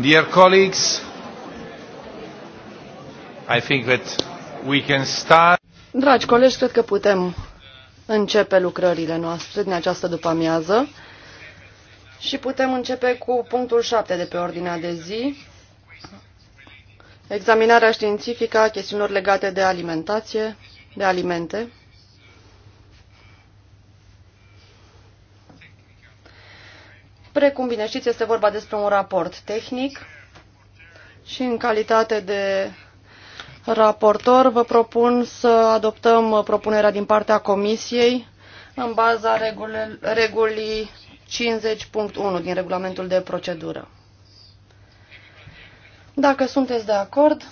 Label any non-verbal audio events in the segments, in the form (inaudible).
Dear colleagues, I think that we can start. Dragi colegi, cred că putem începe lucrările noastre din această după-amiază și putem începe cu punctul 7 de pe ordinea de zi, examinarea științifică a chestiunilor legate de alimentație, de alimente. Precum bine știți, este vorba despre un raport tehnic și în calitate de raportor vă propun să adoptăm propunerea din partea Comisiei în baza regulii 50.1 din regulamentul de procedură. Dacă sunteți de acord,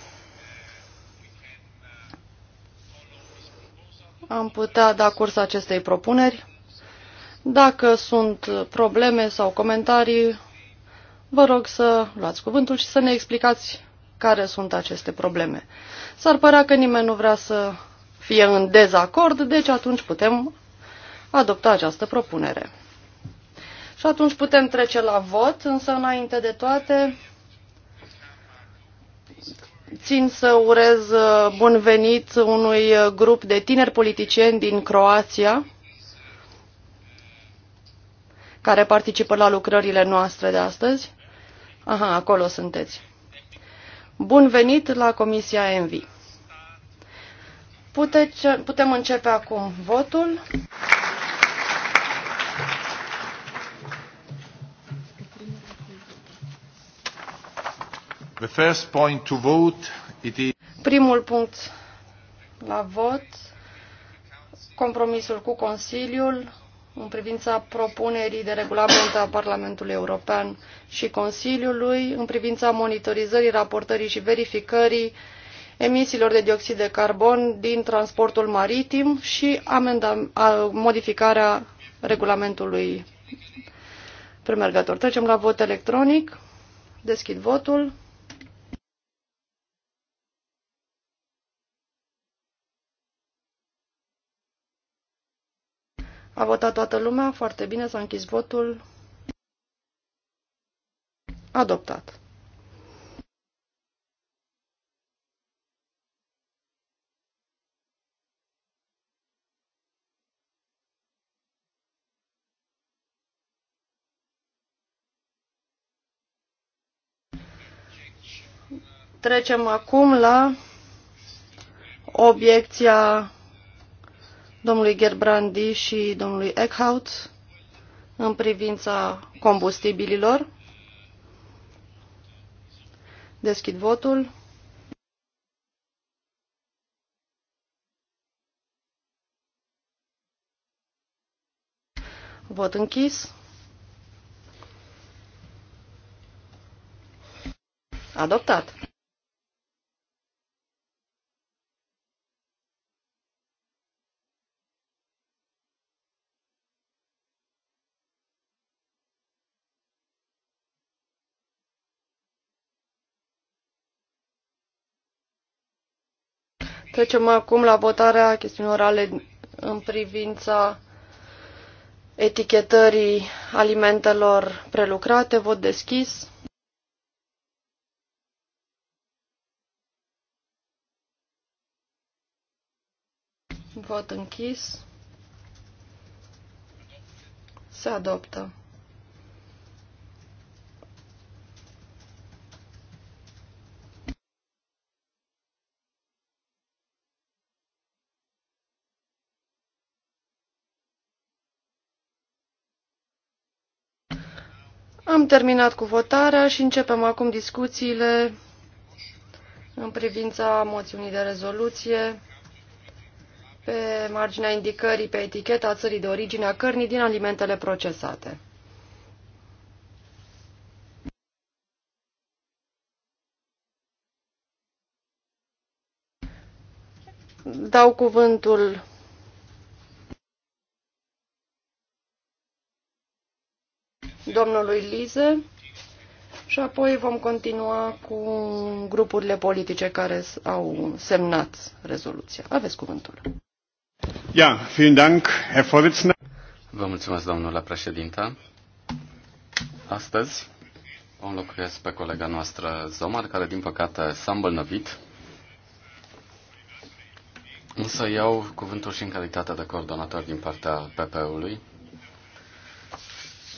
am putea da curs acestei propuneri. Dacă sunt probleme sau comentarii, vă rog să luați cuvântul și să ne explicați care sunt aceste probleme. S-ar părea că nimeni nu vrea să fie în dezacord, deci atunci putem adopta această propunere. Și atunci putem trece la vot, însă înainte de toate țin să urez bun venit unui grup de tineri politicieni din Croația, care participă la lucrările noastre de astăzi. Aha, acolo sunteți. Bun venit la Comisia ENVI. Putem începe acum votul. The first point to vote, it is... Primul punct la vot, compromisul cu Consiliul în privința propunerii de regulament a Parlamentului European și Consiliului, în privința monitorizării, raportării și verificării emisiilor de dioxid de carbon din transportul maritim și amenda, a, modificarea regulamentului premergător. Trecem la vot electronic. Deschid votul. A votat toată lumea, foarte bine, s-a închis votul. Adoptat. Trecem acum la obiecția domnului Gerbrandi și domnului Eckhout în privința combustibililor. Deschid votul. Vot închis. Adoptat. Trecem acum la votarea chestiunilor orale în privința etichetării alimentelor prelucrate. Vot deschis. Vot închis. Se adoptă. Am terminat cu votarea și începem acum discuțiile în privința moțiunii de rezoluție pe marginea indicării pe eticheta țării de origine a cărnii din alimentele procesate. Dau cuvântul domnului Lize și apoi vom continua cu grupurile politice care au semnat rezoluția. Aveți cuvântul. Ja, vielen Dank, Herr Vorsitzender. Vă mulțumesc, domnule președinte. Astăzi o înlocuiesc pe colega noastră Zomar, care din păcate s-a îmbolnăvit. Însă iau cuvântul și în calitate de coordonator din partea PP-ului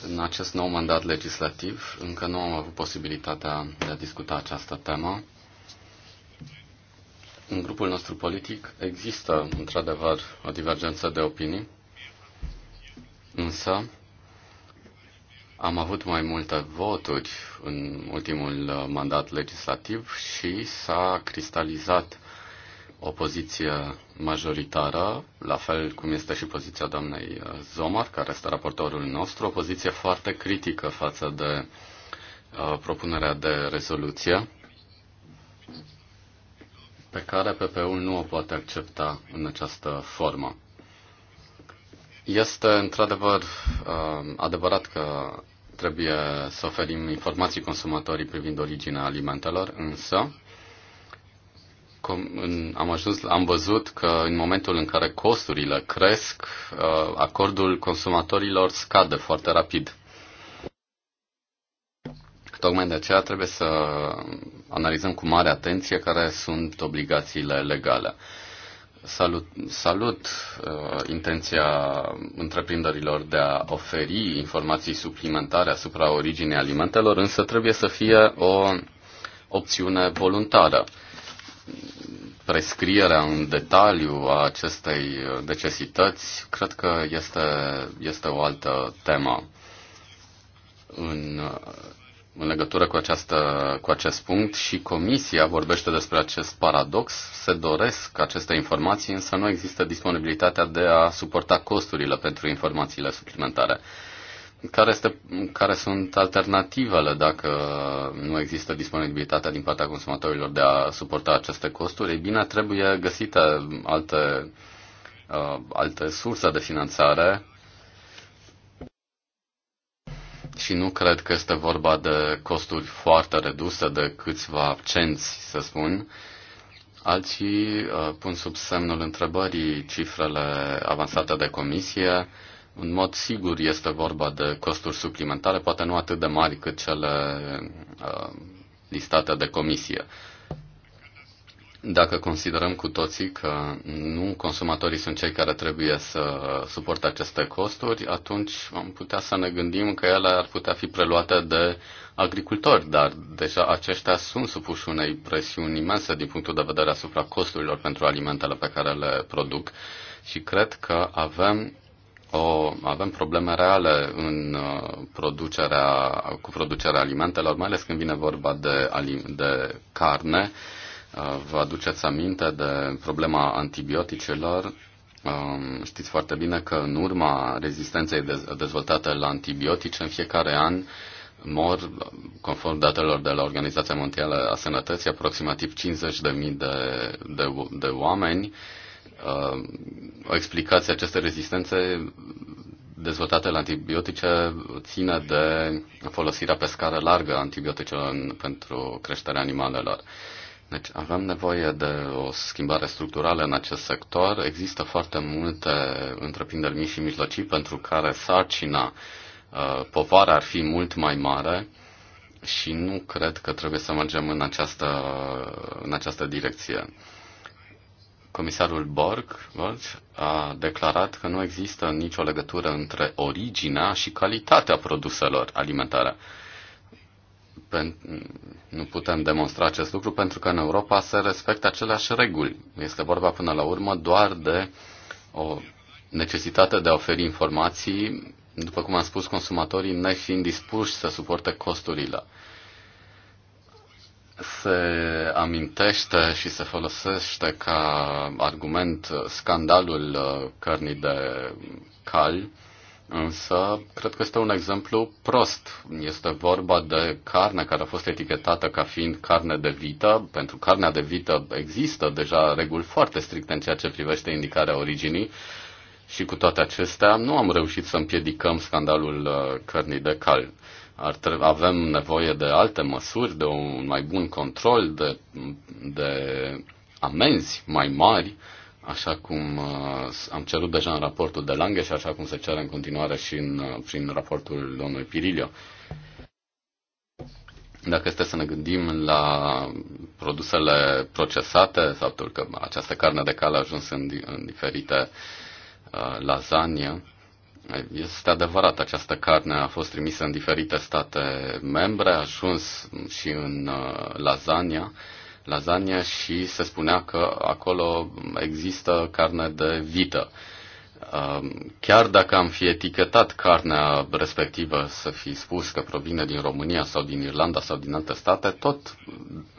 în acest nou mandat legislativ încă nu am avut posibilitatea de a discuta această temă. În grupul nostru politic există, într-adevăr, o divergență de opinii, însă am avut mai multe voturi în ultimul mandat legislativ și s-a cristalizat o poziție majoritară, la fel cum este și poziția doamnei uh, Zomar, care este raportorul nostru, o poziție foarte critică față de uh, propunerea de rezoluție pe care PPU-ul nu o poate accepta în această formă. Este într-adevăr uh, adevărat că trebuie să oferim informații consumatorii privind originea alimentelor, însă am, ajuns, am văzut că în momentul în care costurile cresc, uh, acordul consumatorilor scade foarte rapid. Tocmai de aceea trebuie să analizăm cu mare atenție care sunt obligațiile legale. Salut, salut uh, intenția întreprinderilor de a oferi informații suplimentare asupra originii alimentelor, însă trebuie să fie o opțiune voluntară. Uh, prescrierea în detaliu a acestei necesități, cred că este, este o altă temă. În, în legătură cu, această, cu acest punct și Comisia vorbește despre acest paradox. Se doresc aceste informații, însă nu există disponibilitatea de a suporta costurile pentru informațiile suplimentare care, este, care sunt alternativele dacă nu există disponibilitatea din partea consumatorilor de a suporta aceste costuri? Ei bine, trebuie găsite alte, uh, alte surse de finanțare și nu cred că este vorba de costuri foarte reduse de câțiva cenți, să spun. Alții uh, pun sub semnul întrebării cifrele avansate de comisie. Uh, în mod sigur este vorba de costuri suplimentare, poate nu atât de mari cât cele uh, listate de comisie. Dacă considerăm cu toții că nu consumatorii sunt cei care trebuie să suporte aceste costuri, atunci am putea să ne gândim că ele ar putea fi preluate de agricultori, dar deja aceștia sunt supuși unei presiuni imense din punctul de vedere asupra costurilor pentru alimentele pe care le produc și cred că avem o, avem probleme reale în uh, producerea, cu producerea alimentelor, mai ales când vine vorba de, de carne. Uh, vă aduceți aminte de problema antibioticelor. Um, știți foarte bine că în urma rezistenței dezvoltate la antibiotice, în fiecare an mor, conform datelor de la Organizația Mondială a Sănătății, aproximativ 50.000 de, de, de oameni uh, o explicație aceste rezistențe dezvoltate la antibiotice ține de folosirea pe scară largă a antibioticelor în, pentru creșterea animalelor. Deci avem nevoie de o schimbare structurală în acest sector. Există foarte multe întreprinderi mici și mijlocii pentru care sarcina, uh, povara ar fi mult mai mare și nu cred că trebuie să mergem în această, în această direcție comisarul Borg, văd, a declarat că nu există nicio legătură între originea și calitatea produselor alimentare. Pen- nu putem demonstra acest lucru pentru că în Europa se respectă aceleași reguli. Este vorba până la urmă doar de o necesitate de a oferi informații, după cum am spus, consumatorii nefiind dispuși să suporte costurile se amintește și se folosește ca argument scandalul uh, cărnii de cal, însă cred că este un exemplu prost. Este vorba de carne care a fost etichetată ca fiind carne de vită. Pentru carnea de vită există deja reguli foarte stricte în ceea ce privește indicarea originii. Și cu toate acestea, nu am reușit să împiedicăm scandalul uh, cărnii de cal ar trebui, avem nevoie de alte măsuri, de un mai bun control, de, de amenzi mai mari, așa cum uh, am cerut deja în raportul de Lange și așa cum se cere în continuare și în, uh, prin raportul domnului Pirilio. Dacă este să ne gândim la produsele procesate, faptul că această carne de cal a ajuns în, în diferite uh, lasagne, este adevărat, această carne a fost trimisă în diferite state membre, a ajuns și în uh, lasagna, lasagna și se spunea că acolo există carne de vită. Uh, chiar dacă am fi etichetat carnea respectivă să fi spus că provine din România sau din Irlanda sau din alte state, tot,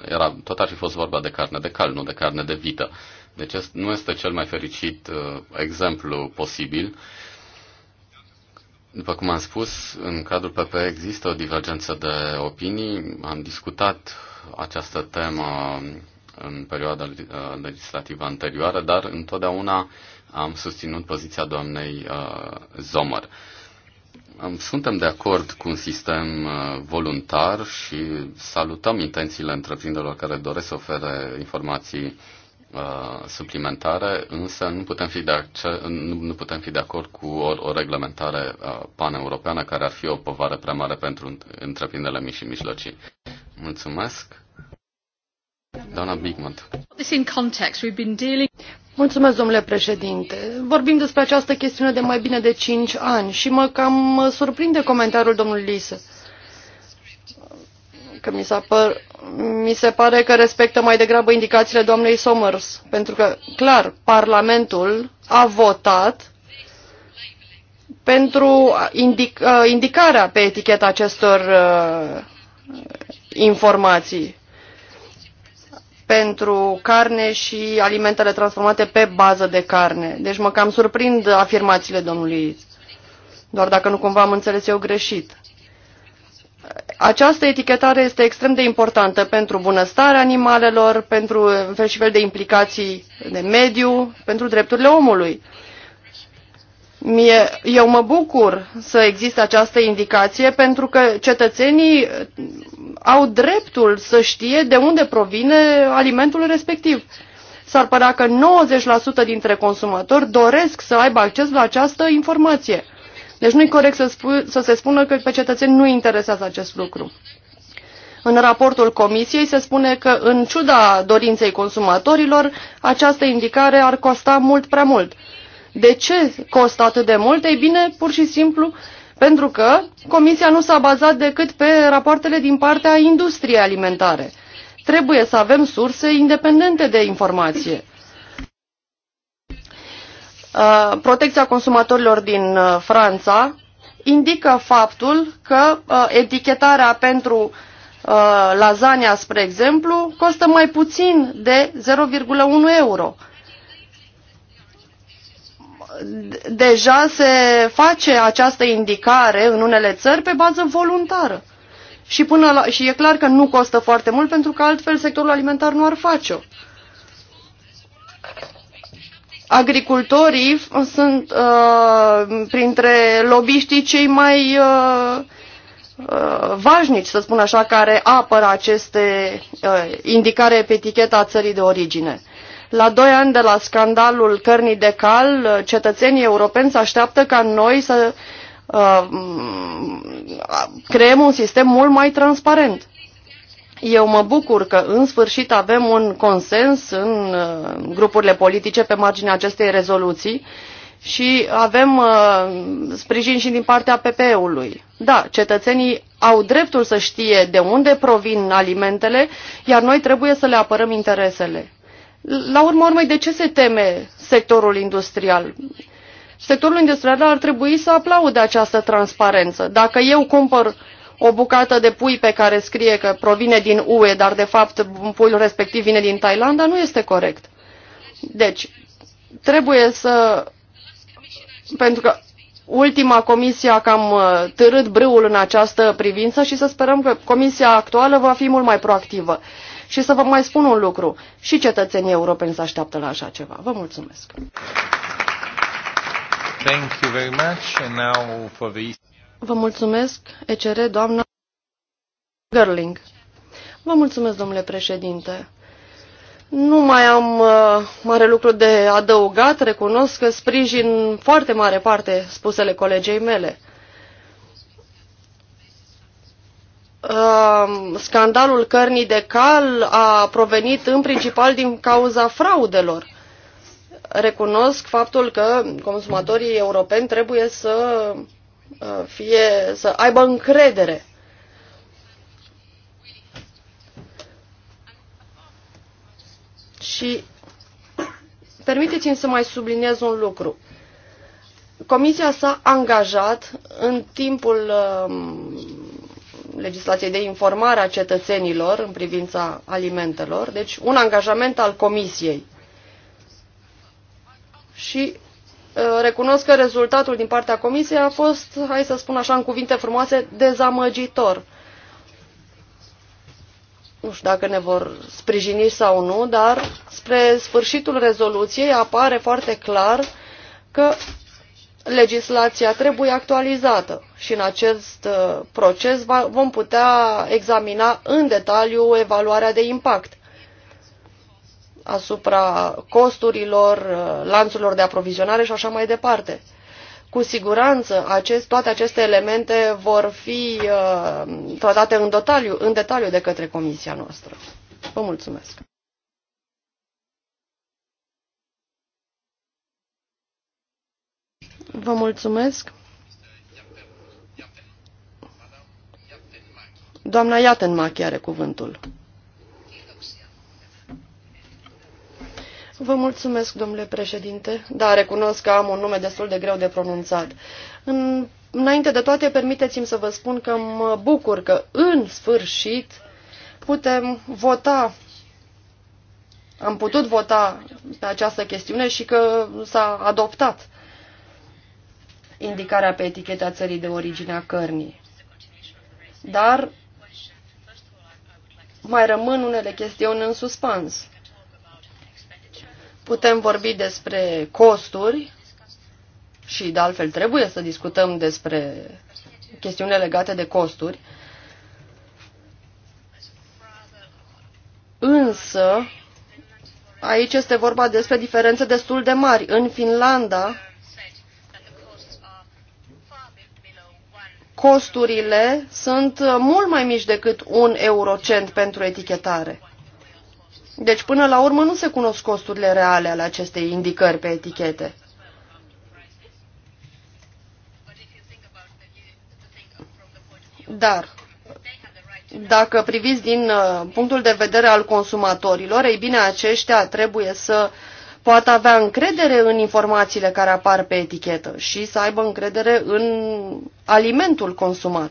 era, tot ar fi fost vorba de carne de cal, nu de carne de vită. Deci nu este cel mai fericit uh, exemplu posibil după cum am spus, în cadrul PP există o divergență de opinii. Am discutat această temă în perioada uh, legislativă anterioară, dar întotdeauna am susținut poziția doamnei uh, Zomer. Suntem de acord cu un sistem uh, voluntar și salutăm intențiile întreprinderilor care doresc să ofere informații Uh, suplimentare, însă nu putem fi de, acce- nu, nu putem fi de acord cu o, o reglementare uh, paneuropeană care ar fi o povară prea mare pentru întreprinderile mici și mijlocii. Mulțumesc. Doamna Bigmont. Mulțumesc, domnule președinte. Vorbim despre această chestiune de mai bine de 5 ani și mă cam surprinde comentariul domnului Lise că mi, păr, mi se pare că respectă mai degrabă indicațiile doamnei Somers, pentru că, clar, Parlamentul a votat pentru indic, uh, indicarea pe eticheta acestor uh, informații pentru carne și alimentele transformate pe bază de carne. Deci mă cam surprind afirmațiile domnului Doar dacă nu cumva am înțeles eu greșit această etichetare este extrem de importantă pentru bunăstarea animalelor, pentru fel și fel de implicații de mediu, pentru drepturile omului. Mie, eu mă bucur să existe această indicație pentru că cetățenii au dreptul să știe de unde provine alimentul respectiv. S-ar părea că 90% dintre consumatori doresc să aibă acces la această informație. Deci nu-i corect să, spu- să se spună că pe cetățeni nu interesează acest lucru. În raportul comisiei se spune că, în ciuda dorinței consumatorilor, această indicare ar costa mult prea mult. De ce costă atât de mult? Ei bine, pur și simplu, pentru că comisia nu s-a bazat decât pe rapoartele din partea industriei alimentare. Trebuie să avem surse independente de informație. Uh, protecția consumatorilor din uh, Franța indică faptul că uh, etichetarea pentru lasagna, spre exemplu, costă mai puțin de 0,1 euro. Deja se face această indicare în unele țări pe bază voluntară. Și, până la, și e clar că nu costă foarte mult pentru că altfel sectorul alimentar nu ar face-o agricultorii sunt uh, printre lobiștii cei mai uh, uh, vașnici, să spun așa, care apără aceste uh, indicare pe eticheta țării de origine. La doi ani de la scandalul cărnii de cal, cetățenii europeni se așteaptă ca noi să uh, creăm un sistem mult mai transparent. Eu mă bucur că în sfârșit avem un consens în uh, grupurile politice pe marginea acestei rezoluții și avem uh, sprijin și din partea PPE-ului. Da, cetățenii au dreptul să știe de unde provin alimentele, iar noi trebuie să le apărăm interesele. La urma urmei, de ce se teme sectorul industrial? Sectorul industrial ar trebui să aplaude această transparență. Dacă eu cumpăr uh, o bucată de pui pe care scrie că provine din UE, dar de fapt puiul respectiv vine din Thailanda, nu este corect. Deci, trebuie să... Pentru că ultima comisie a cam uh, târât brâul în această privință și să sperăm că comisia actuală va fi mult mai proactivă. Și să vă mai spun un lucru, și cetățenii europeni se așteaptă la așa ceva. Vă mulțumesc! Thank you very much. And now for the... Vă mulțumesc, ECR, doamna Gerling. Vă mulțumesc, domnule președinte. Nu mai am uh, mare lucru de adăugat, recunosc că sprijin foarte mare parte spusele colegei mele. Uh, scandalul cărnii de cal a provenit în principal din cauza fraudelor. Recunosc faptul că consumatorii europeni trebuie să Uh, fie să aibă încredere. Și permiteți-mi să mai subliniez un lucru. Comisia s-a angajat în timpul um, legislației de informare a cetățenilor în privința alimentelor, deci un angajament al Comisiei. Și Uh, recunosc că rezultatul din partea comisiei a fost, hai să spun așa în cuvinte frumoase, dezamăgitor. Nu știu dacă ne vor sprijini sau nu, dar spre sfârșitul rezoluției apare foarte clar că legislația trebuie actualizată și în acest uh, proces vom putea examina în detaliu evaluarea de impact asupra costurilor, uh, lanțurilor de aprovizionare și așa mai departe. Cu siguranță acest, toate aceste elemente vor fi uh, tratate în detaliu, în detaliu de către comisia noastră. Vă mulțumesc! Vă mulțumesc! Doamna Iatenmachi are cuvântul. Vă mulțumesc, domnule președinte, dar recunosc că am un nume destul de greu de pronunțat. În, înainte de toate, permiteți-mi să vă spun că mă bucur că, în sfârșit, putem vota, am putut vota pe această chestiune și că s-a adoptat indicarea pe eticheta țării de origine a cărnii. Dar mai rămân unele chestiuni în suspans. Putem vorbi despre costuri și, de altfel, trebuie să discutăm despre chestiunile legate de costuri. Însă, aici este vorba despre diferențe destul de mari. În Finlanda, costurile sunt mult mai mici decât un eurocent pentru etichetare. Deci, până la urmă, nu se cunosc costurile reale ale acestei indicări pe etichete. Dar, dacă priviți din uh, punctul de vedere al consumatorilor, ei bine, aceștia trebuie să poată avea încredere în informațiile care apar pe etichetă și să aibă încredere în alimentul consumat.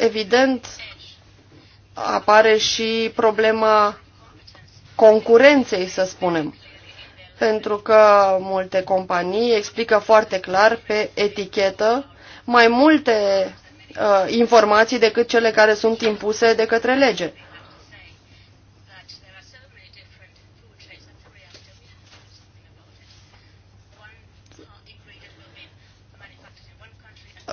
evident, apare și problema concurenței, să spunem. Pentru că multe companii explică foarte clar pe etichetă mai multe uh, informații decât cele care sunt impuse de către lege.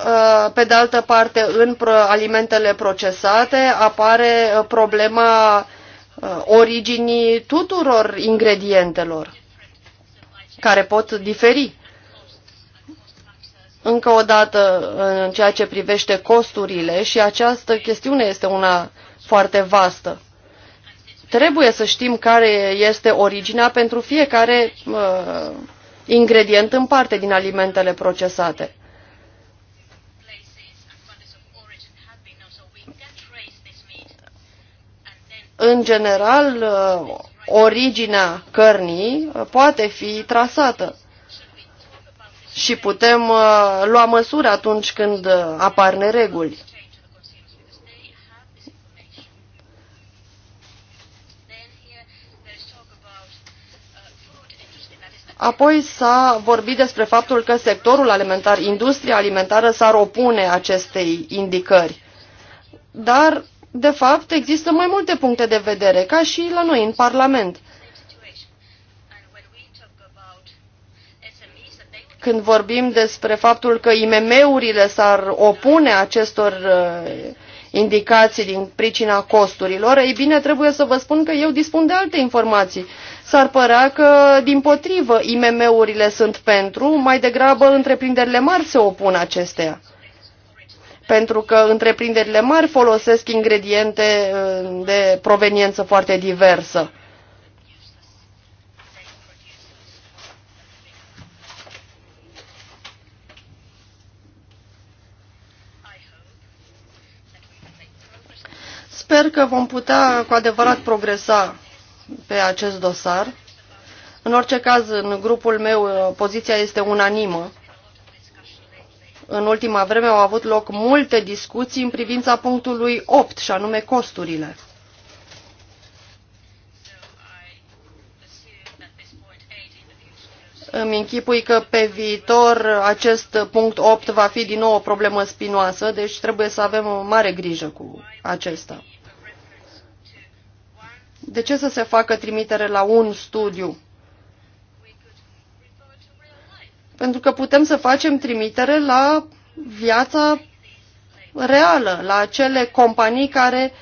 Uh, pe de altă parte, în alimentele procesate apare uh, problema uh, originii tuturor ingredientelor, care pot diferi. Încă o dată, în ceea ce privește costurile, și această chestiune este una foarte vastă. Trebuie să știm care este originea pentru fiecare uh, ingredient în parte din alimentele procesate. în general, uh, originea cărnii uh, poate fi trasată și putem uh, lua măsuri atunci când apar nereguli. Apoi s-a vorbit despre faptul că sectorul alimentar, industria alimentară s-ar opune acestei indicări. Dar de fapt, există mai multe puncte de vedere, ca și la noi în Parlament. Când vorbim despre faptul că IMM-urile s-ar opune acestor uh, indicații din pricina costurilor, ei bine, trebuie să vă spun că eu dispun de alte informații. S-ar părea că, din potrivă, IMM-urile sunt pentru, mai degrabă întreprinderile mari se opun acesteia pentru că întreprinderile mari folosesc ingrediente uh, de proveniență foarte diversă. Sper că vom putea cu adevărat progresa pe acest dosar. În orice caz, în grupul meu, uh, poziția este unanimă în ultima vreme au avut loc multe discuții în privința punctului 8, și anume costurile. Îmi închipui că pe viitor acest punct 8 va fi din nou o problemă spinoasă, deci trebuie să avem o mare grijă cu acesta. De ce să se facă trimitere la un studiu? pentru că putem să facem trimitere la viața reală, la acele companii care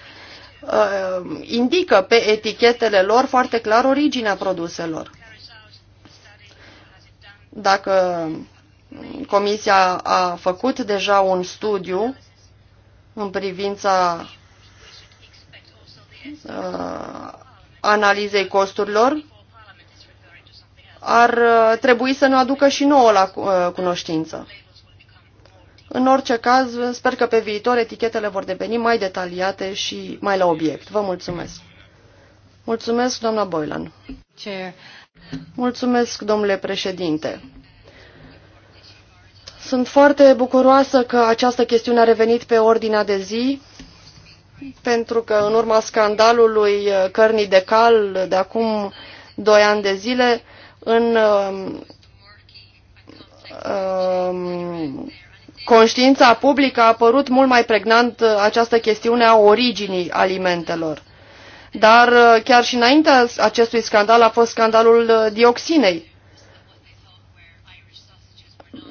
uh, indică pe etichetele lor foarte clar originea produselor. Dacă Comisia a făcut deja un studiu în privința uh, analizei costurilor, ar uh, trebui să ne aducă și nouă la uh, cunoștință. În orice caz, sper că pe viitor etichetele vor deveni mai detaliate și mai la obiect. Vă mulțumesc. Mulțumesc, doamna Boylan. Ce? Mulțumesc, domnule președinte. Sunt foarte bucuroasă că această chestiune a revenit pe ordinea de zi, pentru că în urma scandalului cărnii de cal de acum doi ani de zile, în um, um, conștiința publică a apărut mult mai pregnant această chestiune a originii alimentelor. Dar uh, chiar și înaintea acestui scandal a fost scandalul uh, dioxinei.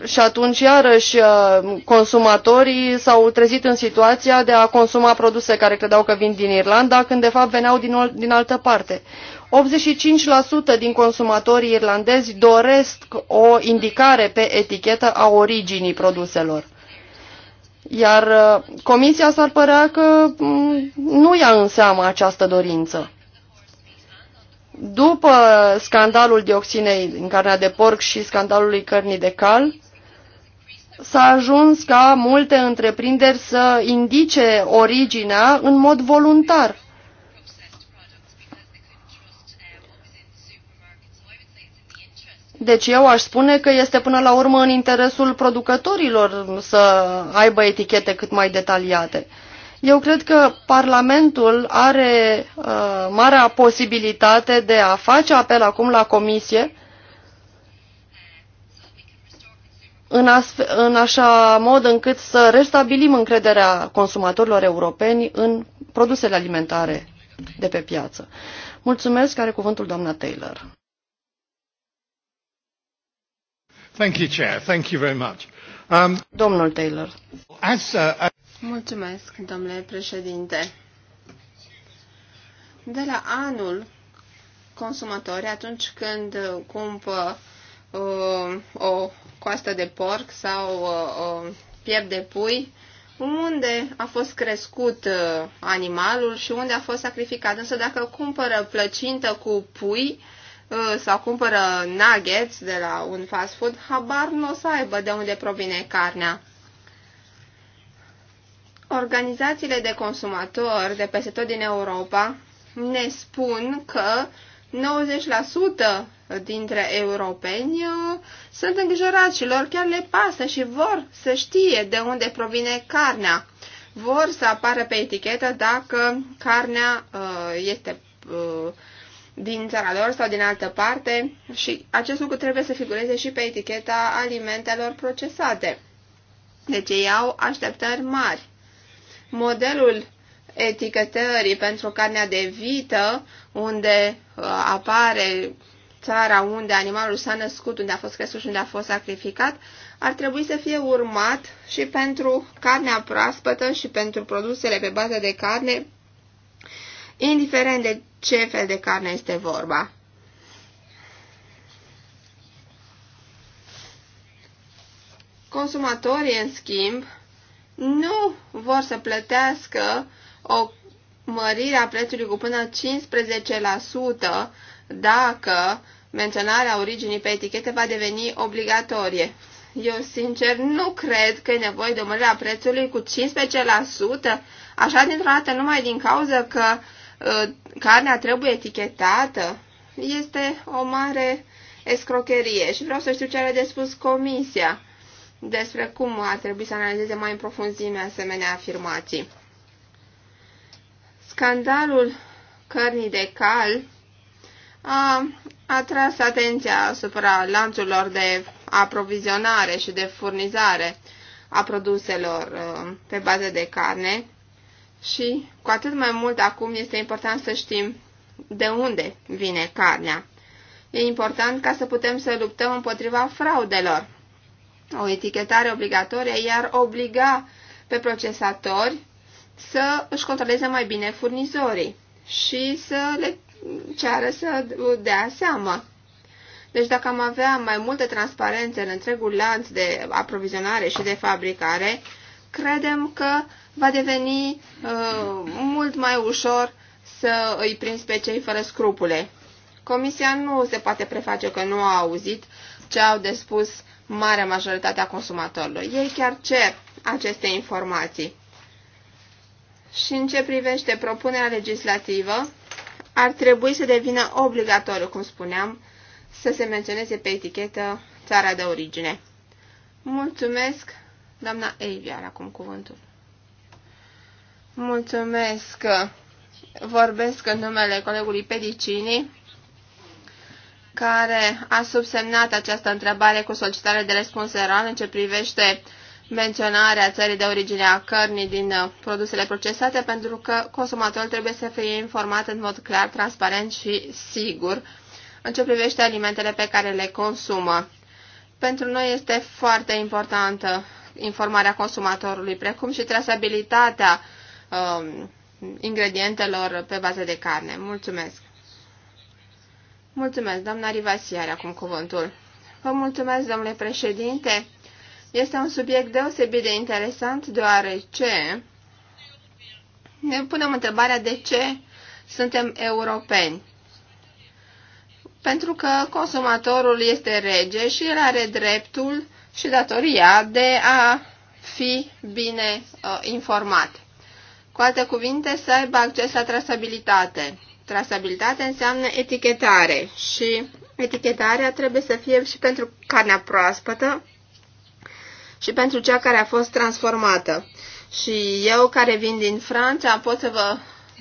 Și atunci, iarăși, uh, consumatorii s-au trezit în situația de a consuma produse care credeau că vin din Irlanda, când de fapt veneau din, din altă parte. 85% din consumatorii irlandezi doresc o indicare pe etichetă a originii produselor. Iar uh, comisia s-ar părea că mm, nu ia în seamă această dorință. După scandalul dioxinei în carnea de porc și scandalului cărnii de cal, s-a ajuns ca multe întreprinderi să indice originea în mod voluntar. Deci eu aș spune că este până la urmă în interesul producătorilor să aibă etichete cât mai detaliate. Eu cred că Parlamentul are uh, marea posibilitate de a face apel acum la Comisie în, în așa mod încât să restabilim încrederea consumatorilor europeni în produsele alimentare de pe piață. Mulțumesc, are cuvântul doamna Taylor. Um, Domnul Taylor. Uh, Mulțumesc, domnule președinte. De la anul consumatori, atunci când uh, cumpă uh, o coastă de porc sau uh, o uh, piept de pui, unde a fost crescut uh, animalul și unde a fost sacrificat. Însă dacă cumpără plăcintă cu pui, uh, Uh, sau cumpără nuggets de la un fast food, habar nu o să aibă de unde provine carnea. Organizațiile de consumatori de peste tot din Europa ne spun că 90% dintre europeni uh, sunt îngrijorați și lor chiar le pasă și vor să știe de unde provine carnea. Vor să apară pe etichetă dacă carnea uh, este din țara lor sau din altă parte și acest lucru trebuie să figureze și pe eticheta alimentelor procesate. Deci ei au așteptări mari. Modelul etichetării pentru carnea de vită, unde uh, apare țara unde animalul s-a născut, unde a fost crescut și unde a fost sacrificat, ar trebui să fie urmat și pentru carnea proaspătă și pentru produsele pe bază de carne indiferent de ce fel de carne este vorba. Consumatorii, în schimb, nu vor să plătească o mărire a prețului cu până 15% dacă menționarea originii pe etichete va deveni obligatorie. Eu, sincer, nu cred că e nevoie de o mărire a prețului cu 15%, așa dintr-o dată numai din cauza că Uh, carnea trebuie etichetată, este o mare escrocherie și vreau să știu ce are de spus comisia despre cum ar trebui să analizeze mai în profunzime asemenea afirmații. Scandalul cărnii de cal a atras atenția asupra lanțurilor de aprovizionare și de furnizare a produselor uh, pe bază de carne și cu atât mai mult acum este important să știm de unde vine carnea. E important ca să putem să luptăm împotriva fraudelor. O etichetare obligatorie iar obliga pe procesatori să își controleze mai bine furnizorii și să le ceară să dea seamă. Deci dacă am avea mai multă transparență în întregul lanț de aprovizionare și de fabricare, credem că va deveni uh, mult mai ușor să îi prinzi pe cei fără scrupule. Comisia nu se poate preface că nu a auzit ce au de spus marea majoritate a consumatorilor. Ei chiar cer aceste informații. Și în ce privește propunerea legislativă, ar trebui să devină obligatoriu, cum spuneam, să se menționeze pe etichetă țara de origine. Mulțumesc, doamna Eiviar, acum cuvântul. Mulțumesc. Vorbesc în numele colegului Pedicini, care a subsemnat această întrebare cu solicitare de răspuns oral în ce privește menționarea țării de origine a cărnii din produsele procesate, pentru că consumatorul trebuie să fie informat în mod clar, transparent și sigur în ce privește alimentele pe care le consumă. Pentru noi este foarte importantă informarea consumatorului, precum și trasabilitatea uh, ingredientelor pe bază de carne. Mulțumesc! Mulțumesc, doamna Rivasi are acum cuvântul. Vă mulțumesc, domnule președinte. Este un subiect deosebit de interesant, deoarece ne punem întrebarea de ce suntem europeni. Pentru că consumatorul este rege și el are dreptul și datoria de a fi bine uh, informat. Cu alte cuvinte, să aibă acces la trasabilitate. Trasabilitate înseamnă etichetare și etichetarea trebuie să fie și pentru carnea proaspătă și pentru cea care a fost transformată. Și eu care vin din Franța pot să vă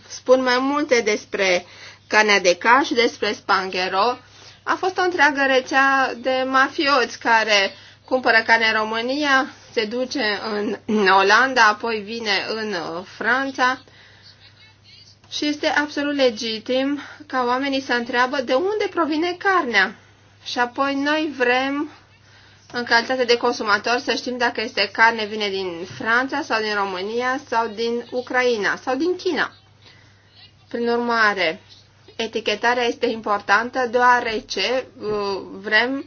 spun mai multe despre carnea de ca și despre Spanghero. A fost o întreagă rețea de mafioți care cumpără carne în România, se duce în Olanda, apoi vine în uh, Franța și este absolut legitim ca oamenii să întreabă de unde provine carnea. Și apoi noi vrem, în calitate de consumator, să știm dacă este carne vine din Franța sau din România sau din Ucraina sau din China. Prin urmare, etichetarea este importantă deoarece uh, vrem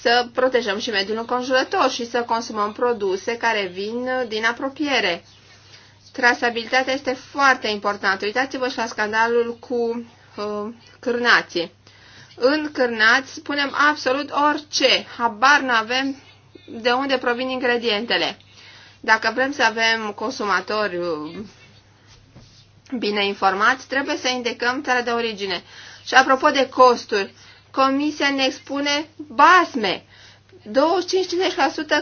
să protejăm și mediul înconjurător și să consumăm produse care vin din apropiere. Trasabilitatea este foarte importantă. Uitați-vă și la scandalul cu uh, cârnații. În cârnați punem absolut orice. Habar nu avem de unde provin ingredientele. Dacă vrem să avem consumatori uh, bine informați, trebuie să indicăm țara de origine. Și apropo de costuri, Comisia ne expune basme. 25-50%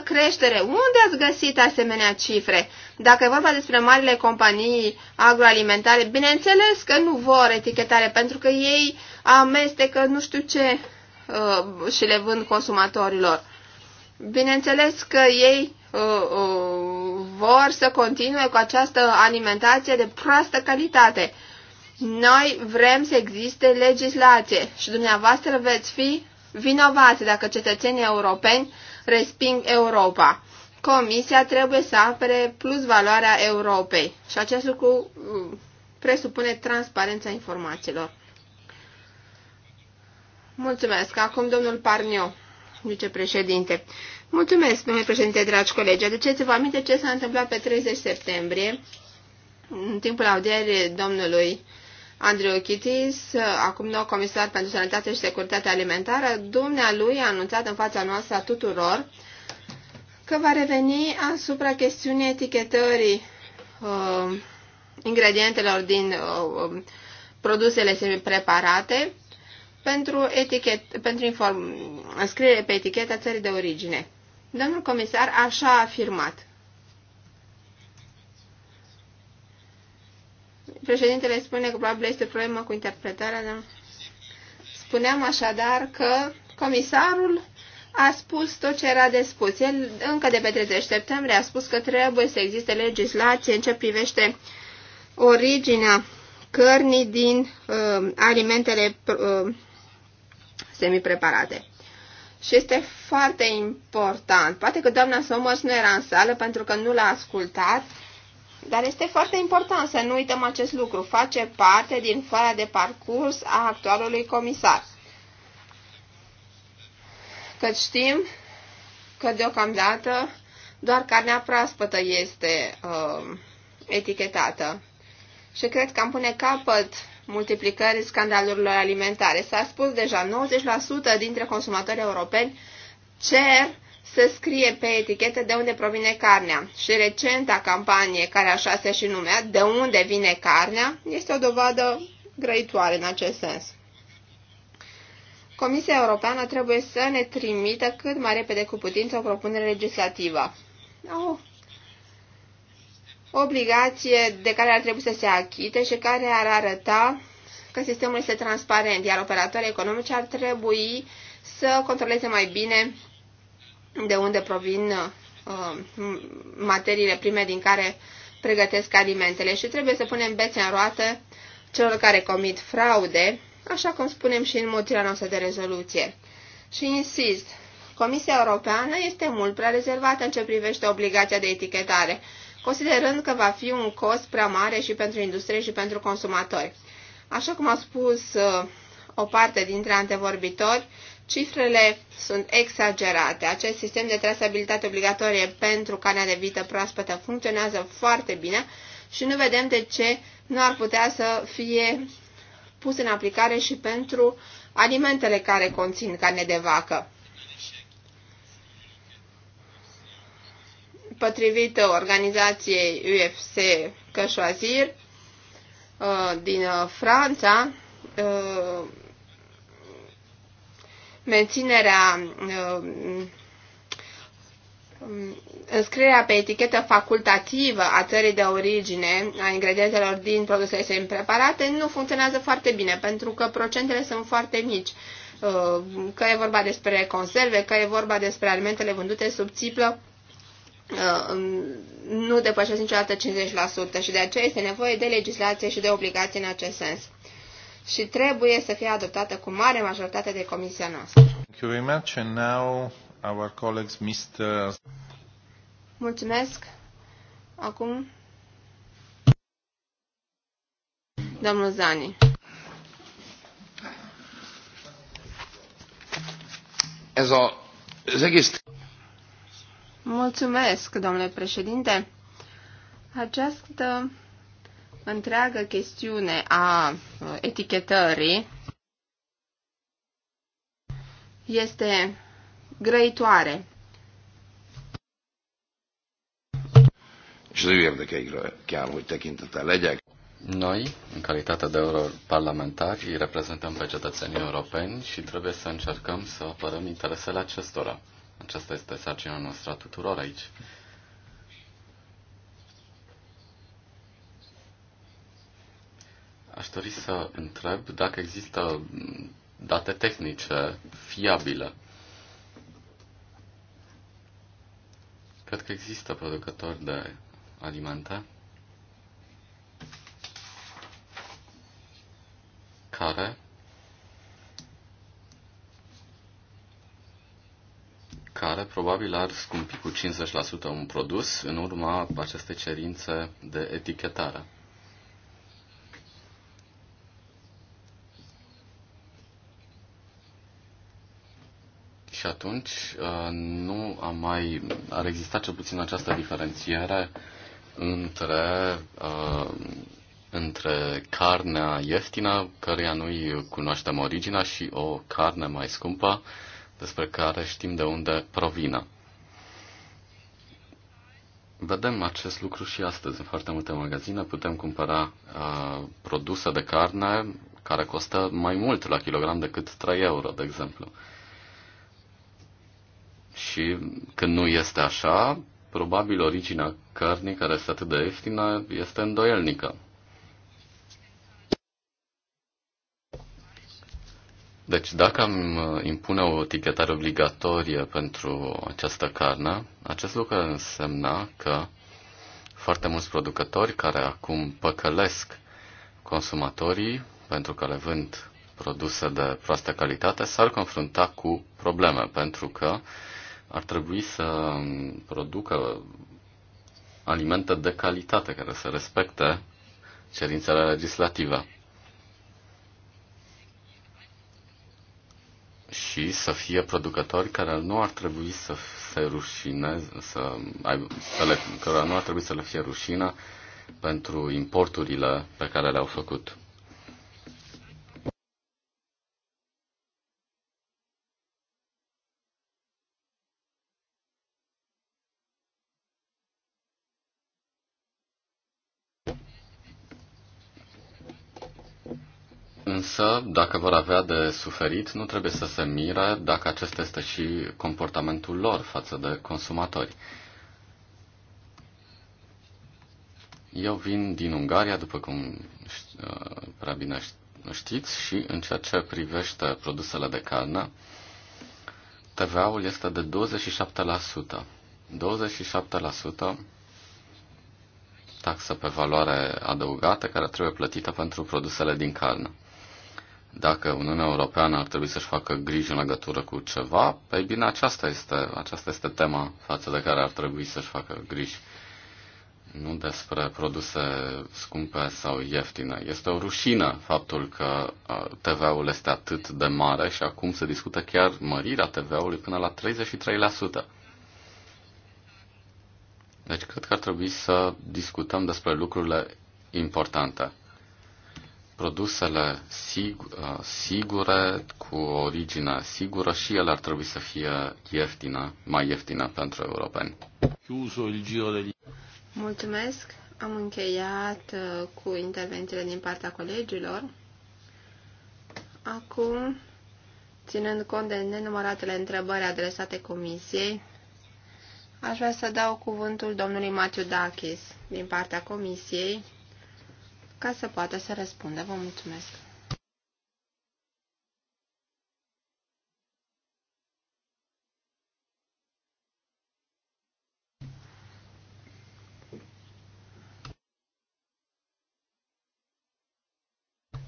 creștere. Unde ați găsit asemenea cifre? Dacă e vorba despre marile companii agroalimentare, bineînțeles că nu vor etichetare, pentru că ei amestecă nu știu ce uh, și le vând consumatorilor. Bineînțeles că ei uh, uh, vor să continue cu această alimentație de proastă calitate. Noi vrem să existe legislație și dumneavoastră veți fi vinovați dacă cetățenii europeni resping Europa. Comisia trebuie să apere plus valoarea Europei și acest lucru uh, presupune transparența informațiilor. Mulțumesc. Acum domnul Parniu, vicepreședinte. Mulțumesc, domnule președinte, dragi colegi. Aduceți-vă aminte ce s-a întâmplat pe 30 septembrie, în timpul audierii domnului Andrei Kittis, acum nou comisar pentru sănătate și securitate alimentară, dumnealui a anunțat în fața noastră a tuturor că va reveni asupra chestiunii etichetării uh, ingredientelor din uh, uh produsele preparate pentru, etichet, pentru inform, înscriere pe eticheta țării de origine. Domnul comisar așa a afirmat. Președintele spune că probabil este problemă cu interpretarea. Da? Spuneam așadar că comisarul a spus tot ce era de spus. El încă de pe 30 septembrie a spus că trebuie să existe legislație în ce privește originea cărnii din uh, alimentele uh, semipreparate. Și este foarte important. Poate că doamna Somers nu era în sală pentru că nu l-a ascultat, dar este foarte important să nu uităm acest lucru. Face parte din fara de parcurs a actualului comisar. Că știm că deocamdată doar carnea proaspătă este uh, etichetată. Și cred că am pune capăt multiplicării scandalurilor alimentare. S-a spus deja, 90% dintre consumatori europeni cer să scrie pe etichete de unde provine carnea. Și recenta campanie, care așa se și numea, de unde vine carnea, este o dovadă grăitoare în acest sens. Comisia Europeană trebuie să ne trimită cât mai repede cu putință o propunere legislativă. O obligație de care ar trebui să se achite și care ar arăta că sistemul este transparent, iar operatorii economici ar trebui să controleze mai bine de unde provin uh, materiile prime din care pregătesc alimentele și trebuie să punem bețe în roată celor care comit fraude, așa cum spunem și în moțiunea noastră de rezoluție. Și insist, Comisia Europeană este mult prea rezervată în ce privește obligația de etichetare, considerând că va fi un cost prea mare și pentru industrie și pentru consumatori. Așa cum a spus uh, o parte dintre antevorbitori, Cifrele sunt exagerate. Acest sistem de trasabilitate obligatorie pentru carnea de vită proaspătă funcționează foarte bine și nu vedem de ce nu ar putea să fie pus în aplicare și pentru alimentele care conțin carne de vacă. Potrivit organizației UFC Cășoazir uh, din uh, Franța, uh, menținerea um, um, înscrierea pe etichetă facultativă a țării de origine a ingredientelor din produsele semi preparate nu funcționează foarte bine, pentru că procentele sunt foarte mici. Uh, că e vorba despre conserve, că e vorba despre alimentele vândute sub țiplă, uh, nu depășesc niciodată 50% și de aceea este nevoie de legislație și de obligații în acest sens și trebuie să fie adoptată cu mare majoritate de comisia noastră. Thank you very much. And now our colleagues, Mr. Mulțumesc. Acum, domnul Zani. Mulțumesc, domnule președinte. Această întreagă chestiune a uh, etichetării este grăitoare. Și az ő érdekeikre kell, hogy tekintettel legyek. Noi, în calitate de europarlamentari, îi reprezentăm pe cetățenii europeni și trebuie să încercăm să apărăm interesele acestora. Aceasta este sarcina noastră a tuturor aici. Aș dori să întreb dacă există mm, date tehnice fiabile. Cred că există producători de alimente care care probabil ar scumpi cu 50% un produs în urma acestei cerințe de etichetare. Și atunci uh, nu a mai, ar exista cel puțin această diferențiere între, uh, între carnea ieftină, căreia nu-i cunoaștem originea, și o carne mai scumpă, despre care știm de unde provine. Vedem acest lucru și astăzi în foarte multe magazine. Putem cumpăra uh, produse de carne care costă mai mult la kilogram decât 3 euro, de exemplu. Uh, și când nu este așa, probabil originea cărnii care este atât de ieftină este îndoielnică. Deci dacă am uh, impune o etichetare obligatorie pentru această carne, acest lucru însemna că foarte mulți producători care acum păcălesc consumatorii pentru că le vând produse de proastă calitate s-ar confrunta cu probleme, pentru că ar trebui să producă alimente de calitate care să respecte cerințele legislative. și să fie producători care nu ar trebui să se rușineze, să, să le, care nu ar trebui să le fie rușină pentru importurile pe care le-au făcut. însă, dacă vor avea de suferit, nu trebuie să se mire dacă acesta este și comportamentul lor față de consumatori. Eu vin din Ungaria, după cum uh, prea bine știți, și în ceea ce privește produsele de carne, TVA-ul este de 27%. 27% taxă pe valoare adăugată care trebuie plătită pentru produsele din carne dacă Uniunea Europeană ar trebui să-și facă griji în legătură cu ceva, ei bine, aceasta este, aceasta este tema față de care ar trebui să-și facă griji. Nu despre produse scumpe sau ieftine. Este o rușină faptul că TVA-ul este atât de mare și acum se discută chiar mărirea TVA-ului până la 33%. Deci cred că ar trebui să discutăm despre lucrurile importante produsele sig- uh, sigure, cu origine sigură și ele ar trebui să fie ieftine, mai ieftine pentru europeni. Mulțumesc! Am încheiat uh, cu intervențiile din partea colegilor. Acum, ținând cont de nenumăratele întrebări adresate comisiei, aș vrea să dau cuvântul domnului Matiu Dachis din partea comisiei ca să poată să răspundă. Vă mulțumesc!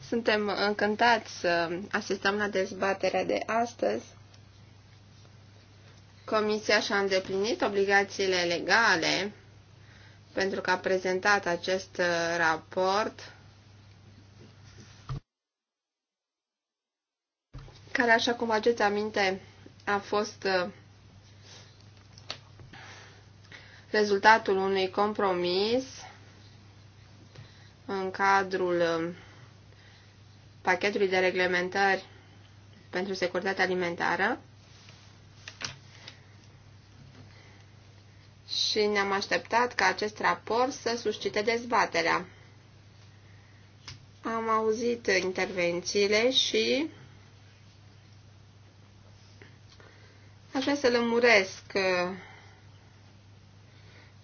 Suntem încântați să asistăm la dezbaterea de astăzi. Comisia și-a îndeplinit obligațiile legale pentru că a prezentat acest uh, raport care, așa cum aduceți aminte, a fost uh, rezultatul unui compromis în cadrul uh, pachetului de reglementări pentru securitatea alimentară. și ne-am așteptat ca acest raport să suscite dezbaterea. Am auzit intervențiile și aș vrea să lămuresc uh,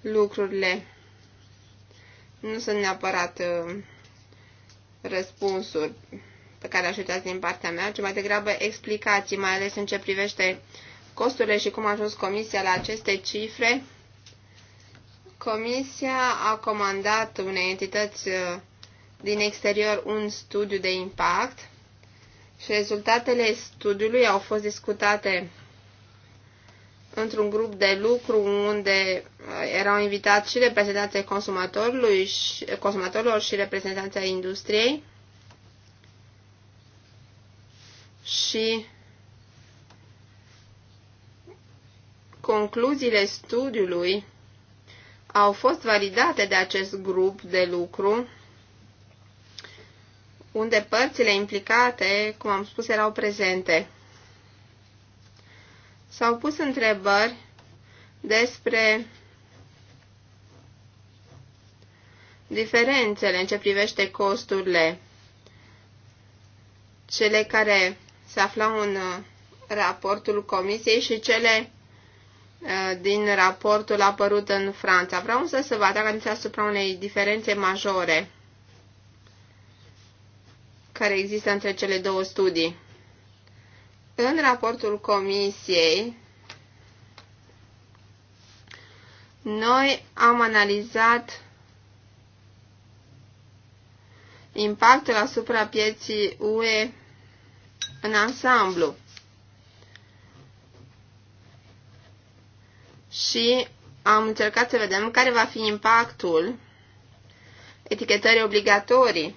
lucrurile. Nu sunt neapărat uh, răspunsuri pe care aș uitați din partea mea, ci mai degrabă explicații, mai ales în ce privește costurile și cum a ajuns comisia la aceste cifre Comisia a comandat unei entități uh, din exterior un studiu de impact și rezultatele studiului au fost discutate într-un grup de lucru unde uh, erau invitați și reprezentanții consumatorului și, consumatorilor și reprezentanții industriei și concluziile studiului au fost validate de acest grup de lucru, unde părțile implicate, cum am spus, erau prezente. S-au pus întrebări despre diferențele în ce privește costurile. Cele care se aflau în uh, raportul comisiei și cele Uh, din raportul apărut în Franța. Vreau să se vă atrag atenția asupra unei diferențe majore care există între cele două studii. În raportul comisiei, noi am analizat impactul asupra pieții UE în ansamblu. și am încercat să vedem care va fi impactul etichetării obligatorii,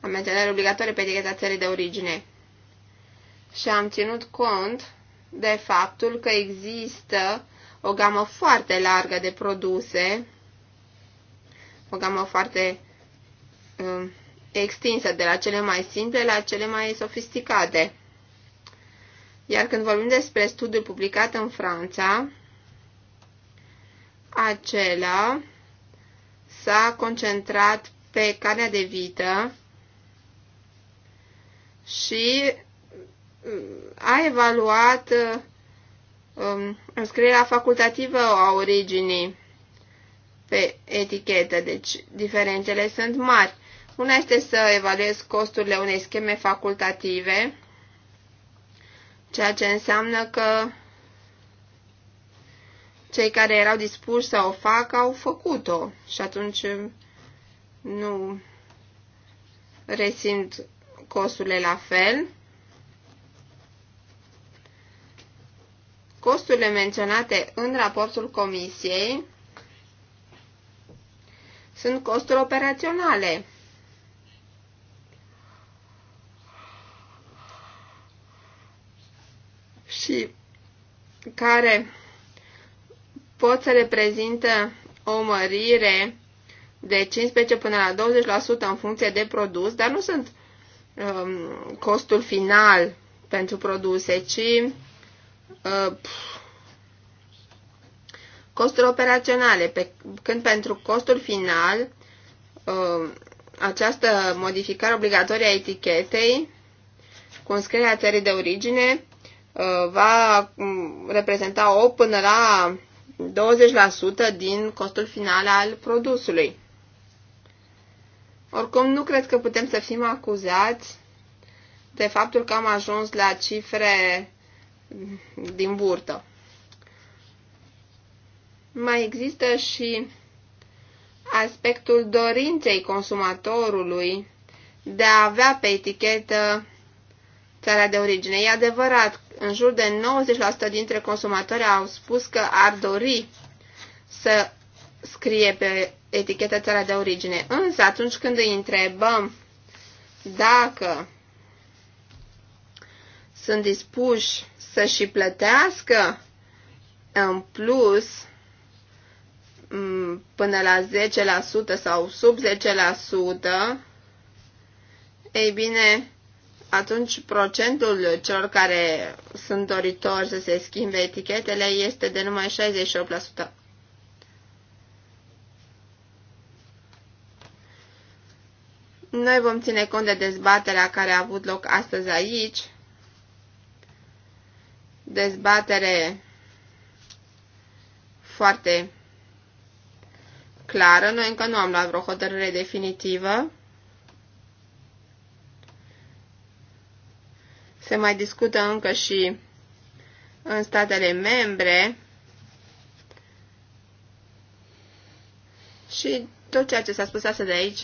a menționării obligatorii pe eticheta țării de origine. Și am ținut cont de faptul că există o gamă foarte largă de produse, o gamă foarte um, extinsă, de la cele mai simple la cele mai sofisticate. Iar când vorbim despre studiul publicat în Franța, acela s-a concentrat pe carnea de vită și uh, a evaluat uh, um, înscrierea facultativă a originii pe etichetă, deci diferențele sunt mari. Una este să evaluez costurile unei scheme facultative, ceea ce înseamnă că cei care erau dispuși să o facă au făcut-o și atunci mm, nu resimt costurile la fel. Costurile menționate în raportul comisiei sunt costuri operaționale. Și care pot să reprezintă o mărire de 15 până la 20% în funcție de produs, dar nu sunt um, costul final pentru produse, ci uh, costuri operaționale. Pe, când pentru costul final, uh, această modificare obligatorie a etichetei cu înscrierea țării de origine uh, va mm, reprezenta o până la 20% din costul final al produsului. Oricum, nu cred că putem să fim acuzați de faptul că am ajuns la cifre din burtă. Mai există și aspectul dorinței consumatorului de a avea pe etichetă țara de origine. E adevărat în jur de 90% dintre consumatori au spus că ar dori să scrie pe eticheta țara de origine. Însă atunci când îi întrebăm dacă sunt dispuși să și plătească în plus mm, până la 10% sau sub 10%, ei bine, atunci procentul celor care sunt doritori să se schimbe etichetele este de numai 68%. Noi vom ține cont de dezbaterea care a avut loc astăzi aici, dezbatere foarte clară. Noi încă nu am luat vreo hotărâre definitivă. se mai discută încă și în statele membre și tot ceea ce s-a spus astăzi de aici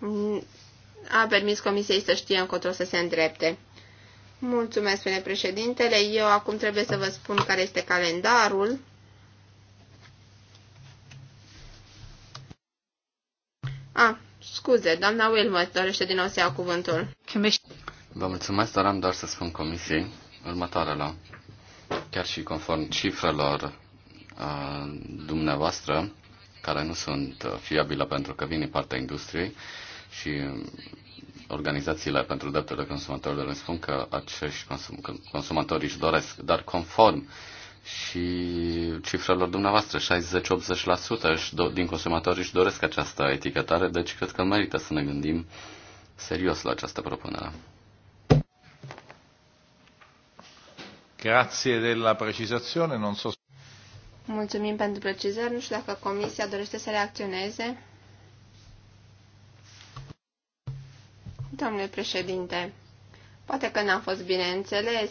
uh, a permis comisiei să știe încotro să se îndrepte. Mulțumesc, spune președintele. Eu acum trebuie să vă spun care este calendarul. A, ah, scuze, doamna Wilmot dorește din nou să ia cuvântul. Vă mulțumesc, dar am doar să spun comisiei următoarele. Chiar și conform cifrelor uh, dumneavoastră, care nu sunt uh, fiabile pentru că vin din partea industriei și organizațiile pentru drepturile consumatorilor îmi spun că acești consum- consumatori își doresc, dar conform și cifrelor dumneavoastră, 60-80% din consumatori își doresc această etichetare, deci cred că merită să ne gândim serios la această propunere. Grazie della precisazione, non so... Mulțumim pentru precizări. Nu știu dacă comisia dorește să reacționeze. Domnule președinte, poate că n-am fost bine înțeles.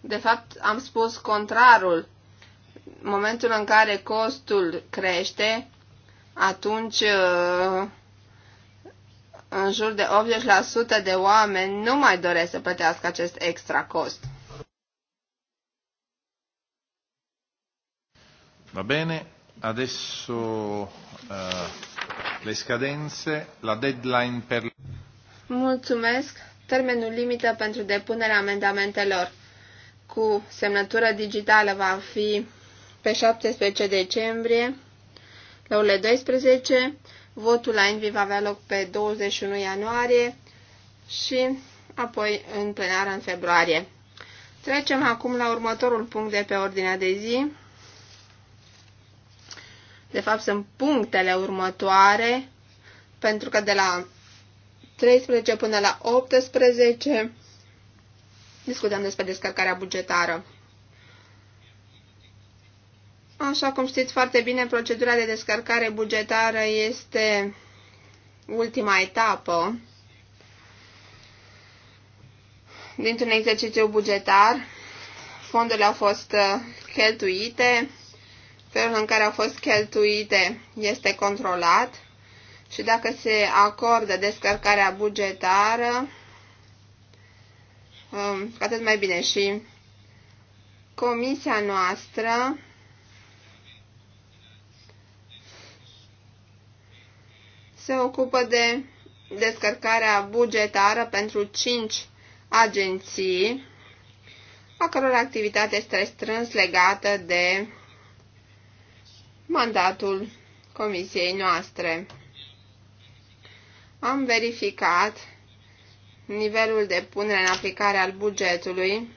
De fapt, am spus contrarul. În momentul în care costul crește, atunci uh, în jur de 80% de oameni nu mai doresc să plătească acest extra cost. Va bene, adesso uh, le scadenze, la deadline per... Mulțumesc. Termenul limită pentru depunerea amendamentelor cu semnătură digitală va fi pe 17 decembrie la ore 12 Votul la Envi va avea loc pe 21 ianuarie și apoi în plenară în februarie. Trecem acum la următorul punct de pe ordinea de zi. De fapt, sunt punctele următoare, pentru că de la 13 până la 18 discutăm despre descărcarea bugetară. Așa cum știți foarte bine, procedura de descărcare bugetară este ultima etapă dintr-un exercițiu bugetar. Fondurile au fost uh, cheltuite, felul în care au fost cheltuite este controlat și dacă se acordă descărcarea bugetară, um, atât mai bine și comisia noastră se ocupă de descărcarea bugetară pentru 5 agenții, a căror activitate este strâns legată de mandatul comisiei noastre. Am verificat nivelul de punere în aplicare al bugetului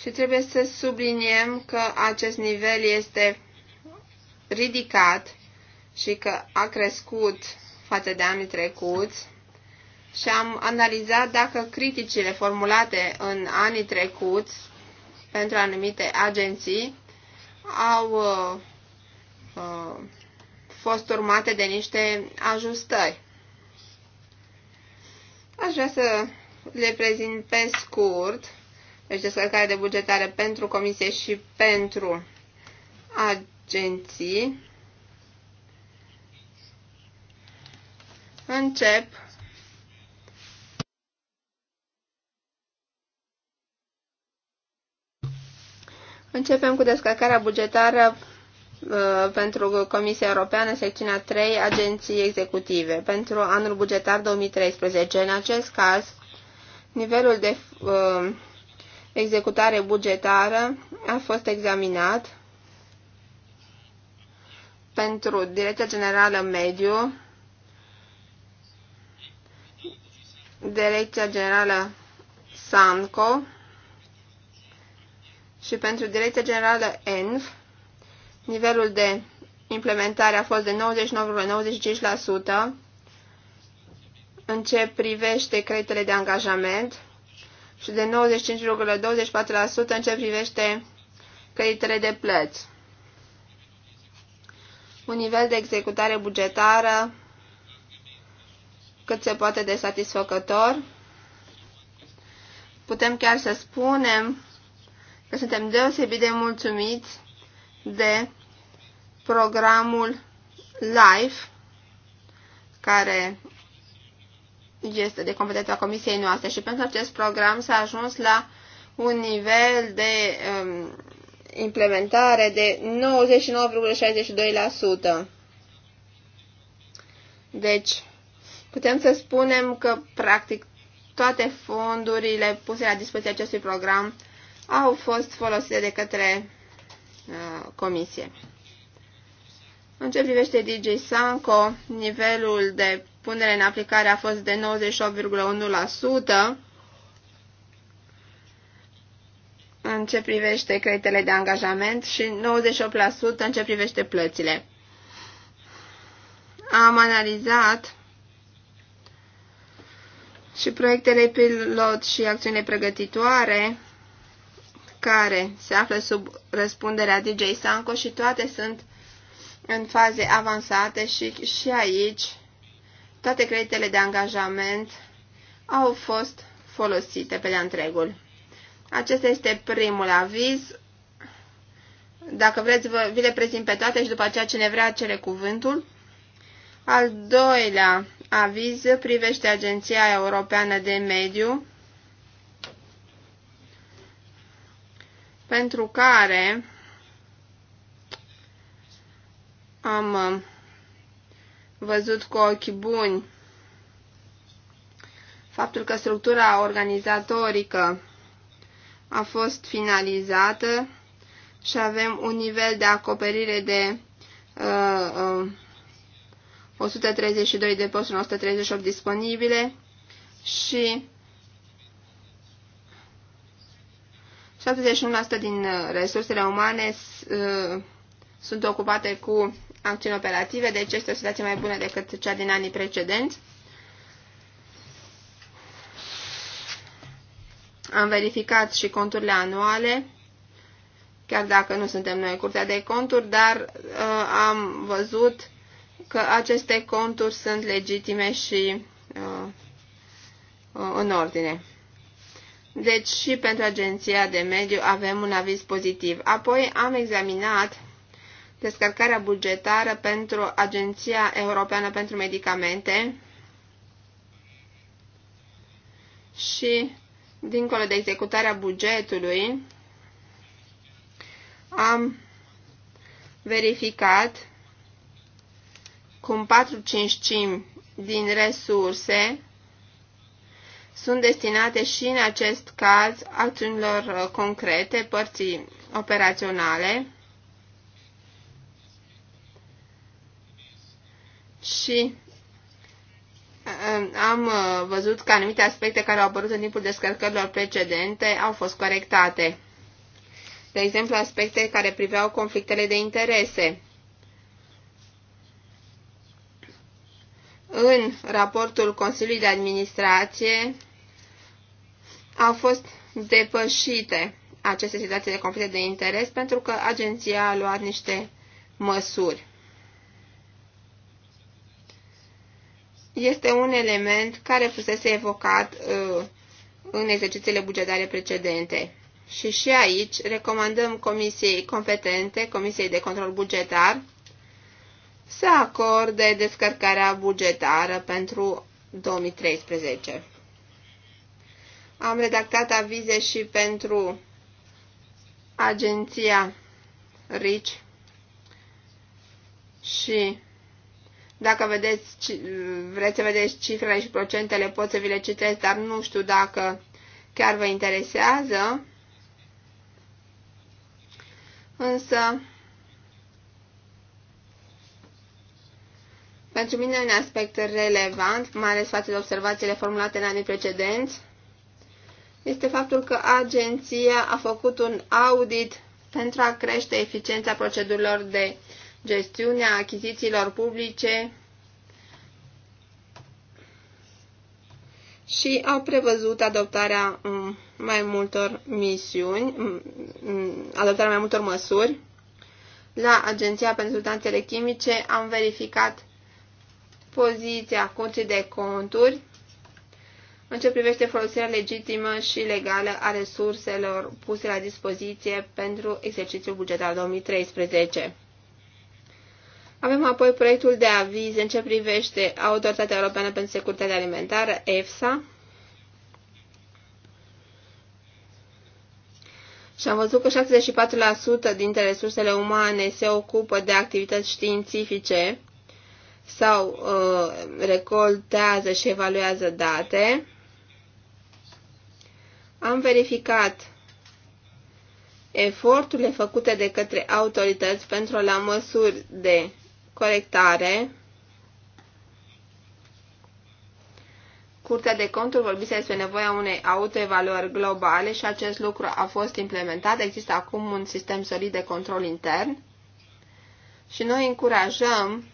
și trebuie să subliniem că acest nivel este ridicat și că a crescut față de anii trecuți și am analizat dacă criticile formulate în anii trecuți pentru anumite agenții au uh, uh, fost urmate de niște ajustări. Aș vrea să le prezint pe scurt, deci descărcarea de bugetare pentru comisie și pentru agenții încep Începem cu descărcarea bugetară uh, pentru Comisia Europeană, secțiunea 3, agenții executive, pentru anul bugetar 2013. În acest caz, nivelul de uh, executare bugetară a fost examinat pentru Direcția Generală Mediu, Direcția Generală Sanco și pentru Direcția Generală ENV, nivelul de implementare a fost de 99,95% în ce privește creditele de angajament și de 95,24% în ce privește creditele de plăți un nivel de executare bugetară cât se poate de satisfăcător. Putem chiar să spunem că suntem deosebit de mulțumiți de programul LIFE, care este de competența comisiei noastre și pentru acest program s-a ajuns la un nivel de um, implementare de 99,62%. Deci, putem să spunem că, practic, toate fondurile puse la dispoziție acestui program au fost folosite de către uh, comisie. În ce privește DJ Sanco, nivelul de punere în aplicare a fost de 98,1%, în ce privește creditele de angajament și 98% în ce privește plățile. Am analizat și proiectele pilot și acțiunile pregătitoare care se află sub răspunderea DJ Sanco și toate sunt în faze avansate și, și aici toate creditele de angajament au fost folosite pe de-a întregul. Acesta este primul aviz. Dacă vreți, vă, vi le prezint pe toate și după aceea cine vrea cere cuvântul. Al doilea aviz privește Agenția Europeană de Mediu, pentru care am uh, văzut cu ochi buni faptul că structura organizatorică a fost finalizată și avem un nivel de acoperire de uh, uh, 132 de posturi, 138 disponibile și 71% din uh, resursele umane uh, sunt ocupate cu acțiuni operative, deci este o situație mai bună decât cea din anii precedenți. Am verificat și conturile anuale, chiar dacă nu suntem noi curtea de conturi, dar uh, am văzut că aceste conturi sunt legitime și uh, uh, în ordine. Deci și pentru agenția de mediu avem un aviz pozitiv. Apoi am examinat descărcarea bugetară pentru Agenția Europeană pentru Medicamente și dincolo de executarea bugetului, am verificat cum 4 cincimi din resurse sunt destinate și în acest caz acțiunilor uh, concrete, părții operaționale și am uh, văzut că anumite aspecte care au apărut în timpul descărcărilor precedente au fost corectate. De exemplu, aspecte care priveau conflictele de interese. În raportul Consiliului de Administrație au fost depășite aceste situații de conflicte de interes pentru că agenția a luat niște măsuri. este un element care fusese evocat uh, în exercițiile bugetare precedente. Și și aici recomandăm comisiei competente, Comisiei de Control Bugetar, să acorde descărcarea bugetară pentru 2013. Am redactat avize și pentru agenția RICI și dacă vedeți, vreți să vedeți cifrele și procentele, pot să vi le citesc, dar nu știu dacă chiar vă interesează. Însă, pentru mine un aspect relevant, mai ales față de observațiile formulate în anii precedenți, este faptul că agenția a făcut un audit pentru a crește eficiența procedurilor de gestiunea achizițiilor publice și au prevăzut adoptarea um, mai multor misiuni, um, um, adoptarea mai multor măsuri. La Agenția pentru Substanțele Chimice am verificat poziția Curții de Conturi în ce privește folosirea legitimă și legală a resurselor puse la dispoziție pentru exercițiul bugetar 2013. Avem apoi proiectul de aviz în ce privește Autoritatea Europeană pentru Securitatea Alimentară, EFSA. Și am văzut că 64% dintre resursele umane se ocupă de activități științifice sau uh, recoltează și evaluează date. Am verificat eforturile făcute de către autorități pentru la măsuri de corectare. Curtea de conturi vorbise despre nevoia unei autoevaluări globale și acest lucru a fost implementat. Există acum un sistem solid de control intern și noi încurajăm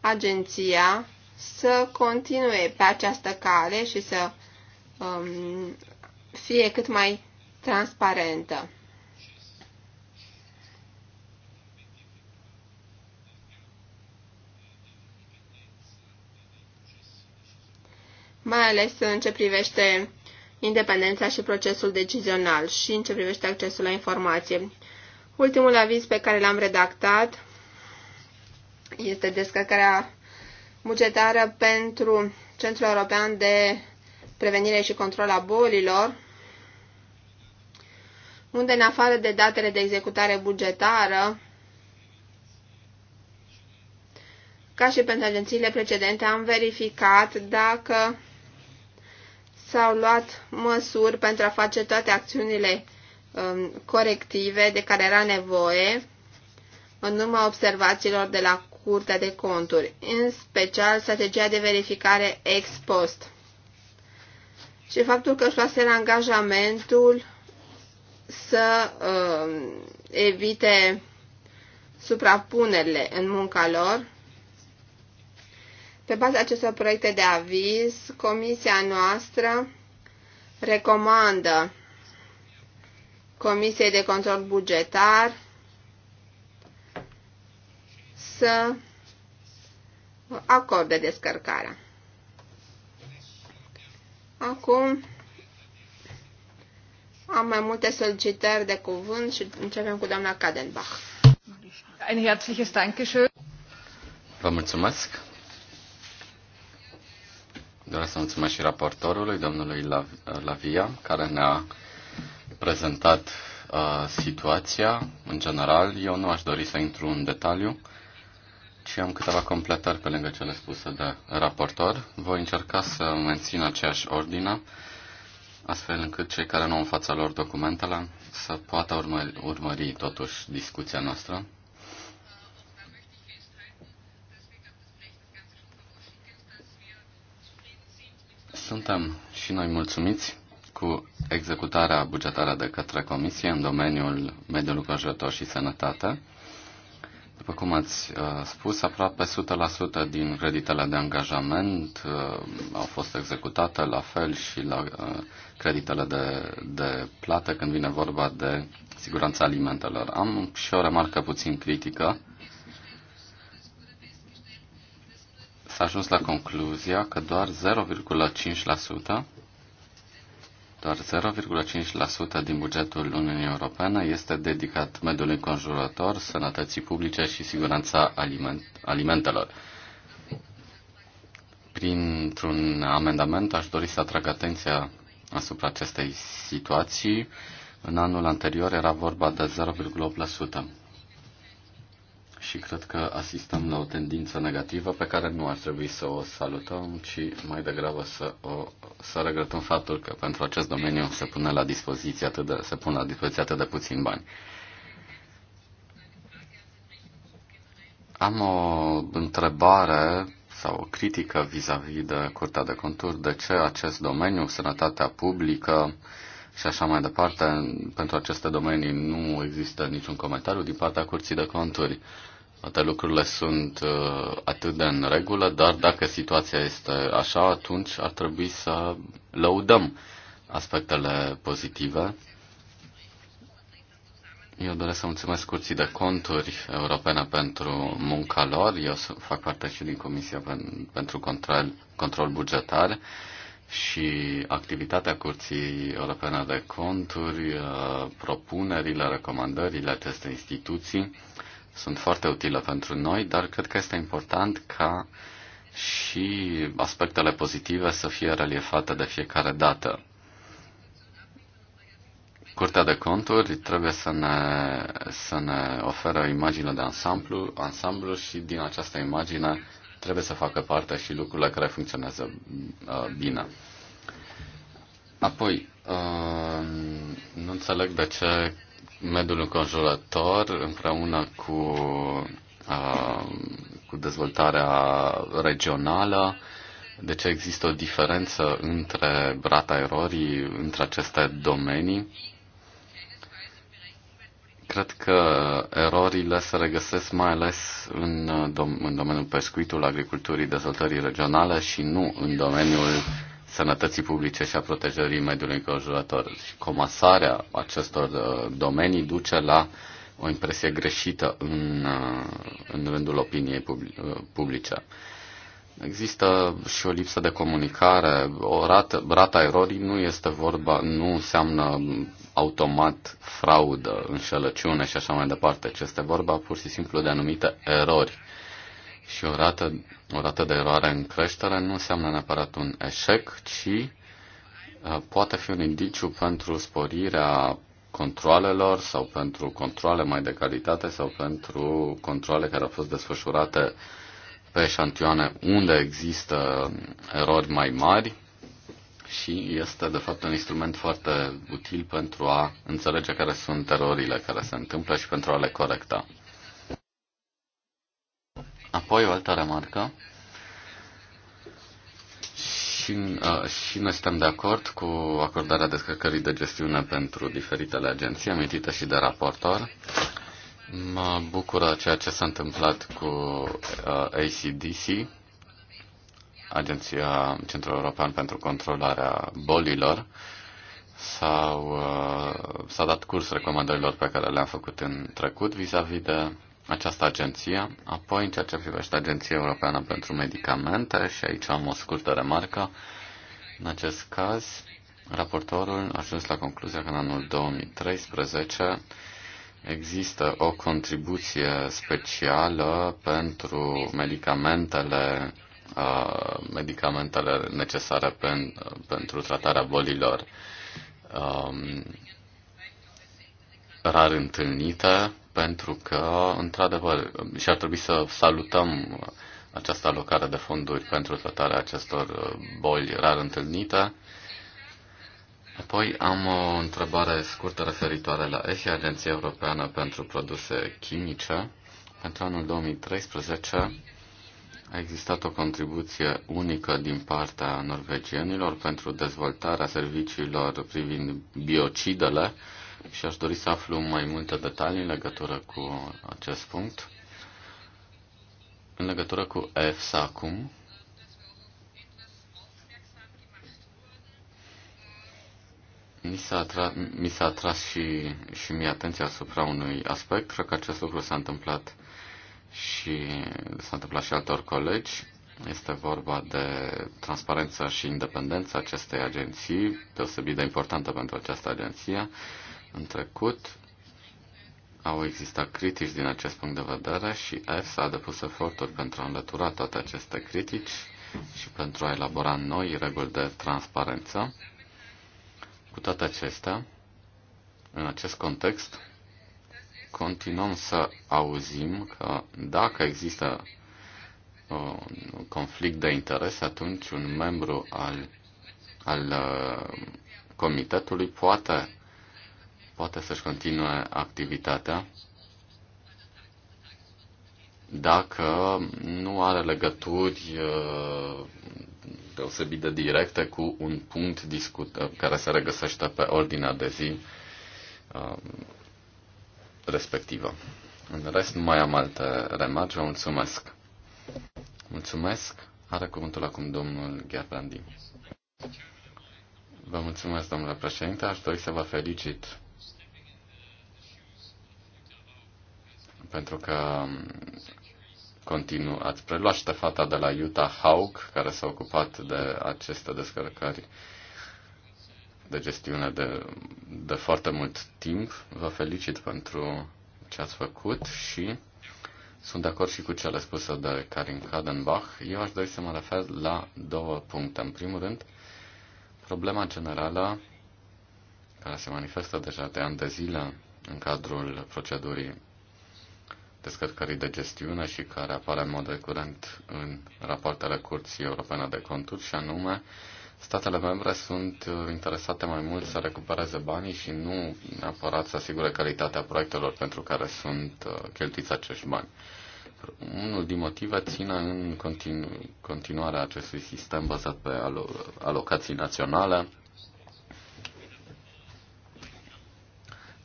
agenția să continue pe această cale și să um, fie cât mai transparentă. mai ales în ce privește independența și procesul decizional și în ce privește accesul la informație. Ultimul aviz pe care l-am redactat este descărcarea bugetară pentru Centrul European de Prevenire și Control a Bolilor, unde, în afară de datele de executare bugetară, ca și pentru agențiile precedente, am verificat dacă s-au luat măsuri pentru a face toate acțiunile um, corective de care era nevoie în urma observațiilor de la Curtea de Conturi, în special strategia de verificare ex post și faptul că își luaseră angajamentul să uh, evite suprapunerile în munca lor pe baza acestor proiecte de aviz, comisia noastră recomandă Comisiei de Control Bugetar să acorde descărcarea. Acum am mai multe solicitări de cuvânt și începem cu doamna Kadenbach. Ein herzliches Dankeschön. Vă mulțumesc. Doresc să mulțumesc și raportorului, domnului Lavia, care ne-a prezentat uh, situația în general. Eu nu aș dori să intru în detaliu, ci am câteva completări pe lângă cele spuse de raportor. Voi încerca să mențin aceeași ordine, astfel încât cei care nu au în fața lor documentele să poată urmări, urmări totuși discuția noastră. Suntem și noi mulțumiți cu executarea bugetară de către Comisie în domeniul mediului înconjurător și sănătate. După cum ați uh, spus, aproape 100% din creditele de angajament uh, au fost executate, la fel și la uh, creditele de, de plată când vine vorba de siguranța alimentelor. Am și o remarcă puțin critică s-a ajuns la concluzia că doar 0,5% doar 0,5% din bugetul Uniunii Europene este dedicat mediului înconjurător, sănătății publice și siguranța aliment- alimentelor. Printr-un amendament aș dori să atrag atenția asupra acestei situații. În anul anterior era vorba de 0,8% și cred că asistăm la o tendință negativă pe care nu ar trebui să o salutăm, ci mai degrabă să, o, să regretăm faptul că pentru acest domeniu se, pune la dispoziție atât de, se pun la dispoziție atât de puțin bani. Am o întrebare sau o critică vis-a-vis -vis de Curtea de Conturi. De ce acest domeniu, sănătatea publică, și așa mai departe. Pentru aceste domenii nu există niciun comentariu din partea Curții de Conturi toate lucrurile sunt uh, atât de în regulă, dar dacă situația este așa, atunci ar trebui să lăudăm aspectele pozitive. Eu doresc să mulțumesc Curții de Conturi Europene pentru munca lor. Eu fac parte și din Comisia pentru Control, control Bugetar și activitatea Curții Europene de Conturi, uh, propunerile, recomandările acestei instituții sunt foarte utile pentru noi, dar cred că este important ca și aspectele pozitive să fie reliefate de fiecare dată. Curtea de conturi trebuie să ne, să ne ofere o imagine de ansamblu, ansamblu și din această imagine trebuie să facă parte și lucrurile care funcționează uh, bine. Apoi, uh, nu înțeleg de ce mediul înconjurător împreună cu, a, cu dezvoltarea regională. De ce există o diferență între brata erorii între aceste domenii? Cred că erorile se regăsesc mai ales în, dom- în domeniul pescuitului, agriculturii, dezvoltării regionale și nu în domeniul sănătății publice și a protejării mediului înconjurător. Și comasarea acestor uh, domenii duce la o impresie greșită în, uh, în rândul opiniei uh, publice. Există și o lipsă de comunicare, o rată, rata erorii nu este vorba, nu înseamnă automat fraudă, înșelăciune și așa mai departe, ci este vorba pur și simplu de anumite erori și o rată, o rată de eroare în creștere nu înseamnă neapărat un eșec, ci uh, poate fi un indiciu pentru sporirea controlelor sau pentru controle mai de calitate sau pentru controle care au fost desfășurate pe șantioane unde există erori mai mari și este de fapt un instrument foarte util pentru a înțelege care sunt erorile care se întâmplă și pentru a le corecta. Apoi o altă remarcă. Și, uh, și noi suntem de acord cu acordarea descărcării de gestiune pentru diferitele agenții emitite și de raportor. Mă bucură ceea ce s-a întâmplat cu uh, ACDC, Agenția Centrul European pentru Controlarea Bolilor. S-au, uh, s-a dat curs recomandărilor pe care le-am făcut în trecut vis-a-vis -vis de această agenție. Apoi, în ceea ce privește Agenția Europeană pentru Medicamente, și aici am o scurtă remarcă, în acest caz, raportorul a ajuns la concluzia că în anul 2013 există o contribuție specială pentru medicamentele, uh, medicamentele necesare pen, pentru tratarea bolilor um, rar întâlnite pentru că, într-adevăr, și ar trebui să salutăm această alocare de fonduri pentru tratarea acestor uh, boli rar întâlnite. Apoi am o întrebare scurtă referitoare la EFI, Agenția Europeană pentru Produse Chimice. Pentru anul 2013 a existat o contribuție unică din partea norvegienilor pentru dezvoltarea serviciilor privind biocidele, și aș dori să aflu mai multe detalii în legătură cu acest punct. În legătură cu EFSA acum, Mi s-a, atra- mi a atras și, și mie atenția asupra unui aspect. Cred că acest lucru s-a întâmplat și s-a întâmplat și altor colegi. Este vorba de transparența și independența acestei agenții, deosebit de importantă pentru această agenție. În trecut au existat critici din acest punct de vedere și EFSA a depus eforturi pentru a înlătura toate aceste critici și pentru a elabora noi reguli de transparență. Cu toate acestea, în acest context, continuăm să auzim că dacă există un uh, conflict de interes, atunci un membru al, al uh, comitetului poate poate să-și continue activitatea dacă nu are legături uh, deosebit de directe cu un punct discut, uh, care se regăsește pe ordinea de zi uh, respectivă. În rest, nu mai am alte remarci. Vă mulțumesc. Mulțumesc. Are cuvântul acum domnul Gherbrandi. Vă mulțumesc, domnule președinte. Aș dori să vă felicit pentru că um, continuu, ați preluat ștefata de la Utah Hawk, care s-a ocupat de aceste descărcări de gestiune de, de foarte mult timp. Vă felicit pentru ce ați făcut și sunt de acord și cu cele spuse de Karin Kadenbach. Eu aș dori să mă refer la două puncte. În primul rând, problema generală care se manifestă deja de ani de zile în cadrul procedurii descărcării de gestiune și care apare în mod recurent în rapoartele Curții Europene de Conturi, și anume statele membre sunt uh, interesate mai mult să recupereze banii și nu neapărat să asigure calitatea proiectelor pentru care sunt uh, cheltuiți acești bani. Unul din motive ține în continu- continuarea acestui sistem bazat pe alo- alocații naționale.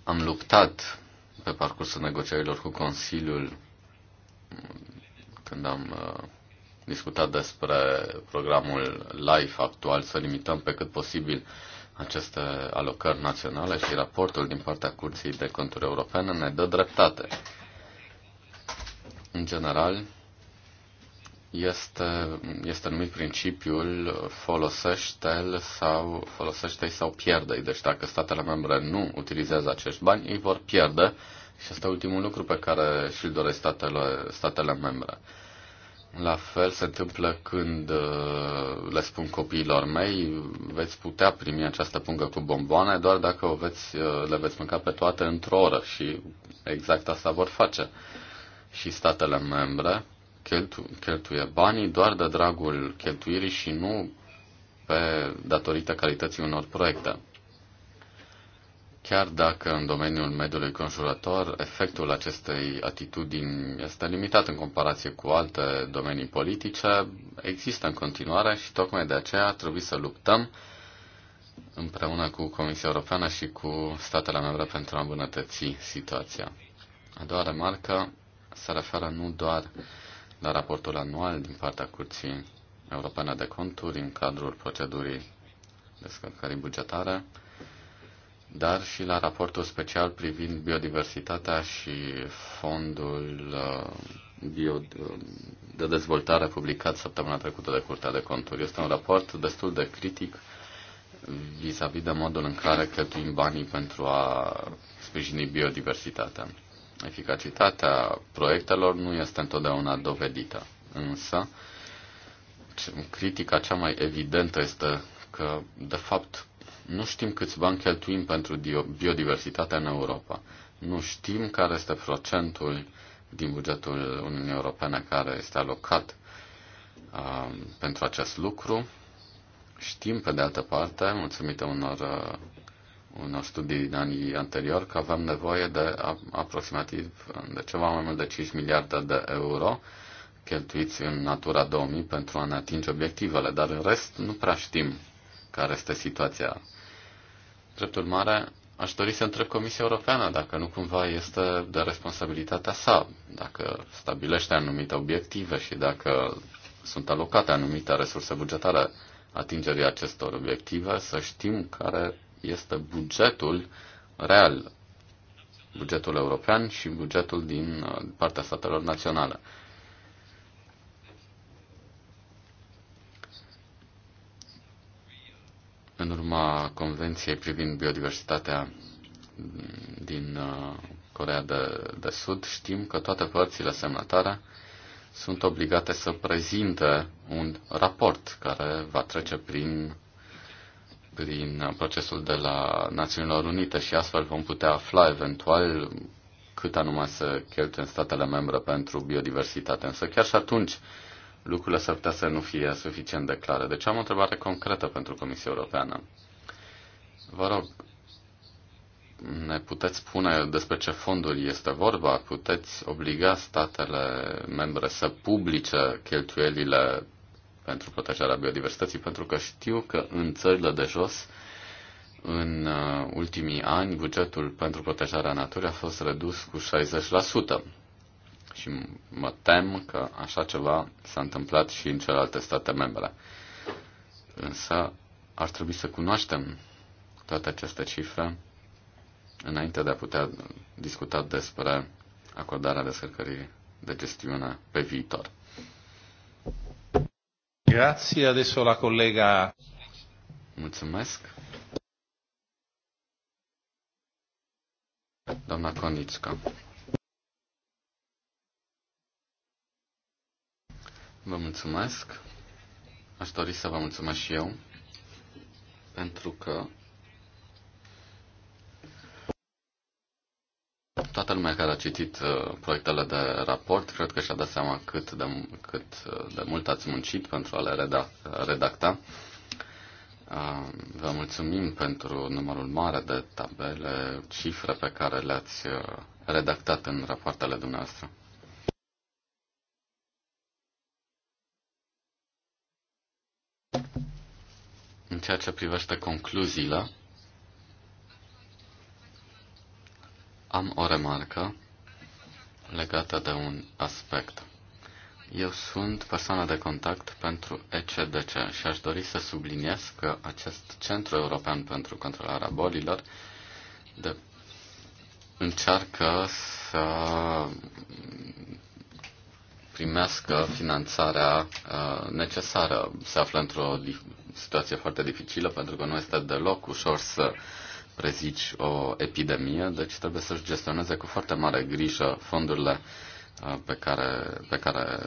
Am luptat pe parcursul negocierilor cu Consiliul, când am uh, discutat despre programul LIFE actual, să limităm pe cât posibil aceste alocări naționale și raportul din partea Curții de Conturi Europene ne dă dreptate. În general, este, este numit principiul folosește-l sau folosește-i sau pierde-i. Deci dacă statele membre nu utilizează acești bani, ei vor pierde și este ultimul lucru pe care și-l doresc statele, statele membre. La fel se întâmplă când uh, le spun copiilor mei, veți putea primi această pungă cu bomboane doar dacă o veți, uh, le veți mânca pe toate într-o oră și exact asta vor face. Și statele membre cheltu- cheltuie banii doar de dragul cheltuirii și nu pe datorită calității unor proiecte. Chiar dacă în domeniul mediului conjurător efectul acestei atitudini este limitat în comparație cu alte domenii politice, există în continuare și tocmai de aceea trebuie să luptăm împreună cu Comisia Europeană și cu statele membre pentru a îmbunătăți situația. A doua remarcă se referă nu doar uh, la raportul anual din partea Curții Europene de Conturi în cadrul procedurii descărcării bugetare, dar și la raportul special privind biodiversitatea și fondul uh, bio, de dezvoltare publicat săptămâna trecută de Curtea de Conturi. Este un raport destul de critic vis-a-vis -vis de modul în care cheltuim banii pentru a sprijini biodiversitatea eficacitatea proiectelor nu este întotdeauna dovedită. Însă, critica cea mai evidentă este că, de fapt, nu știm câți bani cheltuim pentru biodiversitatea în Europa. Nu știm care este procentul din bugetul Uniunii Europene care este alocat uh, pentru acest lucru. Știm, pe de altă parte, mulțumită unor uh, unor studii din anii anterior că avem nevoie de aproximativ de ceva mai mult de 5 miliarde de euro cheltuiți în Natura 2000 pentru a ne atinge obiectivele, dar în rest nu prea știm care este situația. Drept urmare, aș dori să întreb Comisia Europeană dacă nu cumva este de responsabilitatea sa, dacă stabilește anumite obiective și dacă sunt alocate anumite resurse bugetare atingerii acestor obiective, să știm care este bugetul real, bugetul european și bugetul uh, din partea statelor naționale. În urma Convenției privind biodiversitatea din uh, Corea de, de Sud, știm că toate părțile semnătare sunt obligate să prezinte un raport care va trece prin prin procesul de la Națiunilor Unite și astfel vom putea afla eventual cât anume să cheltuie în statele membre pentru biodiversitate. Însă chiar și atunci lucrurile s-ar putea să nu fie suficient de clare. Deci am o întrebare concretă pentru Comisia Europeană. Vă rog, ne puteți spune despre ce fonduri este vorba? Puteți obliga statele membre să publice cheltuielile pentru protejarea biodiversității, pentru că știu că în țările de jos, în uh, ultimii ani, bugetul pentru protejarea naturii a fost redus cu 60%. Și mă tem că așa ceva s-a întâmplat și în celelalte state membre. Însă ar trebui să cunoaștem toate aceste cifre înainte de a putea discuta despre acordarea descărcării de gestiune pe viitor. Grazie, adesso la collega. Mulțumesc. Doamna Conițca. Vă mulțumesc. Aș dori să vă mulțumesc și eu pentru că Toată lumea care a citit uh, proiectele de raport, cred că și-a dat seama cât de, cât uh, de mult ați muncit pentru a le redacta. Uh, vă mulțumim pentru numărul mare de tabele, cifre pe care le-ați redactat în rapoartele dumneavoastră. În ceea ce privește concluziile, Am o remarcă legată de un aspect. Eu sunt persoana de contact pentru ECDC și aș dori să subliniez că acest Centru European pentru Controlarea Bolilor de, încearcă să primească finanțarea uh, necesară. Se află într-o situație foarte dificilă pentru că nu este deloc ușor să uh, prezici o epidemie, deci trebuie să-și gestioneze cu foarte mare grijă fondurile uh, pe care, pe care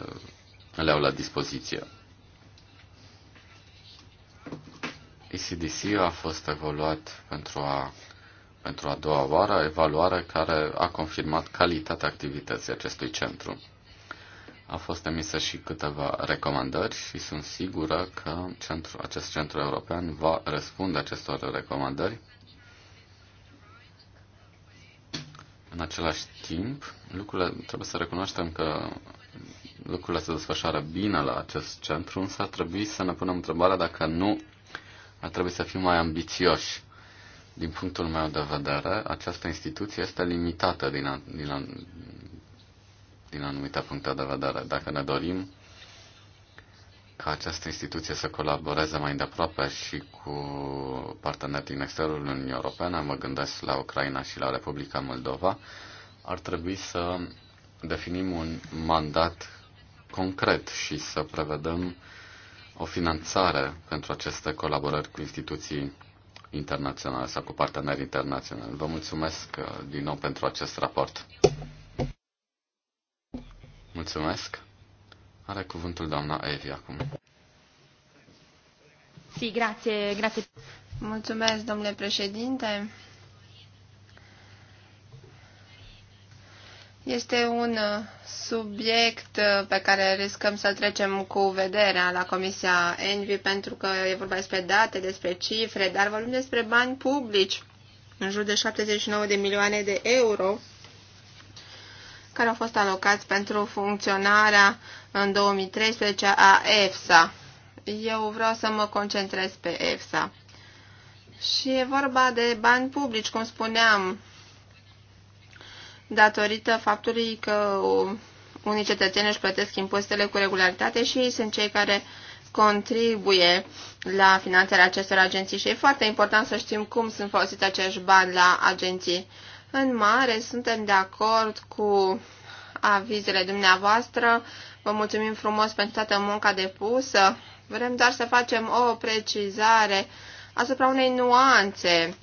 le au la dispoziție. ECDC a fost evaluat pentru a, pentru a doua oară, evaluare care a confirmat calitatea activității acestui centru. A fost emisă și câteva recomandări și sunt sigură că centru, acest centru european va răspunde acestor recomandări În același timp, lucrurile, trebuie să recunoaștem că lucrurile se desfășoară bine la acest centru, însă ar trebui să ne punem întrebarea dacă nu ar trebui să fim mai ambițioși. Din punctul meu de vedere, această instituție este limitată din, a, din, a, din anumite puncte de vedere. Dacă ne dorim ca această instituție să colaboreze mai îndeaproape și cu parteneri din exteriorul Uniunii Europene, mă gândesc la Ucraina și la Republica Moldova, ar trebui să definim un mandat concret și să prevedem o finanțare pentru aceste colaborări cu instituții internaționale sau cu parteneri internaționali. Vă mulțumesc uh, din nou pentru acest raport. Mulțumesc. Are cuvântul doamna Evi acum. Si, grație, grație. Mulțumesc, domnule președinte. Este un uh, subiect uh, pe care riscăm să l trecem cu vederea la Comisia Envi pentru că e vorba despre date, despre cifre, dar vorbim despre bani publici, în jur de 79 de milioane de euro care au fost alocați pentru funcționarea în 2013 a EFSA. Eu vreau să mă concentrez pe EFSA. Și e vorba de bani publici, cum spuneam, datorită faptului că unii cetățeni își plătesc impozitele cu regularitate și ei sunt cei care contribuie la finanțarea acestor agenții și e foarte important să știm cum sunt folosiți acești bani la agenții. În mare, suntem de acord cu avizele dumneavoastră. Vă mulțumim frumos pentru toată munca depusă. Vrem doar să facem o precizare asupra unei nuanțe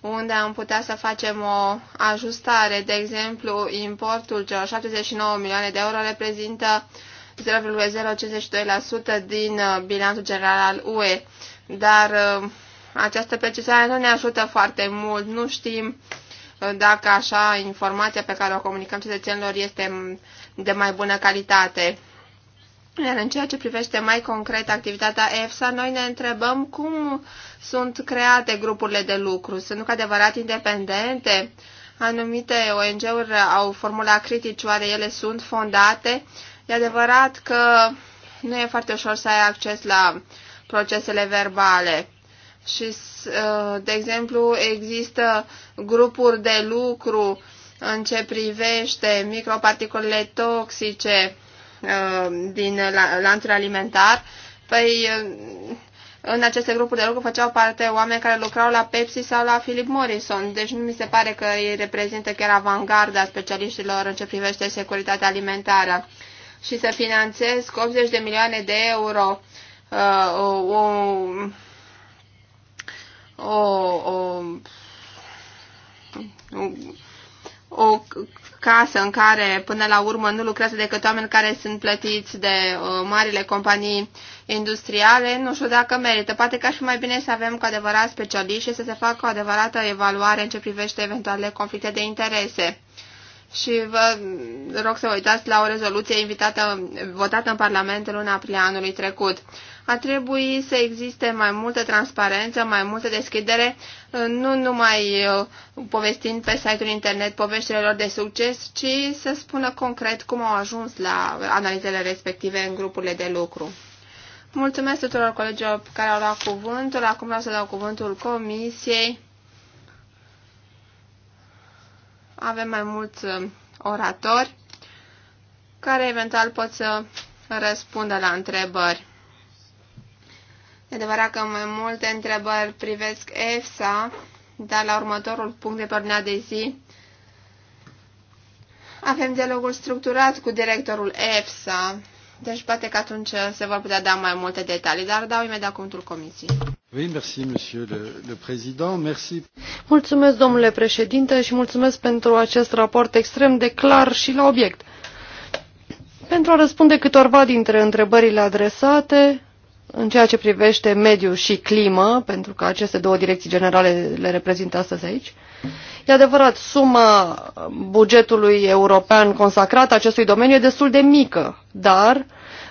unde am putea să facem o ajustare. De exemplu, importul celor 79 milioane de euro reprezintă 0,052% din uh, bilanțul general al UE, dar uh, această precizare nu ne ajută foarte mult. Nu știm dacă așa informația pe care o comunicăm cetățenilor este de mai bună calitate. Iar în ceea ce privește mai concret activitatea EFSA, noi ne întrebăm cum sunt create grupurile de lucru. Sunt cu adevărat independente? Anumite ONG-uri au formula critici, oare ele sunt fondate? E adevărat că nu e foarte ușor să ai acces la procesele verbale și, uh, de exemplu, există grupuri de lucru în ce privește microparticulele toxice uh, din lanțul alimentar. Păi, uh, în aceste grupuri de lucru făceau parte oameni care lucrau la Pepsi sau la Philip Morrison, deci nu mi se pare că ei reprezintă chiar avangarda specialiștilor în ce privește securitatea alimentară. Și să finanțez 80 de milioane de euro uh, o, o, o, o casă în care până la urmă nu lucrează decât oameni care sunt plătiți de uh, marile companii industriale, nu știu dacă merită. Poate că aș fi mai bine să avem cu adevărat specialiști și să se facă o adevărată evaluare în ce privește eventuale conflicte de interese și vă rog să vă uitați la o rezoluție invitată, votată în Parlament în luna aprilie anului trecut. A trebui să existe mai multă transparență, mai multă deschidere, nu numai uh, povestind pe site-ul internet poveștile lor de succes, ci să spună concret cum au ajuns la analizele respective în grupurile de lucru. Mulțumesc tuturor colegilor care au luat cuvântul. Acum vreau să dau cuvântul Comisiei avem mai mulți uh, oratori care eventual pot să răspundă la întrebări. E adevărat că mai multe întrebări privesc EFSA, dar la următorul punct de pornea de zi avem dialogul structurat cu directorul EFSA, deci poate că atunci se vor putea da mai multe detalii, dar dau imediat cuvântul comisiei. Mulțumesc, domnule președinte, și mulțumesc pentru acest raport extrem de clar și la obiect. Pentru a răspunde câtorva dintre întrebările adresate, în ceea ce privește mediu și climă, pentru că aceste două direcții generale le reprezintă astăzi aici, e adevărat, suma bugetului european consacrat acestui domeniu e destul de mică, dar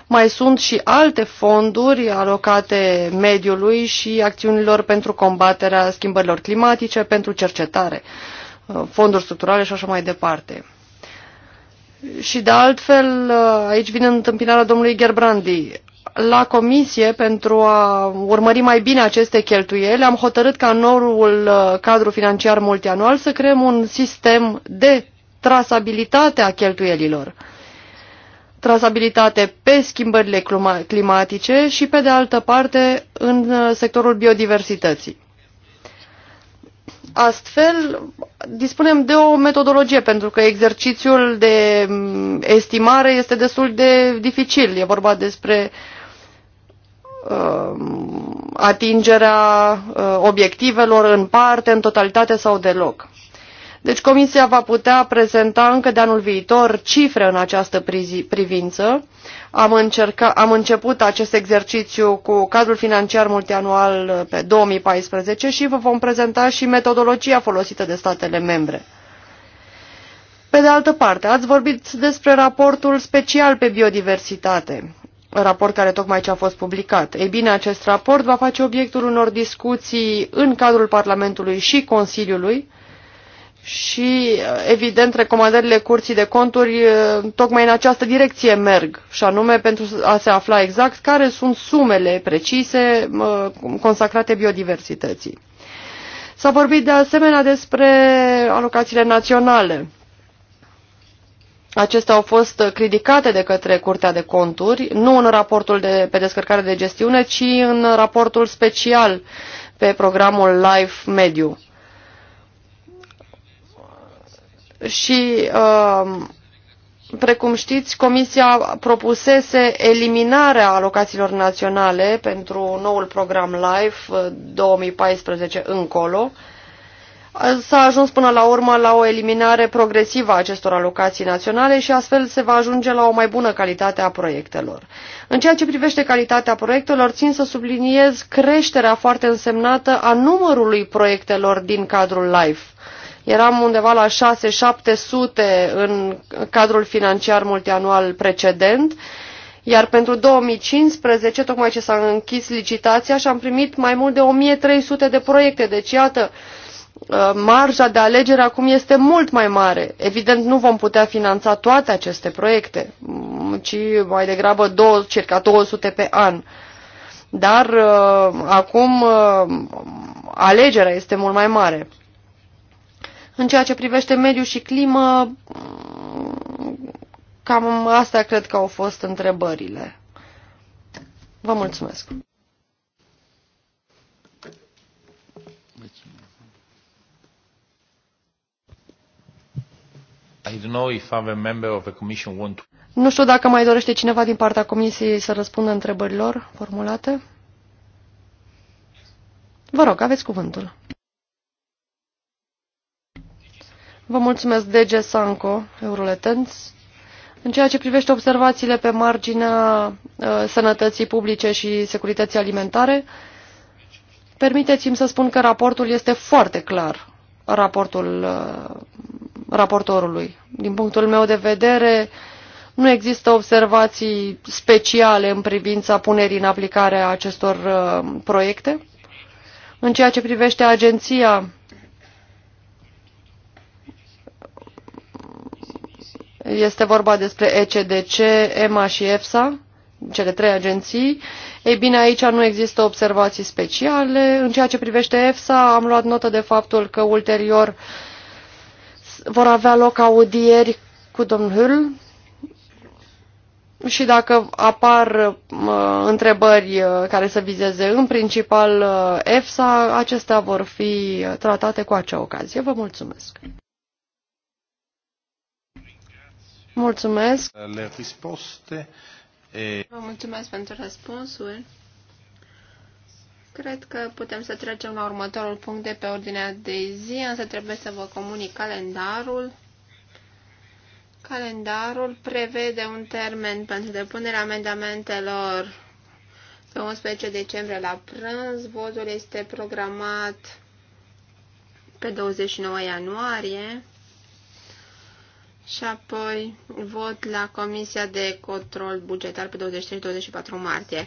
mai sunt și alte fonduri alocate mediului și acțiunilor pentru combaterea schimbărilor climatice, pentru cercetare, uh, fonduri structurale și așa mai departe. Și de altfel, uh, aici vine întâmpinarea domnului Gerbrandi. La comisie, pentru a urmări mai bine aceste cheltuieli, am hotărât ca noul uh, cadru financiar multianual să creăm un sistem de trasabilitate a cheltuielilor trasabilitate pe schimbările climatice și, pe de altă parte, în uh, sectorul biodiversității. Astfel, dispunem de o metodologie, pentru că exercițiul de mm, estimare este destul de dificil. E vorba despre um, uh, atingerea obiectivelor în parte, în totalitate sau deloc. Deci Comisia va putea prezenta încă de anul viitor cifre în această privință. Am, încerca, am început acest exercițiu cu cadrul financiar multianual uh, pe 2014 și vă vom prezenta și metodologia folosită de statele membre. Pe de altă parte, ați vorbit despre raportul special pe biodiversitate, raport care tocmai ce a fost publicat. Ei bine, acest raport va face obiectul unor discuții în cadrul Parlamentului și Consiliului, și, evident, recomandările Curții de Conturi tocmai în această direcție merg, și anume pentru a se afla exact care sunt sumele precise consacrate biodiversității. S-a vorbit de asemenea despre alocațiile naționale. Acestea au fost criticate de către Curtea de Conturi, nu în raportul de, pe descărcare de gestiune, ci în raportul special pe programul Life Mediu. și um, precum știți, Comisia propusese eliminarea alocațiilor naționale pentru noul program LIFE 2014 uh, încolo. S-a ajuns până la urmă la o eliminare progresivă a acestor alocații naționale și astfel se va ajunge la o mai bună calitate a proiectelor. În ceea ce privește calitatea proiectelor, țin să subliniez creșterea foarte însemnată a numărului proiectelor din cadrul LIFE Eram undeva la 6-700 în cadrul financiar multianual precedent, iar pentru 2015, tocmai ce s-a închis licitația și am primit mai mult de 1300 de proiecte. Deci, iată, uh, marja de alegere acum este mult mai mare. Evident, nu vom putea finanța toate aceste proiecte, mm, ci mai degrabă două, circa 200 pe an. Dar uh, acum uh, alegerea este mult mai mare. În ceea ce privește mediu și climă, cam astea cred că au fost întrebările. Vă mulțumesc! I don't know if I'm a member of the commission want to... Nu știu dacă mai dorește cineva din partea comisiei să răspundă întrebărilor formulate. Vă rog, aveți cuvântul. Vă mulțumesc, DG Sanco, Euroletens. În ceea ce privește observațiile pe marginea uh, sănătății publice și securității alimentare, permiteți-mi să spun că raportul este foarte clar, raportul uh, raportorului. Din punctul meu de vedere, nu există observații speciale în privința punerii în aplicare a acestor uh, proiecte. În ceea ce privește agenția Este vorba despre ECDC, EMA și EFSA, cele trei agenții. Ei bine, aici nu există observații speciale. În ceea ce privește EFSA, am luat notă de faptul că ulterior vor avea loc audieri cu domnul Hull și dacă apar uh, întrebări care să vizeze în principal uh, EFSA, acestea vor fi tratate cu acea ocazie. Vă mulțumesc! Mulțumesc. Le risposte. E... Vă mulțumesc pentru răspunsuri. Cred că putem să trecem la următorul punct de pe ordinea de zi, însă trebuie să vă comunic calendarul. Calendarul prevede un termen pentru depunerea amendamentelor pe 11 decembrie la prânz. Votul este programat pe 29 ianuarie și apoi vot la Comisia de Control Bugetar pe 23-24 martie.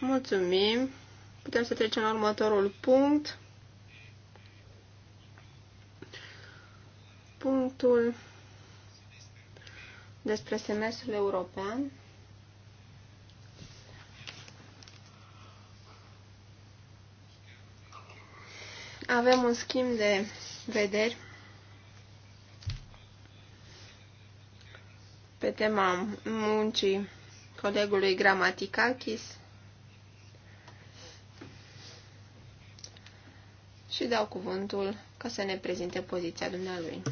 Mulțumim! Putem să trecem la următorul punct. Punctul despre semestrul european. Avem un schimb de vederi pe tema muncii colegului Gramaticakis și dau cuvântul ca să ne prezinte poziția dumnealui.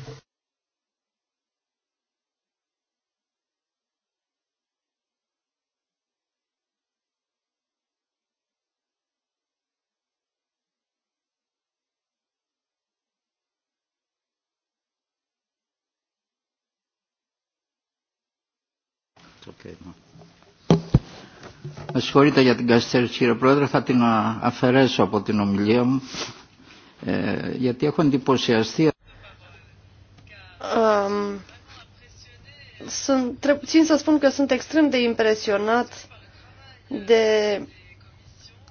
Okay, no. Με συγχωρείτε για την καθυστέρηση κύριε Πρόεδρε, θα την αφαιρέσω από την ομιλία μου ε, γιατί έχω εντυπωσιαστεί. Um, sunt, țin să spun că sunt extrem de impresionat de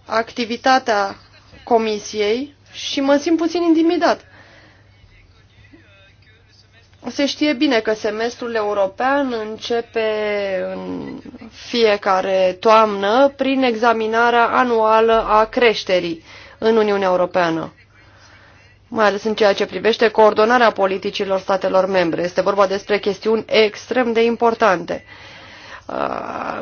activitatea comisiei și mă simt puțin intimidat. Se știe bine că semestrul european începe în fiecare toamnă prin examinarea anuală a creșterii în Uniunea Europeană, mai ales în ceea ce privește coordonarea politicilor statelor membre. Este vorba despre chestiuni extrem de importante. Uh,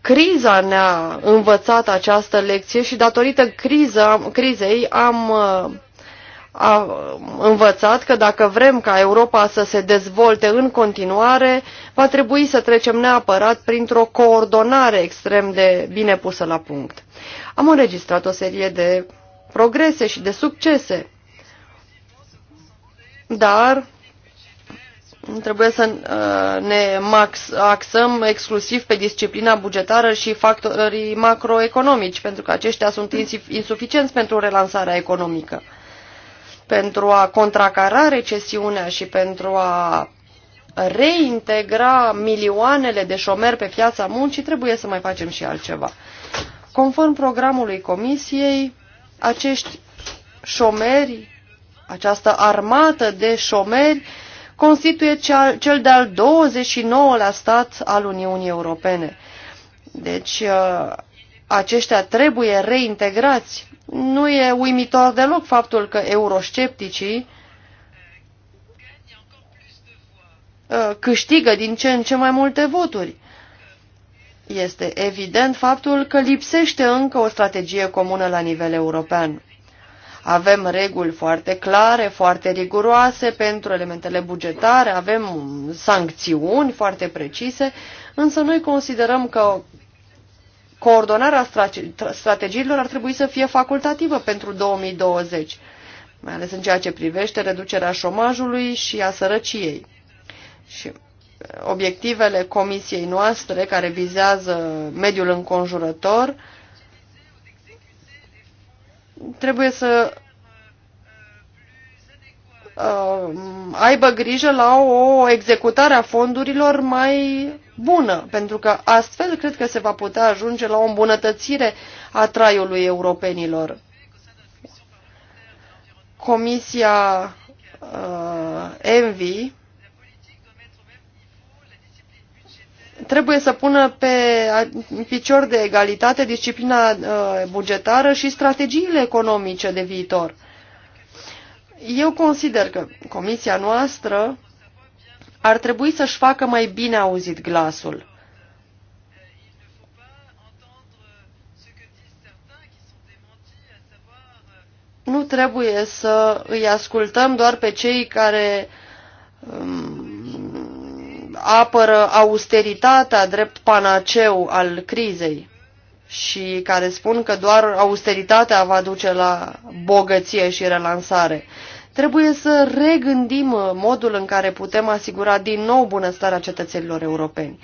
criza ne-a învățat această lecție și datorită criza, crizei am uh, a învățat că dacă vrem ca Europa să se dezvolte în continuare, va trebui să trecem neapărat printr-o coordonare extrem de bine pusă la punct. Am înregistrat o serie de progrese și de succese, dar trebuie să uh, ne axăm exclusiv pe disciplina bugetară și factorii macroeconomici, pentru că aceștia sunt insuficienți pentru relansarea economică pentru a contracara recesiunea și pentru a reintegra milioanele de șomeri pe piața muncii, trebuie să mai facem și altceva. Conform programului Comisiei, acești șomeri, această armată de șomeri, constituie cel de-al 29-lea stat al Uniunii Europene. Deci, uh, aceștia trebuie reintegrați nu e uimitor deloc faptul că euroscepticii uh, câștigă din ce în ce mai multe voturi. Este evident faptul că lipsește încă o strategie comună la nivel european. Avem reguli foarte clare, foarte riguroase pentru elementele bugetare, avem sancțiuni foarte precise, însă noi considerăm că coordonarea strategiilor ar trebui să fie facultativă pentru 2020, mai ales în ceea ce privește reducerea șomajului și a sărăciei. Și obiectivele comisiei noastre care vizează mediul înconjurător trebuie să aibă grijă la o executare a fondurilor mai bună, pentru că astfel cred că se va putea ajunge la o îmbunătățire a traiului europenilor. Comisia uh, Envi trebuie să pună pe picior de egalitate disciplina uh, bugetară și strategiile economice de viitor. Eu consider că comisia noastră ar trebui să-și facă mai bine auzit glasul. Nu trebuie să îi ascultăm doar pe cei care um, apără austeritatea drept panaceu al crizei și care spun că doar austeritatea va duce la bogăție și relansare. Trebuie să regândim uh, modul în care putem asigura din nou bunăstarea cetățenilor europeni.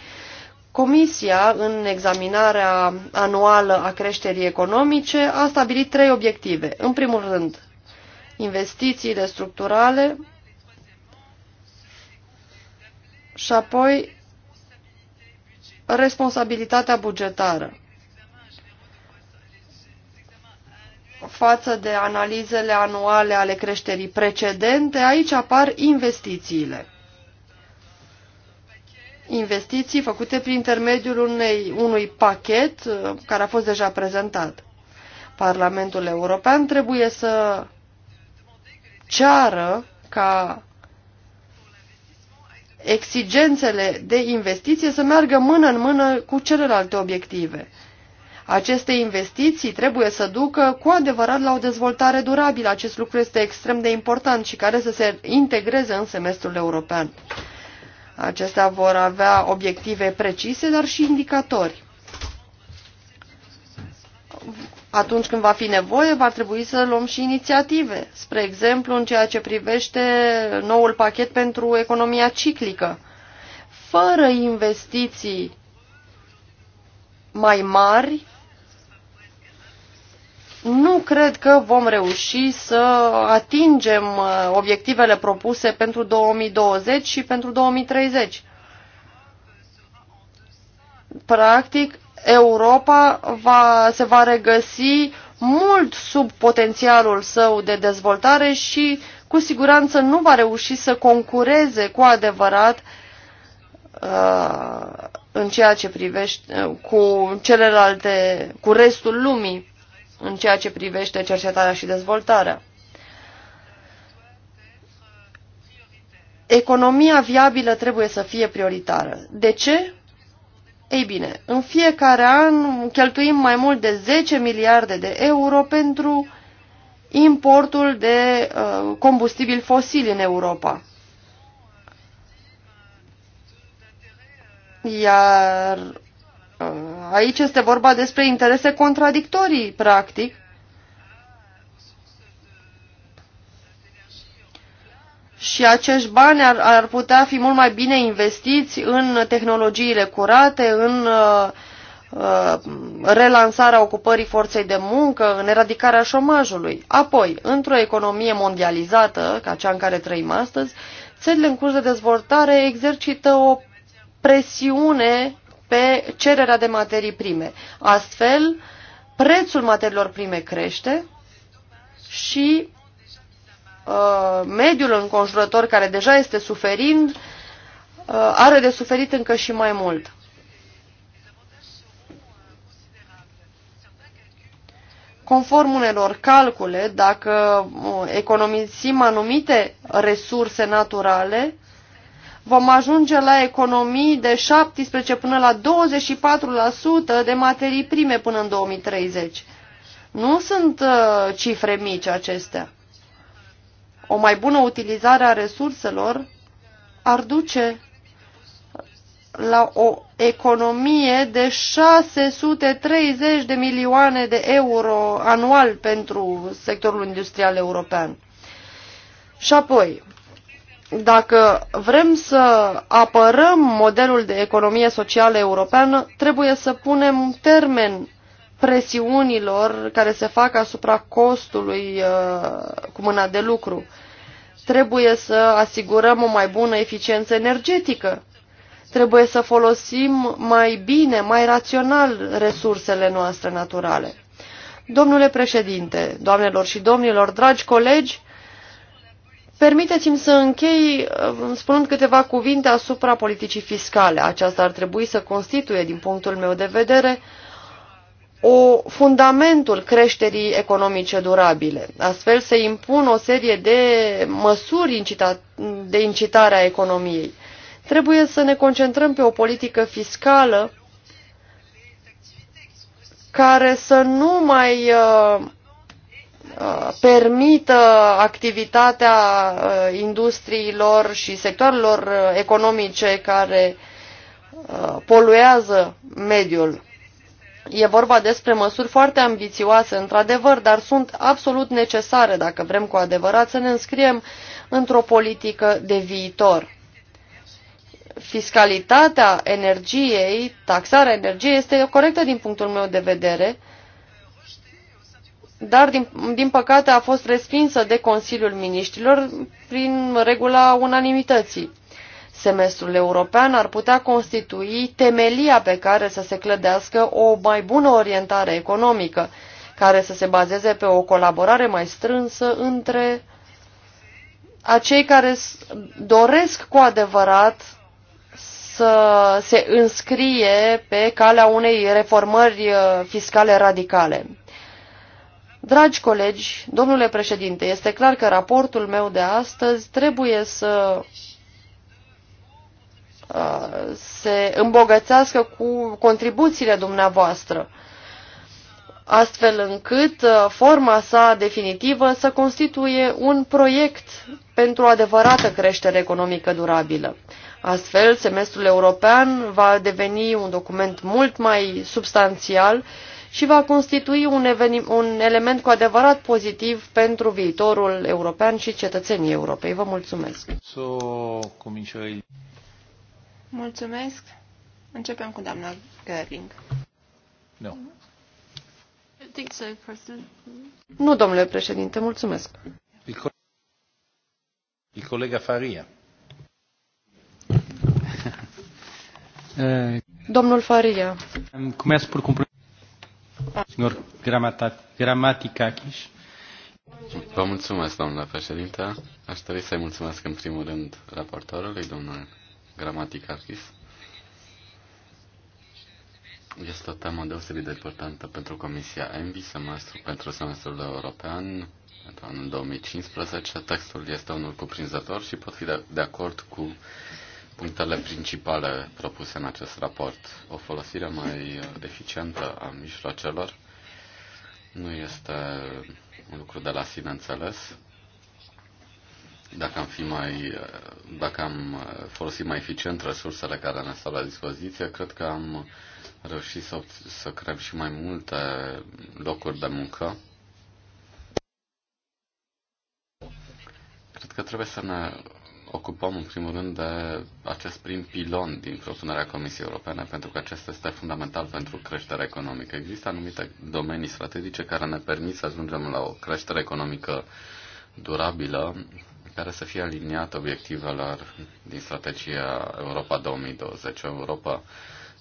Comisia, în examinarea anuală a creșterii economice, a stabilit trei obiective. În primul rând, investițiile structurale și apoi responsabilitatea bugetară. față de analizele anuale ale creșterii precedente, aici apar investițiile. Investiții făcute prin intermediul unei, unui pachet uh, care a fost deja prezentat. Parlamentul European trebuie să ceară ca exigențele de investiție să meargă mână în mână cu celelalte obiective. Aceste investiții trebuie să ducă cu adevărat la o dezvoltare durabilă. Acest lucru este extrem de important și care să se integreze în semestrul european. Acestea vor avea obiective precise, dar și indicatori. Atunci când va fi nevoie, va trebui să luăm și inițiative, spre exemplu în ceea ce privește noul pachet pentru economia ciclică. Fără investiții mai mari, nu cred că vom reuși să atingem uh, obiectivele propuse pentru 2020 și pentru 2030. Practic, Europa va, se va regăsi mult sub potențialul său de dezvoltare și cu siguranță nu va reuși să concureze cu adevărat uh, în ceea ce privește uh, cu celelalte, cu restul lumii în ceea ce privește cercetarea și dezvoltarea. Economia viabilă trebuie să fie prioritară. De ce? Ei bine, în fiecare an cheltuim mai mult de 10 miliarde de euro pentru importul de uh, combustibil fosil în Europa. Iar Uh, aici este vorba despre interese contradictorii, practic. Și acești bani ar, ar putea fi mult mai bine investiți în tehnologiile curate, în uh, uh, relansarea ocupării forței de muncă, în eradicarea șomajului. Apoi, într-o economie mondializată, ca cea în care trăim astăzi, țările în curs de dezvoltare exercită o presiune pe cererea de materii prime. Astfel, prețul materiilor prime crește și uh, mediul înconjurător, care deja este suferind, uh, are de suferit încă și mai mult. Conform unor calcule, dacă uh, economisim anumite resurse naturale, vom ajunge la economii de 17 până la 24% de materii prime până în 2030. Nu sunt uh, cifre mici acestea. O mai bună utilizare a resurselor ar duce la o economie de 630 de milioane de euro anual pentru sectorul industrial european. Și apoi, dacă vrem să apărăm modelul de economie socială europeană, trebuie să punem termen presiunilor care se fac asupra costului uh, cu mâna de lucru. Trebuie să asigurăm o mai bună eficiență energetică. Trebuie să folosim mai bine, mai rațional resursele noastre naturale. Domnule președinte, doamnelor și domnilor, dragi colegi, Permiteți-mi să închei uh, spunând câteva cuvinte asupra politicii fiscale. Aceasta ar trebui să constituie, din punctul meu de vedere, o fundamentul creșterii economice durabile. Astfel se impun o serie de măsuri incita de incitare a economiei. Trebuie să ne concentrăm pe o politică fiscală care să nu mai uh, Uh, permită activitatea uh, industriilor și sectoarelor uh, economice care poluează mediul. E vorba despre măsuri foarte ambițioase, într-adevăr, dar sunt absolut necesare dacă vrem cu adevărat să ne înscriem într-o politică de viitor. Fiscalitatea energiei, taxarea energiei, este corectă din punctul meu de vedere, dar din, din păcate a fost respinsă de Consiliul Miniștrilor prin regula unanimității. Semestrul european ar putea constitui temelia pe care să se clădească o mai bună orientare economică, care să se bazeze pe o colaborare mai strânsă între acei care doresc cu adevărat să se înscrie pe calea unei reformări uh, fiscale radicale. Dragi colegi, domnule președinte, este clar că raportul meu de astăzi trebuie să se îmbogățească cu contribuțiile dumneavoastră, astfel încât forma sa definitivă să constituie un proiect pentru o adevărată creștere economică durabilă. Astfel, semestrul european va deveni un document mult mai substanțial și va constitui un, un element cu adevărat pozitiv pentru viitorul european și cetățenii Europei. Vă mulțumesc! So, mulțumesc! Începem cu doamna Gerling. No. So, nu, domnule președinte, mulțumesc. Il, co il colega Faria. Domnul Faria. Começo por cumprir Gramaticakis. Vă mulțumesc, domnule președinte. Aș dori să-i mulțumesc în primul rând raportorului, domnul Gramaticakis. Este o temă deosebit de importantă pentru Comisia ENVI, semestru pentru semestrul european pentru anul 2015. Textul este unul cuprinzător și pot fi de, de acord cu punctele principale propuse în acest raport. O folosire mai eficientă a mijloacelor nu este un lucru de la sine înțeles. Dacă am, fi mai, dacă am folosit mai eficient resursele care ne stau la dispoziție, cred că am reușit să, să creăm și mai multe locuri de muncă. Cred că trebuie să ne ocupăm în primul rând de acest prim pilon din propunerea Comisiei Europene, pentru că acesta este fundamental pentru creșterea economică. Există anumite domenii strategice care ne permit să ajungem la o creștere economică durabilă, care să fie aliniată obiectivelor din strategia Europa 2020, o Europa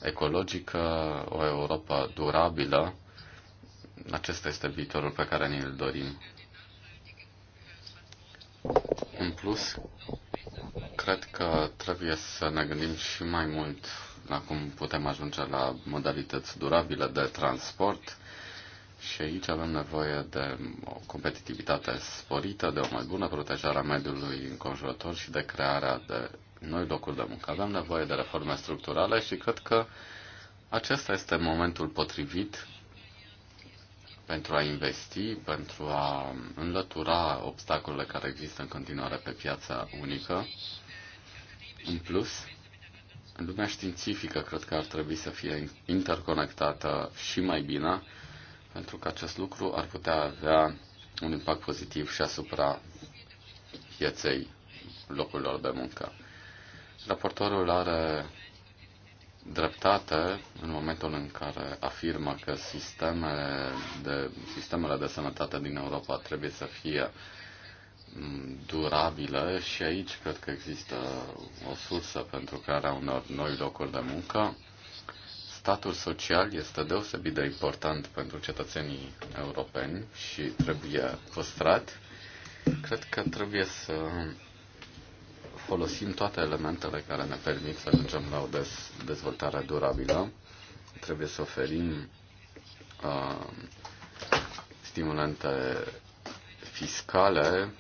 ecologică, o Europa durabilă. Acesta este viitorul pe care ne l dorim. În plus, cred că trebuie să ne gândim și mai mult la cum putem ajunge la modalități durabile de transport și aici avem nevoie de o competitivitate sporită, de o mai bună protejare a mediului înconjurător și de crearea de noi locuri de muncă. Avem nevoie de reforme structurale și cred că acesta este momentul potrivit pentru a investi, pentru a înlătura obstacolele care există în continuare pe piața unică. În plus, lumea științifică cred că ar trebui să fie interconectată și mai bine, pentru că acest lucru ar putea avea un impact pozitiv și asupra pieței locurilor de muncă. Raportorul are dreptate în momentul în care afirmă că sistemele de, sistemele de sănătate din Europa trebuie să fie mm, durabile și aici cred că există o sursă pentru care au noi locuri de muncă. Statul social este deosebit de important pentru cetățenii europeni și trebuie păstrat. Cred că trebuie să folosim toate elementele care ne permit să ajungem la o dez- dezvoltare durabilă. Trebuie să oferim uh, stimulente fiscale,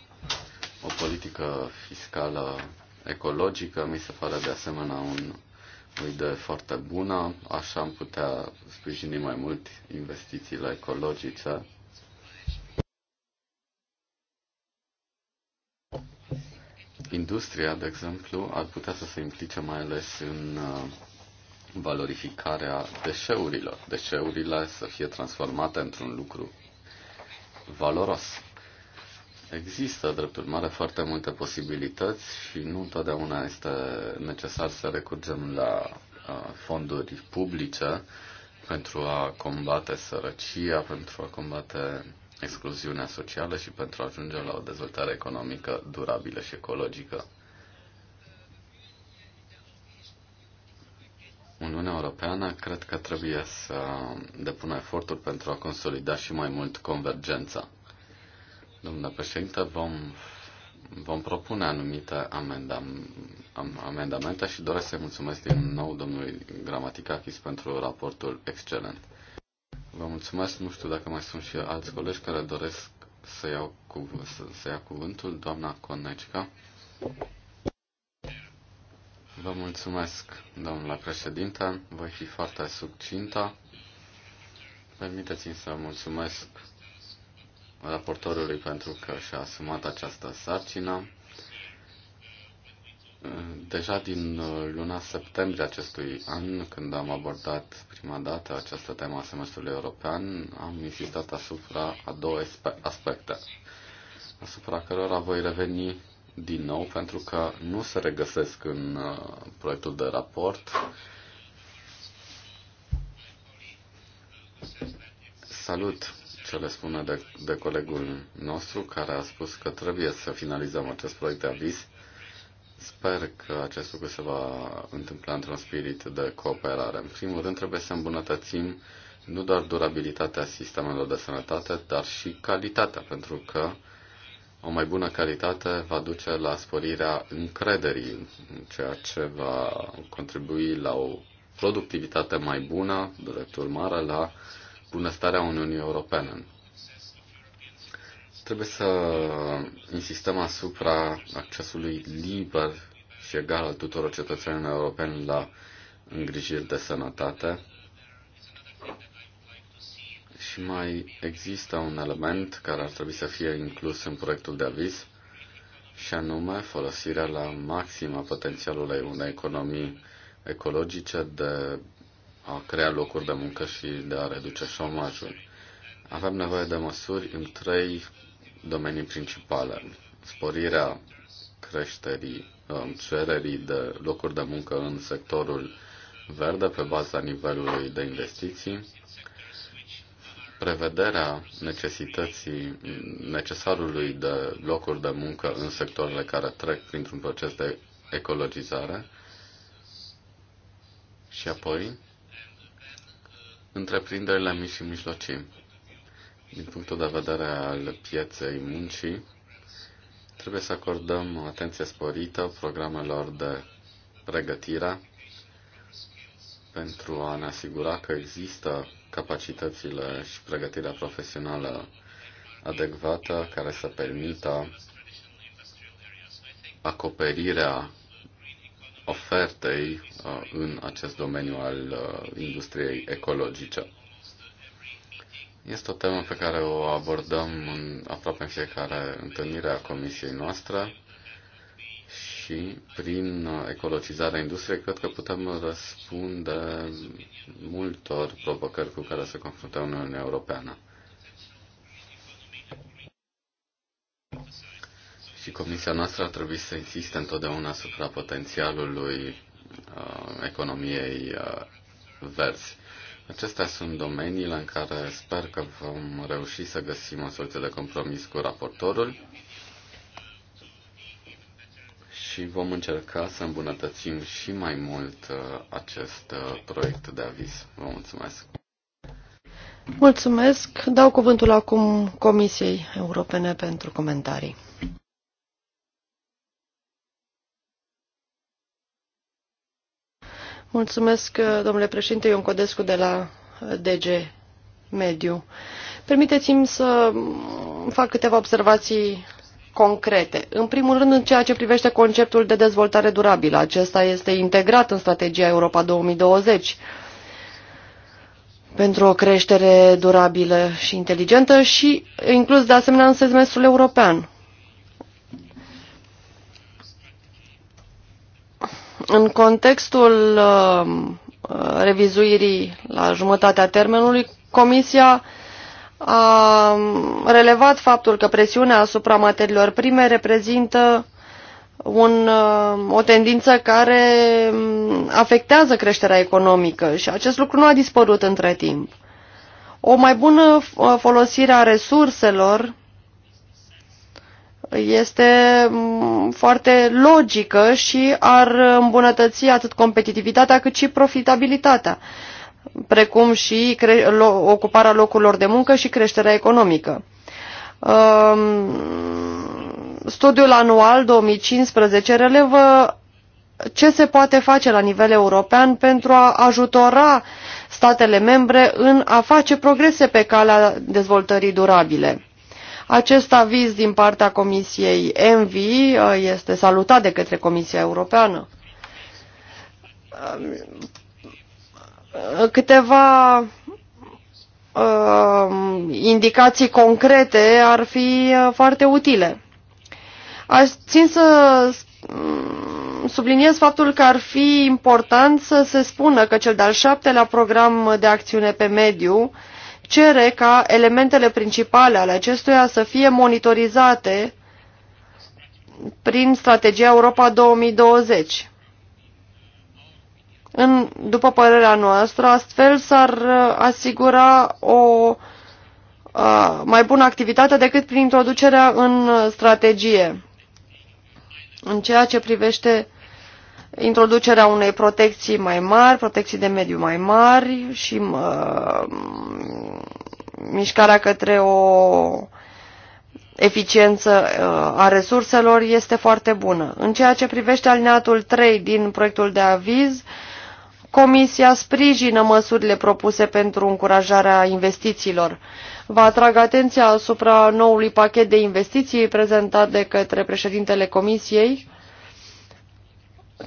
o politică fiscală ecologică, mi se pare de asemenea un, o idee foarte bună. Așa am putea sprijini mai mult investițiile ecologice Industria, de exemplu, ar putea să se implice mai ales în uh, valorificarea deșeurilor. Deșeurile să fie transformate într-un lucru valoros. Există, drept urmare, foarte multe posibilități și nu întotdeauna este necesar să recurgem la uh, fonduri publice pentru a combate sărăcia, pentru a combate excluziunea socială și pentru a ajunge la o dezvoltare economică durabilă și ecologică. Uniunea Europeană cred că trebuie să depună eforturi pentru a consolida și mai mult convergența. Domnule președinte, vom, vom propune anumite amendam, am, amendamente și doresc să-i mulțumesc din nou domnului Gramaticakis pentru raportul excelent. Vă mulțumesc. Nu știu dacă mai sunt și alți colegi care doresc să, iau cuv- să, să ia cuvântul. Doamna Conecica. Vă mulțumesc, domnule președinte. Voi fi foarte succintă. Permiteți-mi să mulțumesc raportorului pentru că și-a asumat această sarcină. Deja din uh, luna septembrie acestui an, când am abordat prima dată această temă a semestrului european, am insistat asupra a două aspecte, asupra cărora voi reveni din nou, pentru că nu se regăsesc în uh, proiectul de raport. Salut le spune de, de colegul nostru care a spus că trebuie să finalizăm acest proiect de aviz Sper că acest lucru se va întâmpla într-un spirit de cooperare. În primul rând, trebuie să îmbunătățim nu doar durabilitatea sistemelor de sănătate, dar și calitatea, pentru că o mai bună calitate va duce la sporirea încrederii, ceea ce va contribui la o productivitate mai bună, drept urmare la bunăstarea Uniunii Europene. Trebuie să insistăm asupra accesului liber și egal al tuturor cetățenilor europeni la îngrijiri de sănătate. Și mai există un element care ar trebui să fie inclus în proiectul de aviz, și anume folosirea la maxim a potențialului unei economii ecologice de a crea locuri de muncă și de a reduce șomajul. Avem nevoie de măsuri în trei domenii principale. Sporirea creșterii um, cererii de locuri de muncă în sectorul verde pe baza nivelului de investiții, prevederea necesității necesarului de locuri de muncă în sectoarele care trec printr-un proces de ecologizare și apoi întreprinderile mici și mijlocii din punctul de vedere al pieței muncii, trebuie să acordăm atenție sporită programelor de pregătire pentru a ne asigura că există capacitățile și pregătirea profesională adecvată care să permită acoperirea ofertei uh, în acest domeniu al uh, industriei ecologice. Este o temă pe care o abordăm în, aproape în fiecare întâlnire a comisiei noastre și prin ecologizarea industriei cred că putem răspunde multor provocări cu care se confruntă Uniunea Europeană. Și comisia noastră ar trebui să insiste întotdeauna asupra potențialului uh, economiei uh, verzi Acestea sunt domeniile în care sper că vom reuși să găsim o soluție de compromis cu raportorul și vom încerca să îmbunătățim și mai mult uh, acest uh, proiect de aviz. Vă mulțumesc! Mulțumesc! Dau cuvântul acum Comisiei Europene pentru comentarii. Mulțumesc, domnule președinte Ion Codescu de la DG Mediu. Permiteți-mi să fac câteva observații concrete. În primul rând, în ceea ce privește conceptul de dezvoltare durabilă, acesta este integrat în strategia Europa 2020 pentru o creștere durabilă și inteligentă și inclus de asemenea în semestrul european. În contextul uh, revizuirii la jumătatea termenului, Comisia a relevat faptul că presiunea asupra materiilor prime reprezintă un, uh, o tendință care um, afectează creșterea economică și acest lucru nu a dispărut între timp. O mai bună folosire a resurselor este mm, foarte logică și ar îmbunătăți atât competitivitatea cât și profitabilitatea, precum și ocuparea locurilor de muncă și creșterea economică. Um, studiul anual 2015 relevă ce se poate face la nivel european pentru a ajutora statele membre în a face progrese pe calea dezvoltării durabile acest aviz din partea Comisiei ENVI uh, este salutat de către Comisia Europeană. Um, câteva um, indicații concrete ar fi uh, foarte utile. Aș țin să um, subliniez faptul că ar fi important să se spună că cel de-al șaptelea program de acțiune pe mediu uh, cere ca elementele principale ale acestuia să fie monitorizate prin strategia Europa 2020. În, după părerea noastră, astfel s-ar uh, asigura o a, uh, mai bună activitate decât prin introducerea în uh, strategie. În ceea ce privește introducerea unei protecții mai mari, protecții de mediu mai mari și mișcarea către o eficiență uh, a resurselor este foarte bună. În ceea ce privește alineatul 3 din proiectul de aviz, Comisia sprijină măsurile propuse pentru încurajarea investițiilor. Vă atrag atenția asupra noului pachet de investiții prezentat de către președintele Comisiei,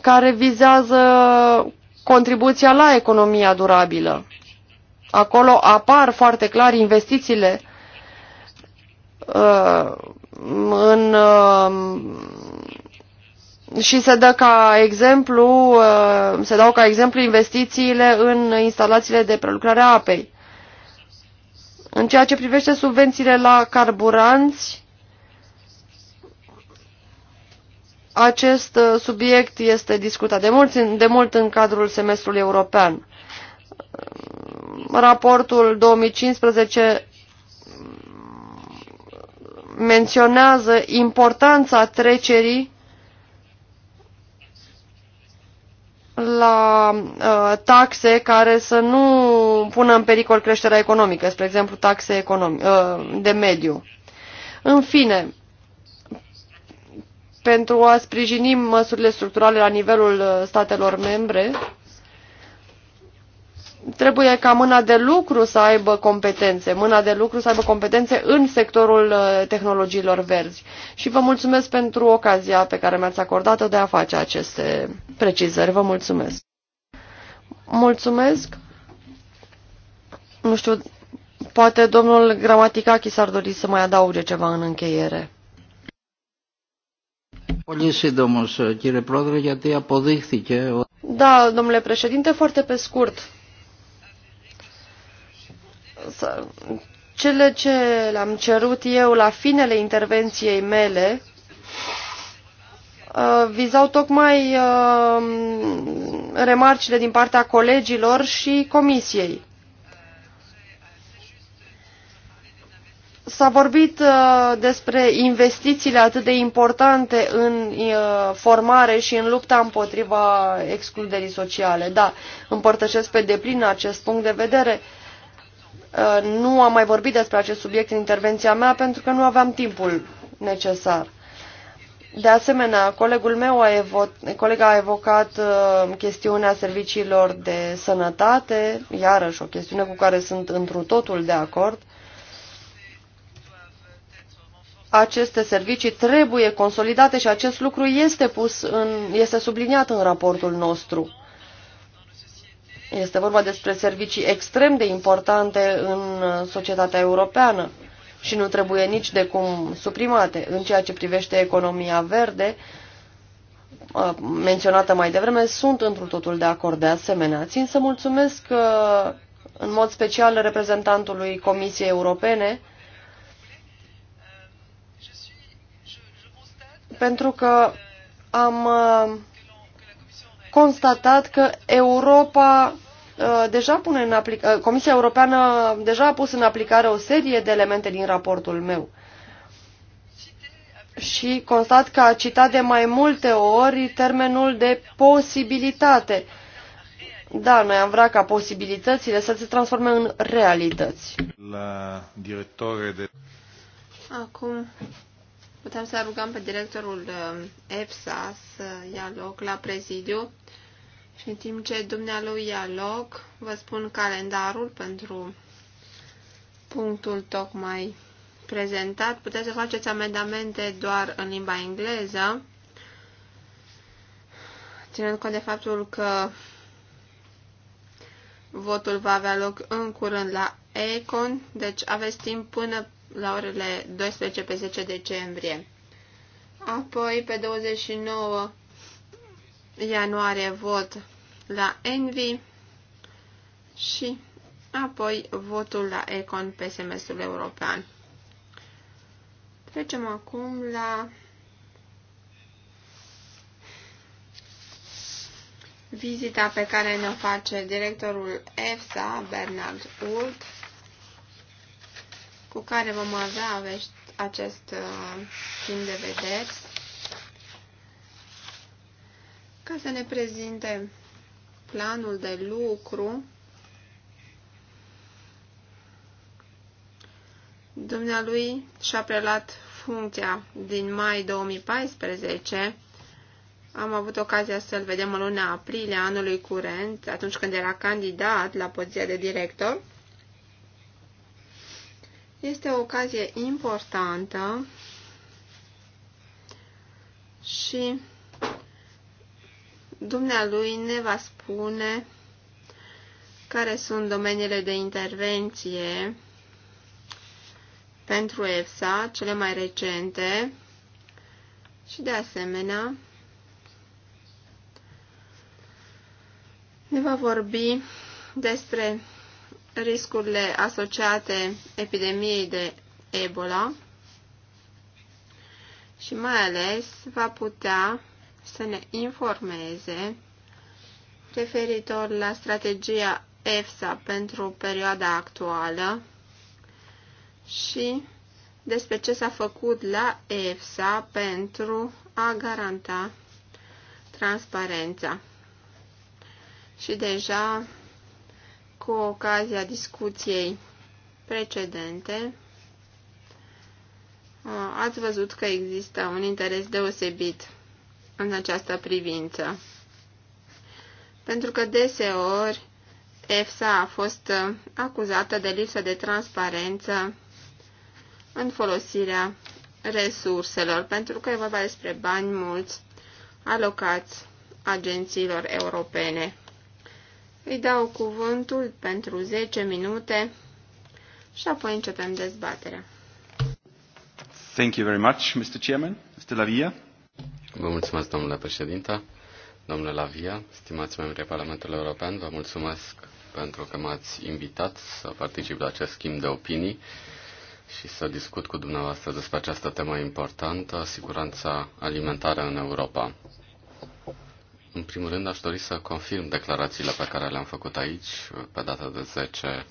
care vizează contribuția la economia durabilă. Acolo apar foarte clar investițiile uh, în, uh, și se dă ca exemplu, uh, se dau ca exemplu investițiile în instalațiile de prelucrare a apei. În ceea ce privește subvențiile la carburanți, acest subiect este discutat de mult, de mult în cadrul semestrului european raportul 2015 menționează importanța trecerii la uh, taxe care să nu pună în pericol creșterea economică, spre exemplu taxe uh, de mediu. În fine, pentru a sprijini măsurile structurale la nivelul uh, statelor membre, trebuie ca mâna de lucru să aibă competențe, mâna de lucru să aibă competențe în sectorul uh, tehnologiilor verzi. Și vă mulțumesc pentru ocazia pe care mi-ați acordat-o de a face aceste precizări. Vă mulțumesc. Mulțumesc. Nu știu, poate domnul s ar dori să mai adauge ceva în încheiere. Da, domnule președinte, foarte pe scurt cele ce le-am cerut eu la finele intervenției mele uh, vizau tocmai uh, remarcile din partea colegilor și comisiei. S-a vorbit uh, despre investițiile atât de importante în formare și în lupta împotriva excluderii sociale. Da, împărtășesc pe deplin acest punct de vedere. Uh, nu am mai vorbit despre acest subiect în intervenția mea pentru că nu aveam timpul necesar. De asemenea, colegul meu a evo- colega a evocat uh, chestiunea serviciilor de sănătate, iarăși o chestiune cu care sunt întru totul de acord. Aceste servicii trebuie consolidate și acest lucru este, pus în, este subliniat în raportul nostru. Este vorba despre servicii extrem de importante în societatea europeană și nu trebuie nici de cum suprimate. În ceea ce privește economia verde, uh, menționată mai devreme, sunt într totul de acord de asemenea. Țin să mulțumesc uh, în mod special reprezentantului Comisiei Europene pentru că am uh, constatat că Europa uh, deja pune în aplicare, uh, Comisia Europeană deja a pus în aplicare o serie de elemente din raportul meu. Și constat că a citat de mai multe ori termenul de posibilitate. Da, noi am vrea ca posibilitățile să se transforme în realități. La directorul de... Acum putem să rugăm pe directorul uh, EFSA să ia loc la prezidiu. Și în timp ce dumnealui ia loc, vă spun calendarul pentru punctul tocmai prezentat. Puteți să faceți amendamente doar în limba engleză, ținând cont de faptul că votul va avea loc în curând la Econ, deci aveți timp până la orele 12 pe 10 decembrie. Apoi, pe 29 ianuarie vot la Envi și apoi votul la Econ pe semestrul european. Trecem acum la vizita pe care ne-o face directorul EFSA, Bernard Ult, cu care vom avea acest timp uh, de vedere ca să ne prezinte planul de lucru Dumnealui și-a preluat funcția din mai 2014. Am avut ocazia să-l vedem în luna aprilie anului curent, atunci când era candidat la poziția de director. Este o ocazie importantă și dumnealui ne va spune care sunt domeniile de intervenție pentru EFSA, cele mai recente, și de asemenea ne va vorbi despre riscurile asociate epidemiei de Ebola și mai ales va putea să ne informeze referitor la strategia EFSA pentru perioada actuală și despre ce s-a făcut la EFSA pentru a garanta transparența. Și deja, cu ocazia discuției precedente, ați văzut că există un interes deosebit în această privință. Pentru că deseori EFSA a fost uh, acuzată de lipsă de transparență în folosirea resurselor, pentru că e vorba despre bani mulți alocați agențiilor europene. Îi dau cuvântul pentru 10 minute și apoi începem dezbaterea. Thank you very much, Mr. Chairman, Mr. Lavia. Vă mulțumesc, domnule președinte, domnule Lavia, stimați membri Parlamentului European, vă mulțumesc pentru că m-ați invitat să particip la acest schimb de opinii și să discut cu dumneavoastră despre această temă importantă, siguranța alimentară în Europa. În primul rând, aș dori să confirm declarațiile pe care le-am făcut aici, pe data de 10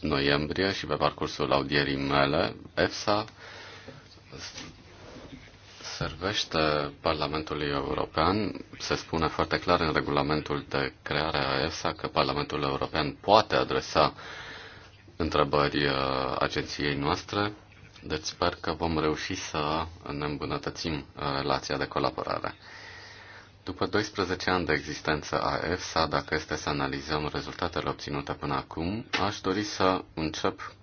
noiembrie și pe parcursul audierii mele. EFSA servește Parlamentului European, se spune foarte clar în regulamentul de creare a ESA că Parlamentul European poate adresa întrebări uh, agenției noastre, deci sper că vom reuși să ne îmbunătățim uh, relația de colaborare. După 12 ani de existență a EFSA, dacă este să analizăm rezultatele obținute până acum, aș dori să încep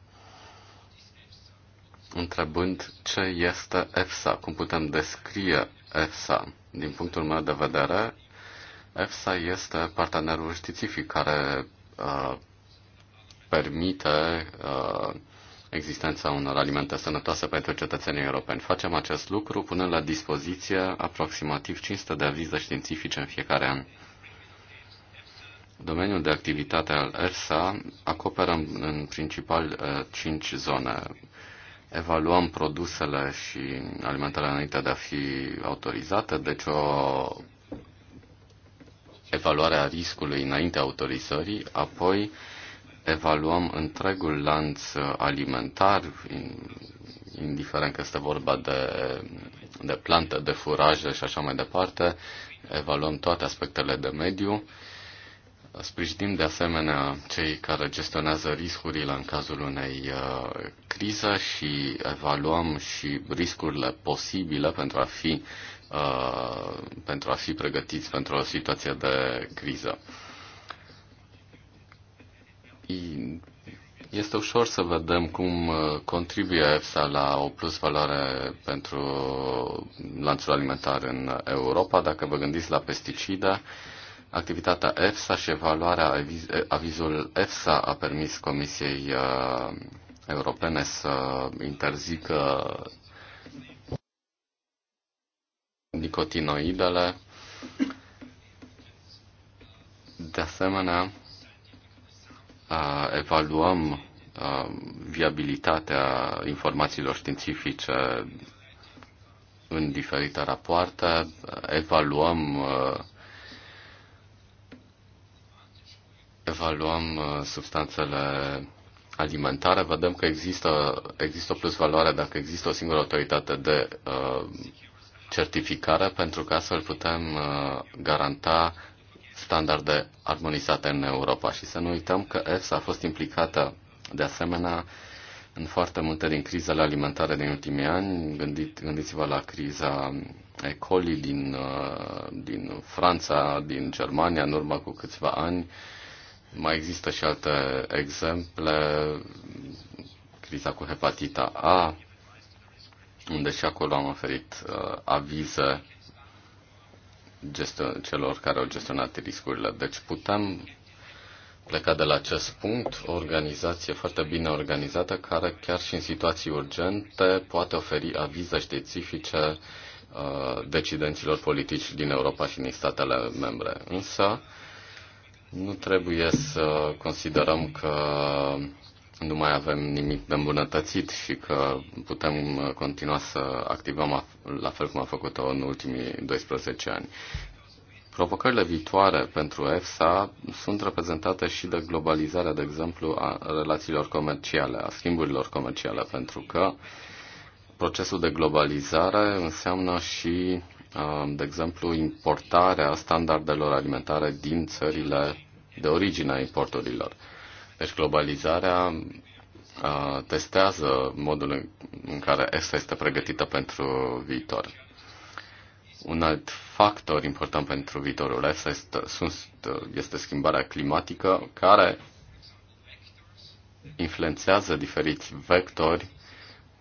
întrebând ce este EFSA, cum putem descrie EFSA. Din punctul meu de vedere, EFSA este partenerul științific care uh, permite uh, existența unor alimente sănătoase pentru cetățenii europeni. Facem acest lucru punând la dispoziție aproximativ 500 de avize științifice în fiecare an. Domeniul de activitate al EFSA acoperă în principal uh, cinci zone evaluăm produsele și alimentele înainte de a fi autorizate, deci o evaluare a riscului înaintea autorizării, apoi evaluăm întregul lanț alimentar, indiferent că este vorba de, de plante, de furaje și așa mai departe, evaluăm toate aspectele de mediu Sprijinim de asemenea cei care gestionează riscurile în cazul unei uh, crize și evaluăm și riscurile posibile pentru a fi, uh, pentru a fi pregătiți pentru o situație de criză. Este ușor să vedem cum uh, contribuie EFSA la o plus valoare pentru lanțul alimentar în Europa. Dacă vă gândiți la pesticide, Activitatea EFSA și evaluarea avizul EFSA a permis Comisiei uh, Europene să interzică nicotinoidele. De asemenea, uh, evaluăm uh, viabilitatea informațiilor științifice în diferite rapoarte, evaluăm evaluăm uh, substanțele alimentare, vedem că există, există plus valoare dacă există o singură autoritate de uh, certificare, pentru că astfel putem uh, garanta standarde armonizate în Europa. Și să nu uităm că EFSA a fost implicată de asemenea în foarte multe din crizele alimentare din ultimii ani. Gândit, gândiți-vă la criza E. coli din, din Franța, din Germania, în urmă cu câțiva ani. Uh, mai există și alte exemple, criza cu hepatita A, unde și acolo am oferit uh, avize celor care au gestionat riscurile. Deci putem pleca de la acest punct, o organizație foarte bine organizată care chiar și în situații urgente poate oferi avize științifice uh, decidenților politici din Europa și din statele membre. Însă, nu trebuie să considerăm că nu mai avem nimic de îmbunătățit și că putem continua să activăm la fel cum a făcut-o în ultimii 12 ani. Provocările viitoare pentru EFSA sunt reprezentate și de globalizarea, de exemplu, a relațiilor comerciale, a schimburilor comerciale, pentru că procesul de globalizare înseamnă și, uh, de exemplu, importarea standardelor alimentare din țările de origine a importurilor. Deci globalizarea testează modul în care EFSA este pregătită pentru viitor. Un alt factor important pentru viitorul EFSA este, este schimbarea climatică, care influențează diferiți vectori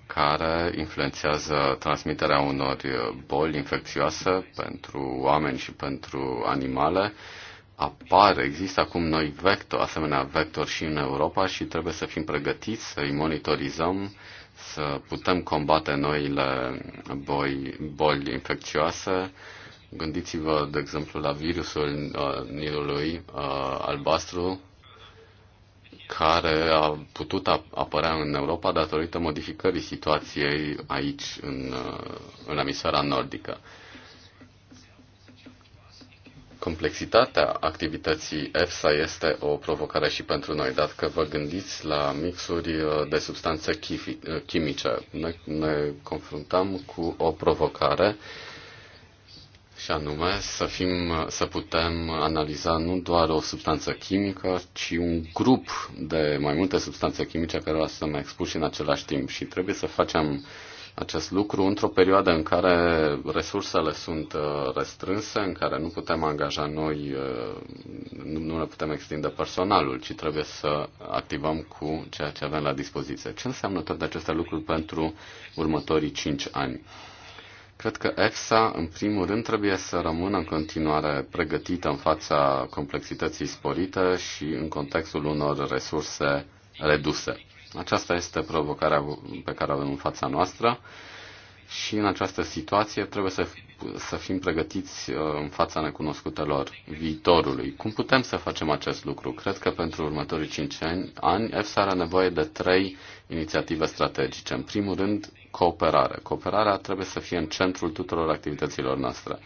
care influențează transmiterea unor boli infecțioase pentru oameni și pentru animale, apar, există acum noi vector, asemenea vector și în Europa și trebuie să fim pregătiți să i monitorizăm, să putem combate noile boi, boli infecțioase. Gândiți-vă, de exemplu, la virusul uh, Nilului uh, albastru, care a putut apărea în Europa datorită modificării situației aici, în, uh, în emisfera nordică. Uh, complexitatea activității EFSA este o provocare și pentru noi, dat că vă gândiți la mixuri uh, de substanțe uh, chimice. Ne, ne confruntăm cu o provocare și anume să, fim, să putem analiza nu doar o substanță chimică, ci un grup de mai multe substanțe chimice care o să mai expuși în același timp și trebuie să facem uh, acest lucru într-o perioadă în care resursele sunt uh, restrânse, în care nu putem angaja noi, uh, nu ne putem extinde personalul, ci trebuie să activăm cu ceea ce avem la dispoziție. Ce înseamnă toate aceste lucruri pentru următorii 5 ani? Cred că EFSA, în primul rând, trebuie să rămână în continuare pregătită în fața complexității sporite și în contextul unor resurse reduse. Aceasta este provocarea pe care o avem în fața noastră și în această situație trebuie să, să fim pregătiți uh, în fața necunoscutelor viitorului. Cum putem să facem acest lucru? Cred că pentru următorii 5 ani EFSA are nevoie de trei inițiative strategice. În primul rând, cooperare. Cooperarea trebuie să fie în centrul tuturor activităților noastre.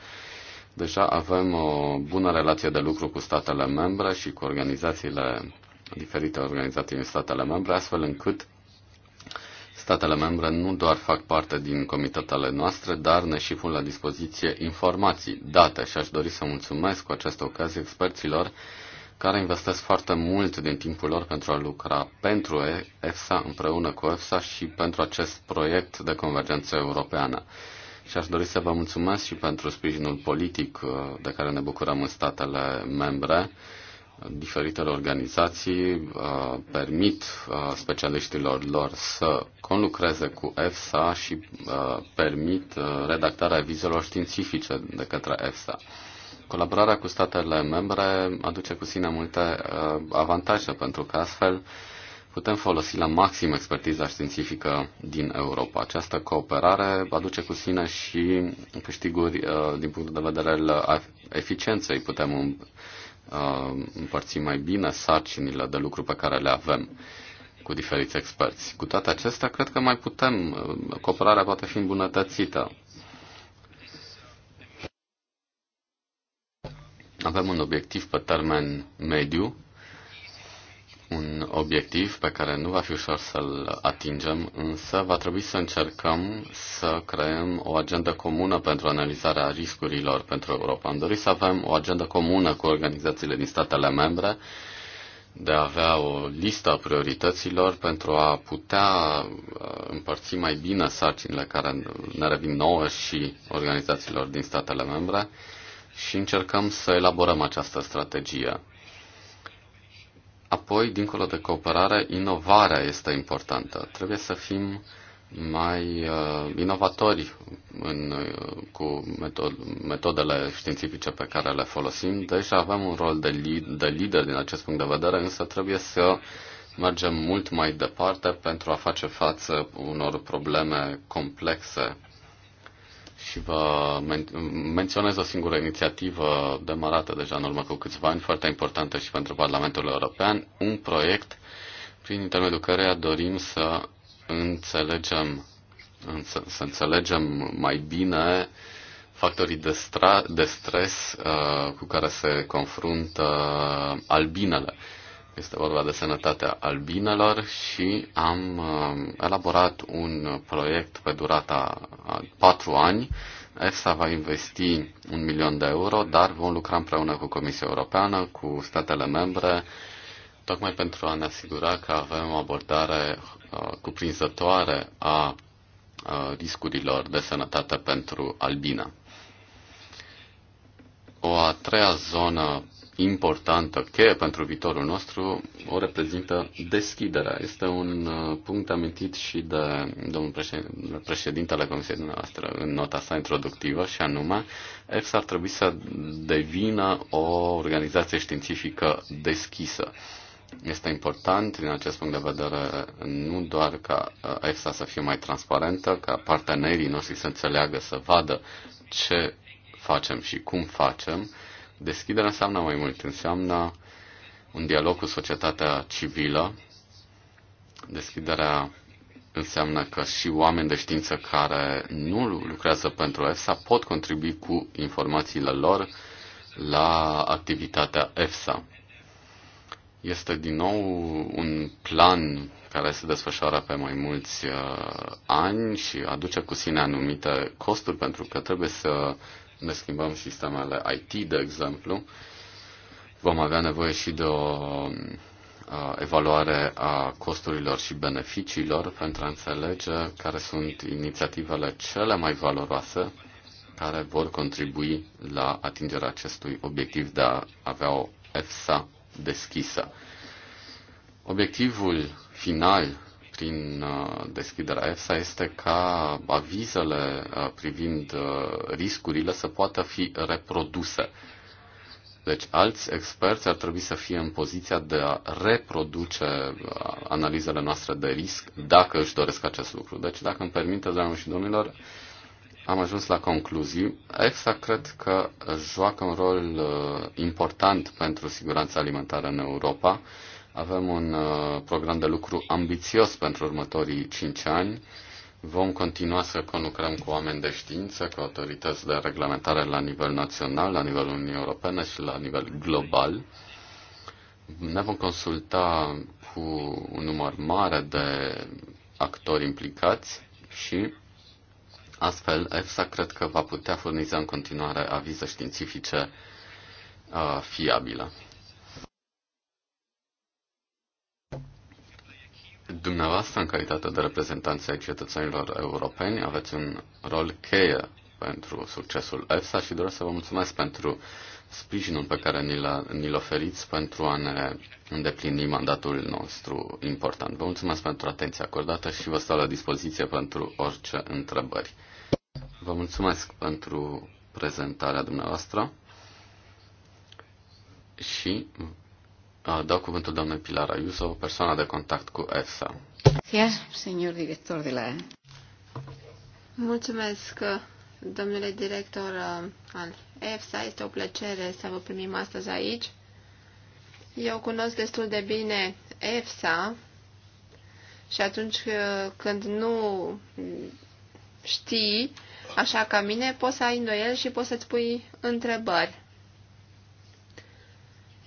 Deja avem o bună relație de lucru cu statele membre și cu organizațiile diferite organizații în statele membre, astfel încât statele membre nu doar fac parte din comitetele noastre, dar ne și pun la dispoziție informații, date și aș dori să mulțumesc cu această ocazie experților care investesc foarte mult din timpul lor pentru a lucra pentru EFSA, împreună cu EFSA și pentru acest proiect de convergență europeană. Și aș dori să vă mulțumesc și pentru sprijinul politic uh, de care ne bucurăm în statele membre diferitele organizații uh, permit uh, specialiștilor lor să conlucreze cu EFSA și uh, permit redactarea vizelor științifice de către EFSA. Colaborarea cu statele membre aduce cu sine multe avantaje pentru că astfel putem folosi la maxim expertiza științifică din Europa. Această cooperare aduce cu sine și câștiguri din punct de vedere al eficienței. Putem Uh, împărțim mai bine sarcinile de lucru pe care le avem cu diferiți experți. Cu toate acestea, cred că mai putem, uh, cooperarea poate fi îmbunătățită. Avem un obiectiv pe termen mediu un obiectiv pe care nu va fi ușor să-l atingem, însă va trebui să încercăm să creăm o agendă comună pentru analizarea riscurilor pentru Europa. Am dorit să avem o agendă comună cu organizațiile din statele membre, de a avea o listă a priorităților pentru a putea uh, împărți mai bine sarcinile care ne revin nouă și organizațiilor din statele membre și încercăm să elaborăm această strategie. Apoi, dincolo de cooperare, inovarea este importantă. Trebuie să fim mai uh, inovatori în, uh, cu metod- metodele științifice pe care le folosim. Deja avem un rol de, li- de lider din acest punct de vedere, însă trebuie să mergem mult mai departe pentru a face față unor probleme complexe și vă men- menționez o singură inițiativă demarată deja în urmă cu câțiva ani, foarte importantă și pentru Parlamentul European, un proiect prin intermediul căreia dorim să înțelegem, să, să înțelegem mai bine factorii de, stra- de stres uh, cu care se confruntă albinele. Uh, este vorba de sănătatea albinelor și am uh, elaborat un proiect pe durata a 4 ani. EFSA va investi un milion de euro, dar vom lucra împreună cu Comisia Europeană, cu statele membre, tocmai pentru a ne asigura că avem o abordare uh, cuprinzătoare a uh, riscurilor de sănătate pentru albina. O a treia zonă importantă, cheie pentru viitorul nostru, o reprezintă deschiderea. Este un uh, punct amintit și de domnul președintele Comisiei dumneavoastră în nota sa introductivă și anume, EFSA ar trebui să devină o organizație științifică deschisă. Este important, din acest punct de vedere, nu doar ca uh, EFSA să fie mai transparentă, ca partenerii noștri să înțeleagă, să vadă ce facem și cum facem, Deschiderea înseamnă mai mult, înseamnă un dialog cu societatea civilă. Deschiderea înseamnă că și oameni de știință care nu lucrează pentru EFSA pot contribui cu informațiile lor la activitatea EFSA. Este din nou un plan care se desfășoară pe mai mulți uh, ani și aduce cu sine anumite costuri pentru că trebuie să ne schimbăm sistemele IT, de exemplu, vom avea nevoie și de o evaluare a costurilor și beneficiilor pentru a înțelege care sunt inițiativele cele mai valoroase care vor contribui la atingerea acestui obiectiv de a avea o EFSA deschisă. Obiectivul final prin uh, deschiderea EFSA este ca avizele uh, privind uh, riscurile să poată fi reproduse. Deci alți experți ar trebui să fie în poziția de a reproduce analizele noastre de risc dacă își doresc acest lucru. Deci dacă îmi permite, doamne și domnilor, am ajuns la concluzii. EFSA cred că joacă un rol important pentru siguranța alimentară în Europa avem un uh, program de lucru ambițios pentru următorii 5 ani. Vom continua să conlucrăm cu oameni de știință, cu autorități de reglementare la nivel național, la nivelul Uniunii Europene și la nivel global. Ne vom consulta cu un număr mare de actori implicați și astfel EFSA cred că va putea furniza în continuare avize științifice uh, fiabile. Dumneavoastră, în calitate de reprezentanți ai cetățenilor europeni, aveți un rol cheie pentru succesul EFSA și doresc să vă mulțumesc pentru sprijinul pe care ni-l, oferiți pentru a ne îndeplini mandatul nostru important. Vă mulțumesc pentru atenția acordată și vă stau la dispoziție pentru orice întrebări. Vă mulțumesc pentru prezentarea dumneavoastră și Uh, dau cuvântul doamnei Pilar Ayuso, persoana de contact cu EFSA. Mulțumesc, director de la Mulțumesc, domnule director uh, al EFSA. Este o plăcere să vă primim astăzi aici. Eu cunosc destul de bine EFSA și atunci uh, când nu știi, așa ca mine, poți să ai îndoieli și poți să-ți pui întrebări.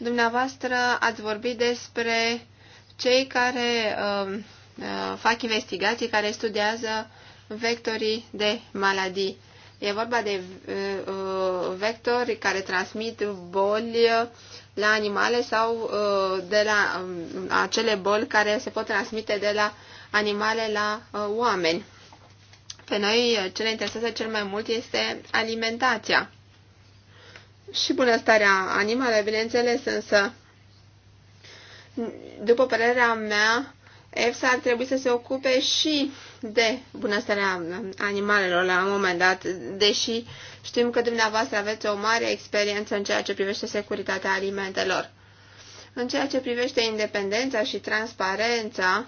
Dumneavoastră ați vorbit despre cei care um, uh, fac investigații, care studiază vectorii de maladii. E vorba de uh, uh vectori care transmit boli la animale sau uh, de la uh, acele boli care se pot transmite de la animale la uh, oameni. Pe noi uh, ce ne interesează cel mai mult este alimentația și bunăstarea animale, bineînțeles, însă, după părerea mea, EFSA ar trebui să se ocupe și de bunăstarea animalelor la un moment dat, deși știm că dumneavoastră aveți o mare experiență în ceea ce privește securitatea alimentelor. În ceea ce privește independența și transparența,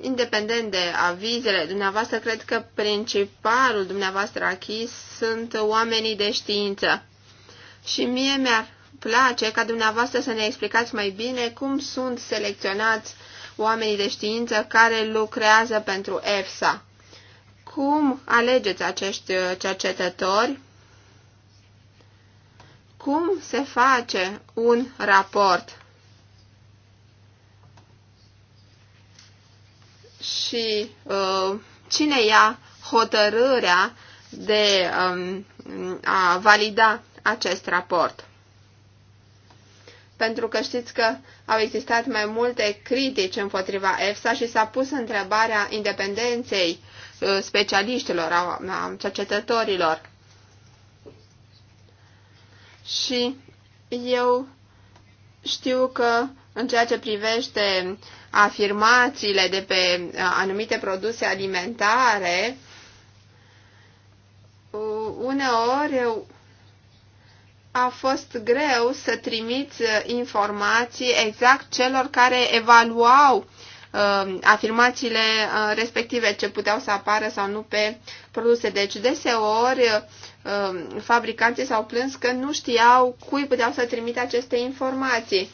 independent de avizele dumneavoastră, cred că principalul dumneavoastră achis sunt oamenii de știință. Și mie mi-ar place ca dumneavoastră să ne explicați mai bine cum sunt selecționați oamenii de știință care lucrează pentru EFSA. Cum alegeți acești cercetători? Cum se face un raport? și uh, cine ia hotărârea de um, a valida acest raport. Pentru că știți că au existat mai multe critici împotriva EFSA și s-a pus întrebarea independenței uh, specialiștilor, a, a cercetătorilor. Și eu știu că în ceea ce privește uh, afirmațiile de pe uh, anumite produse alimentare, uh, uneori uh, a fost greu să trimiți informații exact celor care evaluau afirmațiile respective ce puteau să apară sau nu pe produse. Deci deseori fabricanții s-au plâns că nu știau cui puteau să trimite aceste informații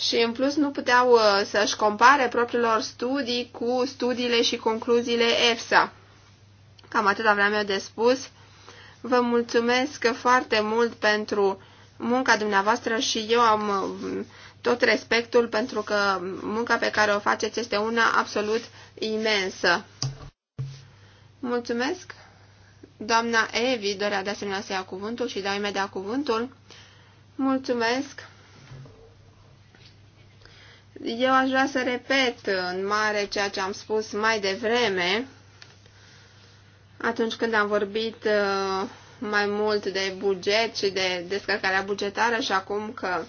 și în plus nu puteau uh, să-și compare propriilor studii cu studiile și concluziile EFSA. Cam atât aveam eu de spus. Vă mulțumesc foarte mult pentru munca dumneavoastră și eu am uh, tot respectul pentru că munca pe care o faceți este una absolut imensă. Mulțumesc! Doamna Evi dorea de asemenea să ia cuvântul și dau imediat cuvântul. Mulțumesc! Eu aș vrea să repet în mare ceea ce am spus mai devreme, atunci când am vorbit uh, mai mult de buget și de descărcarea bugetară și acum că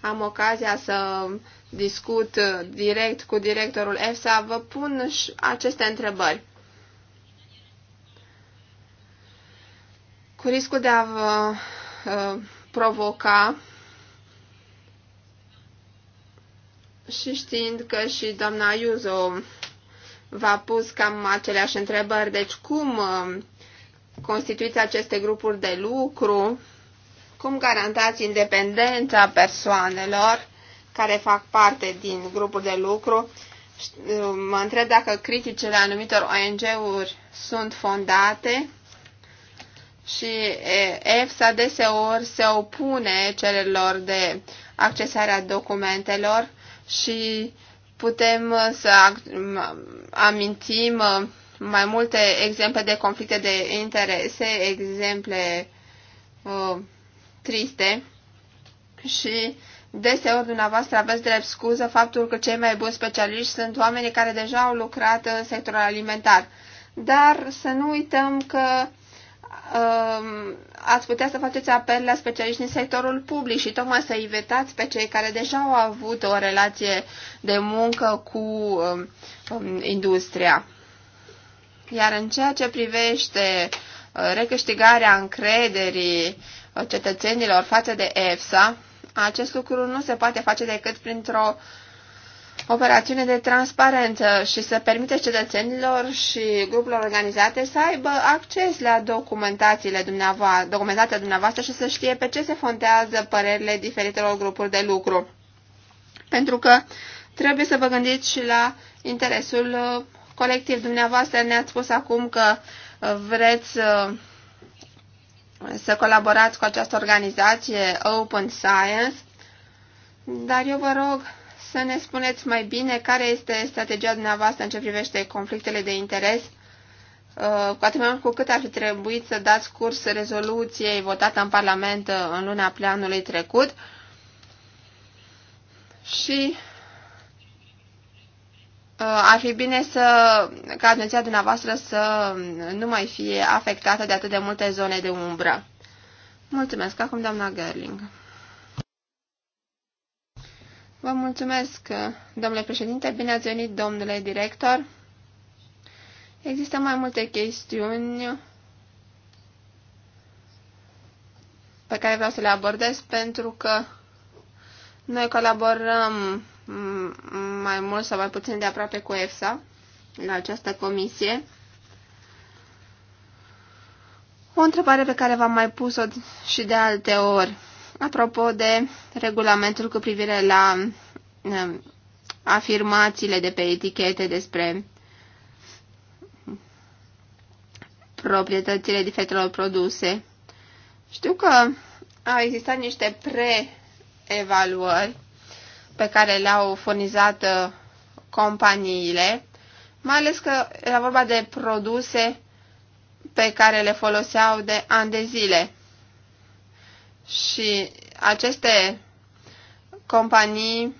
am ocazia să discut uh, direct cu directorul EFSA, vă pun și aceste întrebări. Cu riscul de a vă uh, provoca și știind că și doamna Iuzo v-a pus cam aceleași întrebări, deci cum uh, constituiți aceste grupuri de lucru, cum garantați independența persoanelor care fac parte din grupuri de lucru, uh, mă întreb dacă criticile anumitor ONG-uri sunt fondate și EFSA deseori se opune cererilor de accesarea documentelor și putem uh, să amintim uh, mai multe exemple de conflicte de interese, exemple uh, triste și deseori dumneavoastră aveți drept scuză faptul că cei mai buni specialiști sunt oamenii care deja au lucrat în sectorul alimentar. Dar să nu uităm că Um, ați putea să faceți apel la specialiști din sectorul public și tocmai să invitați pe cei care deja au avut o relație de muncă cu um, um, industria. Iar în ceea ce privește uh, recâștigarea încrederii uh, cetățenilor față de EFSA, acest lucru nu se poate face decât printr-o uh, operațiune de transparență și să permite cetățenilor și grupurilor organizate să aibă acces la documentațiile dumneavoastră, documentația dumneavoastră și să știe pe ce se fontează părerile diferitelor grupuri de lucru. Pentru că trebuie să vă gândiți și la interesul uh, colectiv. Dumneavoastră ne-ați spus acum că uh, vreți uh, să colaborați cu această organizație Open Science, dar eu vă rog să ne spuneți mai bine care este strategia dumneavoastră în ce privește conflictele de interes, uh, cu atât mai mult cu cât ar fi trebuit să dați curs rezoluției votată în Parlament uh, în luna pleanului trecut și uh, ar fi bine să, ca atenția dumneavoastră să nu mai fie afectată de atât de multe zone de umbră. Mulțumesc. Acum doamna Gerling. Vă mulțumesc, domnule președinte. Bine ați venit, domnule director. Există mai multe chestiuni pe care vreau să le abordez pentru că noi colaborăm mai mult sau mai puțin de aproape cu EFSA la această comisie. O întrebare pe care v-am mai pus-o și de alte ori. Apropo de regulamentul cu privire la um, afirmațiile de pe etichete despre proprietățile diferitelor produse, știu că au existat niște pre-evaluări pe care le-au furnizat uh, companiile, mai ales că era vorba de produse pe care le foloseau de ani de zile. Și aceste companii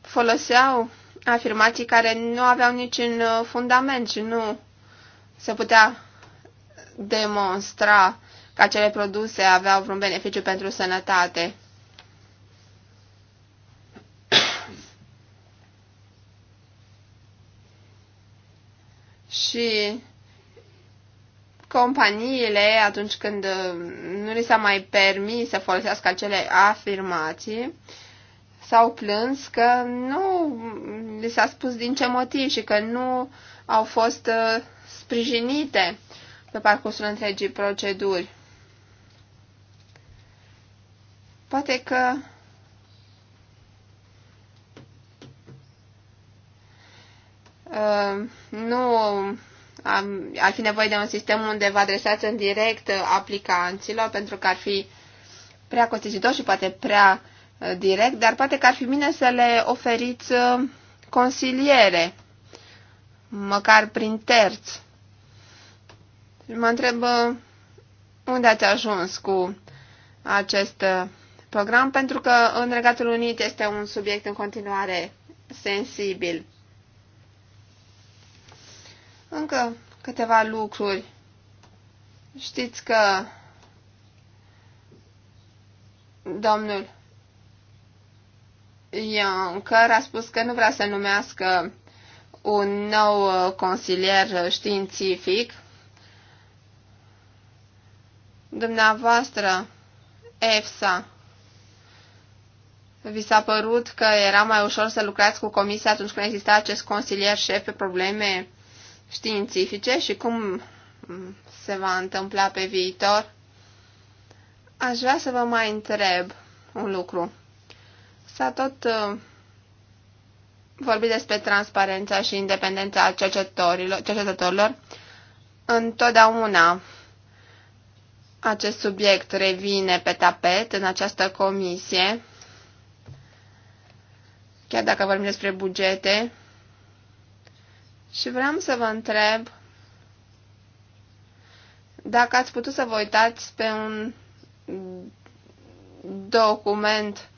foloseau afirmații care nu aveau niciun uh, fundament și nu se putea demonstra că acele produse aveau vreun beneficiu pentru sănătate. (coughs) și companiile, atunci când uh, nu li s-a mai permis să folosească acele afirmații, s-au plâns că nu li s-a spus din ce motiv și că nu au fost uh, sprijinite pe parcursul întregii proceduri. Poate că uh, nu ar fi nevoie de un sistem unde vă adresați în direct uh, aplicanților, pentru că ar fi prea costisitor și poate prea uh, direct, dar poate că ar fi bine să le oferiți uh, consiliere, măcar prin terți. Mă întreb unde ați ajuns cu acest program, pentru că în Regatul Unit este un subiect în continuare sensibil. Încă câteva lucruri. Știți că domnul Juncker a spus că nu vrea să numească un nou uh, consilier uh, științific. Dumneavoastră, EFSA, vi s-a părut că era mai ușor să lucrați cu comisia atunci când exista acest consilier șef pe probleme științifice și cum se va întâmpla pe viitor, aș vrea să vă mai întreb un lucru. S-a tot uh, vorbit despre transparența și independența cercetătorilor, cercetătorilor. Întotdeauna acest subiect revine pe tapet în această comisie, chiar dacă vorbim despre bugete, și vreau să vă întreb dacă ați putut să vă uitați pe un document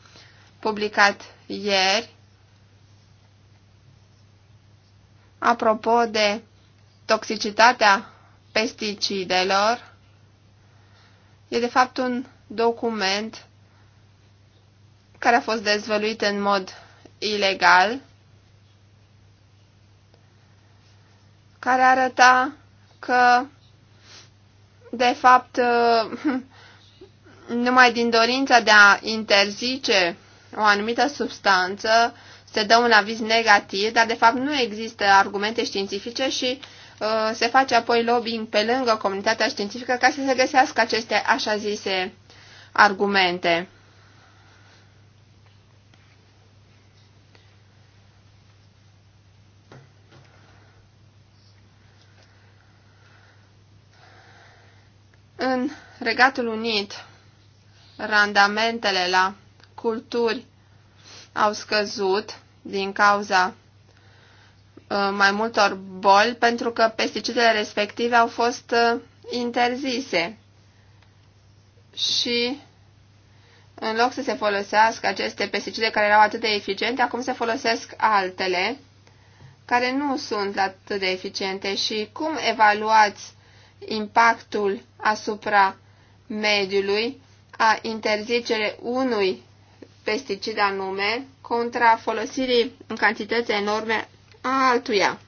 publicat ieri apropo de toxicitatea pesticidelor. E de fapt un document care a fost dezvăluit în mod ilegal care arăta că, de fapt, (laughs) numai din dorința de a interzice o anumită substanță se dă un aviz negativ, dar de fapt nu există argumente științifice și uh, se face apoi lobbying pe lângă comunitatea științifică ca să se găsească aceste așa zise argumente. În Regatul Unit, randamentele la culturi au scăzut din cauza uh, mai multor boli pentru că pesticidele respective au fost uh, interzise. Și în loc să se folosească aceste pesticide care erau atât de eficiente, acum se folosesc altele care nu sunt atât de eficiente. Și cum evaluați impactul asupra mediului a interzicere unui pesticid anume contra folosirii în cantități enorme a altuia.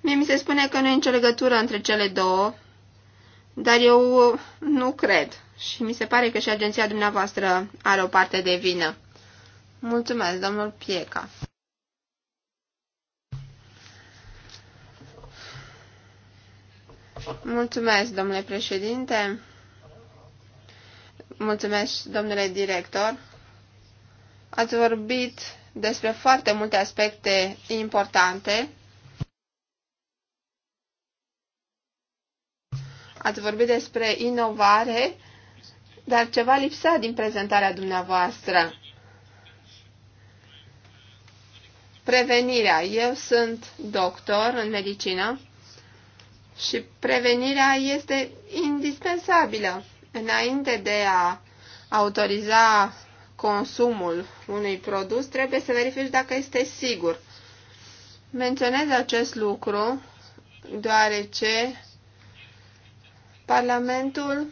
Mie mi se spune că nu e nicio legătură între cele două, dar eu nu cred și mi se pare că și agenția dumneavoastră are o parte de vină. Mulțumesc, domnul Pieca. Mulțumesc, domnule președinte. Mulțumesc, domnule director. Ați vorbit despre foarte multe aspecte importante. Ați vorbit despre inovare, dar ceva lipsa din prezentarea dumneavoastră. Prevenirea. Eu sunt doctor în medicină și prevenirea este indispensabilă înainte de a autoriza consumul unui produs, trebuie să verifici dacă este sigur. Menționez acest lucru deoarece Parlamentul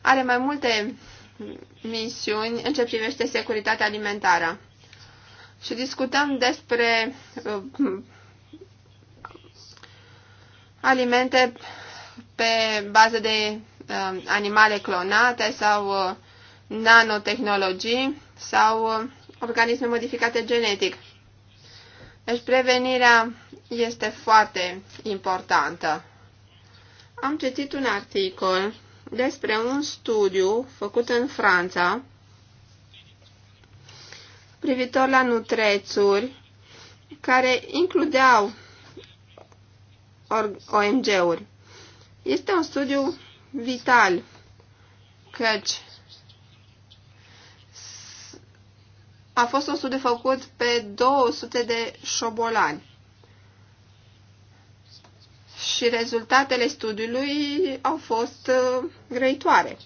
are mai multe misiuni în ce privește securitatea alimentară. Și discutăm despre uh, alimente pe bază de uh, animale clonate sau uh, nanotehnologii sau uh, organisme modificate genetic. Deci prevenirea este foarte importantă. Am citit un articol despre un studiu făcut în Franța privitor la nutrețuri care includeau OMG-uri. Este un studiu vital, căci a fost un studiu făcut pe 200 de șobolani. Și rezultatele studiului au fost uh, grăitoare.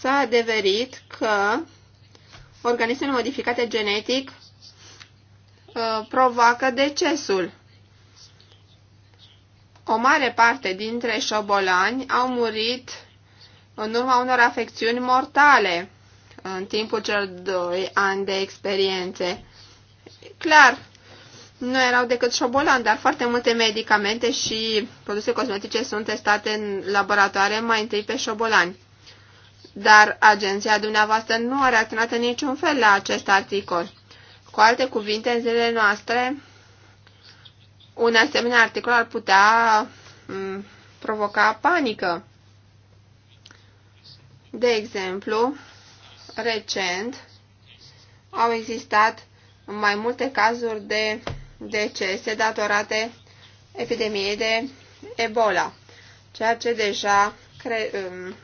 S-a adeverit că organismele modificate genetic uh, provoacă decesul o mare parte dintre șobolani au murit în urma unor afecțiuni mortale în timpul celor doi ani de experiențe. Clar, nu erau decât șobolani, dar foarte multe medicamente și produse cosmetice sunt testate în laboratoare mai întâi pe șobolani. Dar agenția dumneavoastră nu a reacționat în niciun fel la acest articol. Cu alte cuvinte, în zilele noastre, un asemenea articol ar putea mm, provoca panică. De exemplu, recent au existat mai multe cazuri de decese datorate epidemiei de Ebola, ceea ce deja cre- mm,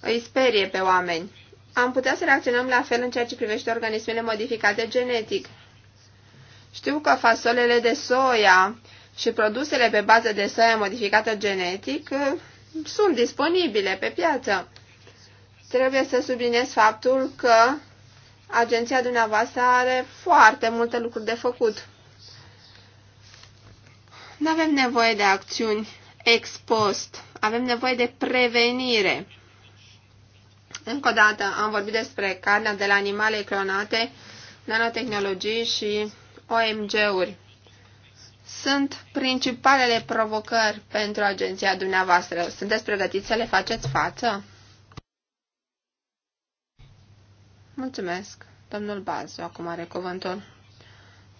îi sperie pe oameni. Am putea să reacționăm la fel în ceea ce privește organismele modificate genetic. Știu că fasolele de soia și produsele pe bază de soia modificată genetic uh, sunt disponibile pe piață. Trebuie să subliniez faptul că agenția dumneavoastră are foarte multe lucruri de făcut. Nu avem nevoie de acțiuni ex post, avem nevoie de prevenire. Încă o dată am vorbit despre carnea de la animale clonate, nanotehnologii și OMG-uri sunt principalele provocări pentru agenția dumneavoastră? Sunteți pregătiți să le faceți față? Mulțumesc, domnul Bazu, acum are cuvântul.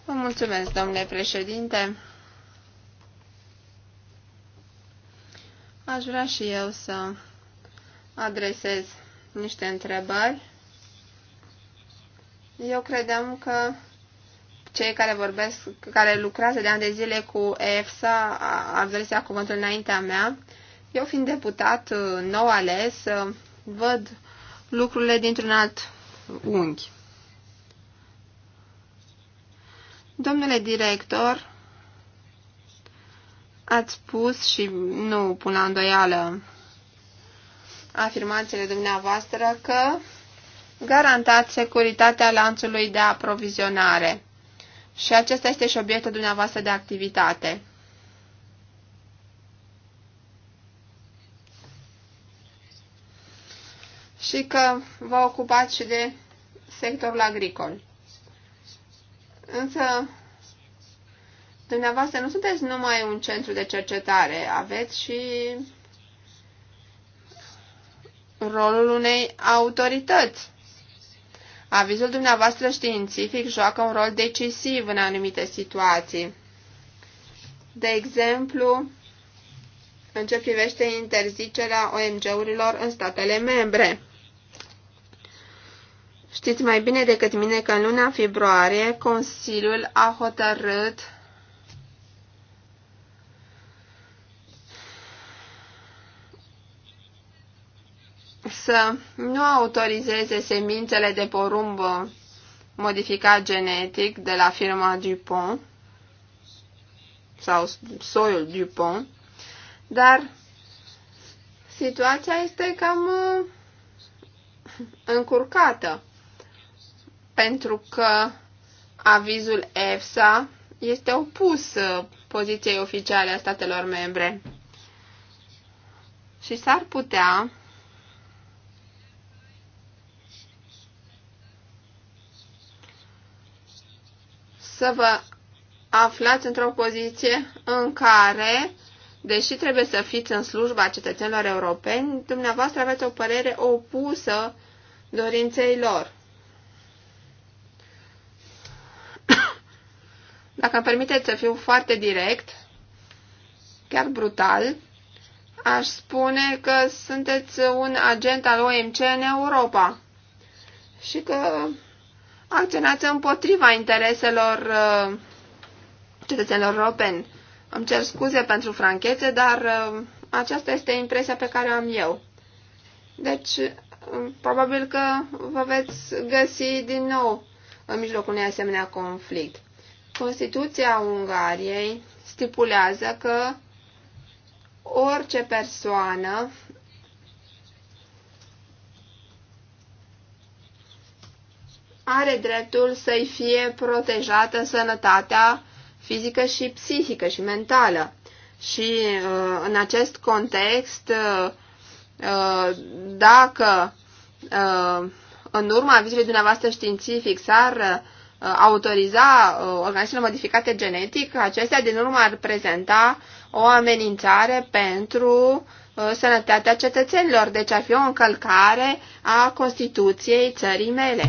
Vă mulțumesc, domnule președinte. Aș vrea și eu să adresez niște întrebări. Eu credeam că cei care vorbesc, care lucrează de ani de zile cu EFSA, ar dori să ia cuvântul înaintea mea. Eu fiind deputat uh, nou ales, uh, văd lucrurile dintr-un alt unghi. Domnule director, ați spus și nu pun la îndoială afirmațiile dumneavoastră că garantați securitatea lanțului de aprovizionare. Și acesta este și obiectul dumneavoastră de activitate. Și că vă ocupați și de sectorul agricol. Însă, dumneavoastră nu sunteți numai un centru de cercetare, aveți și rolul unei autorități Avizul dumneavoastră științific joacă un rol decisiv în anumite situații. De exemplu, în ce privește interzicerea OMG-urilor în statele membre. Știți mai bine decât mine că în luna februarie Consiliul a hotărât să nu autorizeze semințele de porumb modificat genetic de la firma Dupont sau soiul Dupont, dar situația este cam uh, încurcată pentru că avizul EFSA este opus uh, poziției oficiale a statelor membre și s-ar putea să vă aflați într-o poziție în care, deși trebuie să fiți în slujba cetățenilor europeni, dumneavoastră aveți o părere opusă dorinței lor. (coughs) Dacă îmi permiteți să fiu foarte direct, chiar brutal, aș spune că sunteți un agent al OMC în Europa și că acționați împotriva intereselor uh, cetățenilor europeni. Îmi cer scuze pentru franchețe, dar uh, aceasta este impresia pe care o am eu. Deci, uh, probabil că vă veți găsi din nou în mijlocul unui asemenea conflict. Constituția Ungariei stipulează că orice persoană are dreptul să-i fie protejată sănătatea fizică și psihică și mentală. Și uh, în acest context, uh, uh, dacă în urma avizului dumneavoastră științific s-ar autoriza organismele modificate genetic, acestea din urmă ar prezenta o amenințare pentru sănătatea cetățenilor, deci ar fi o încălcare a Constituției țării mele.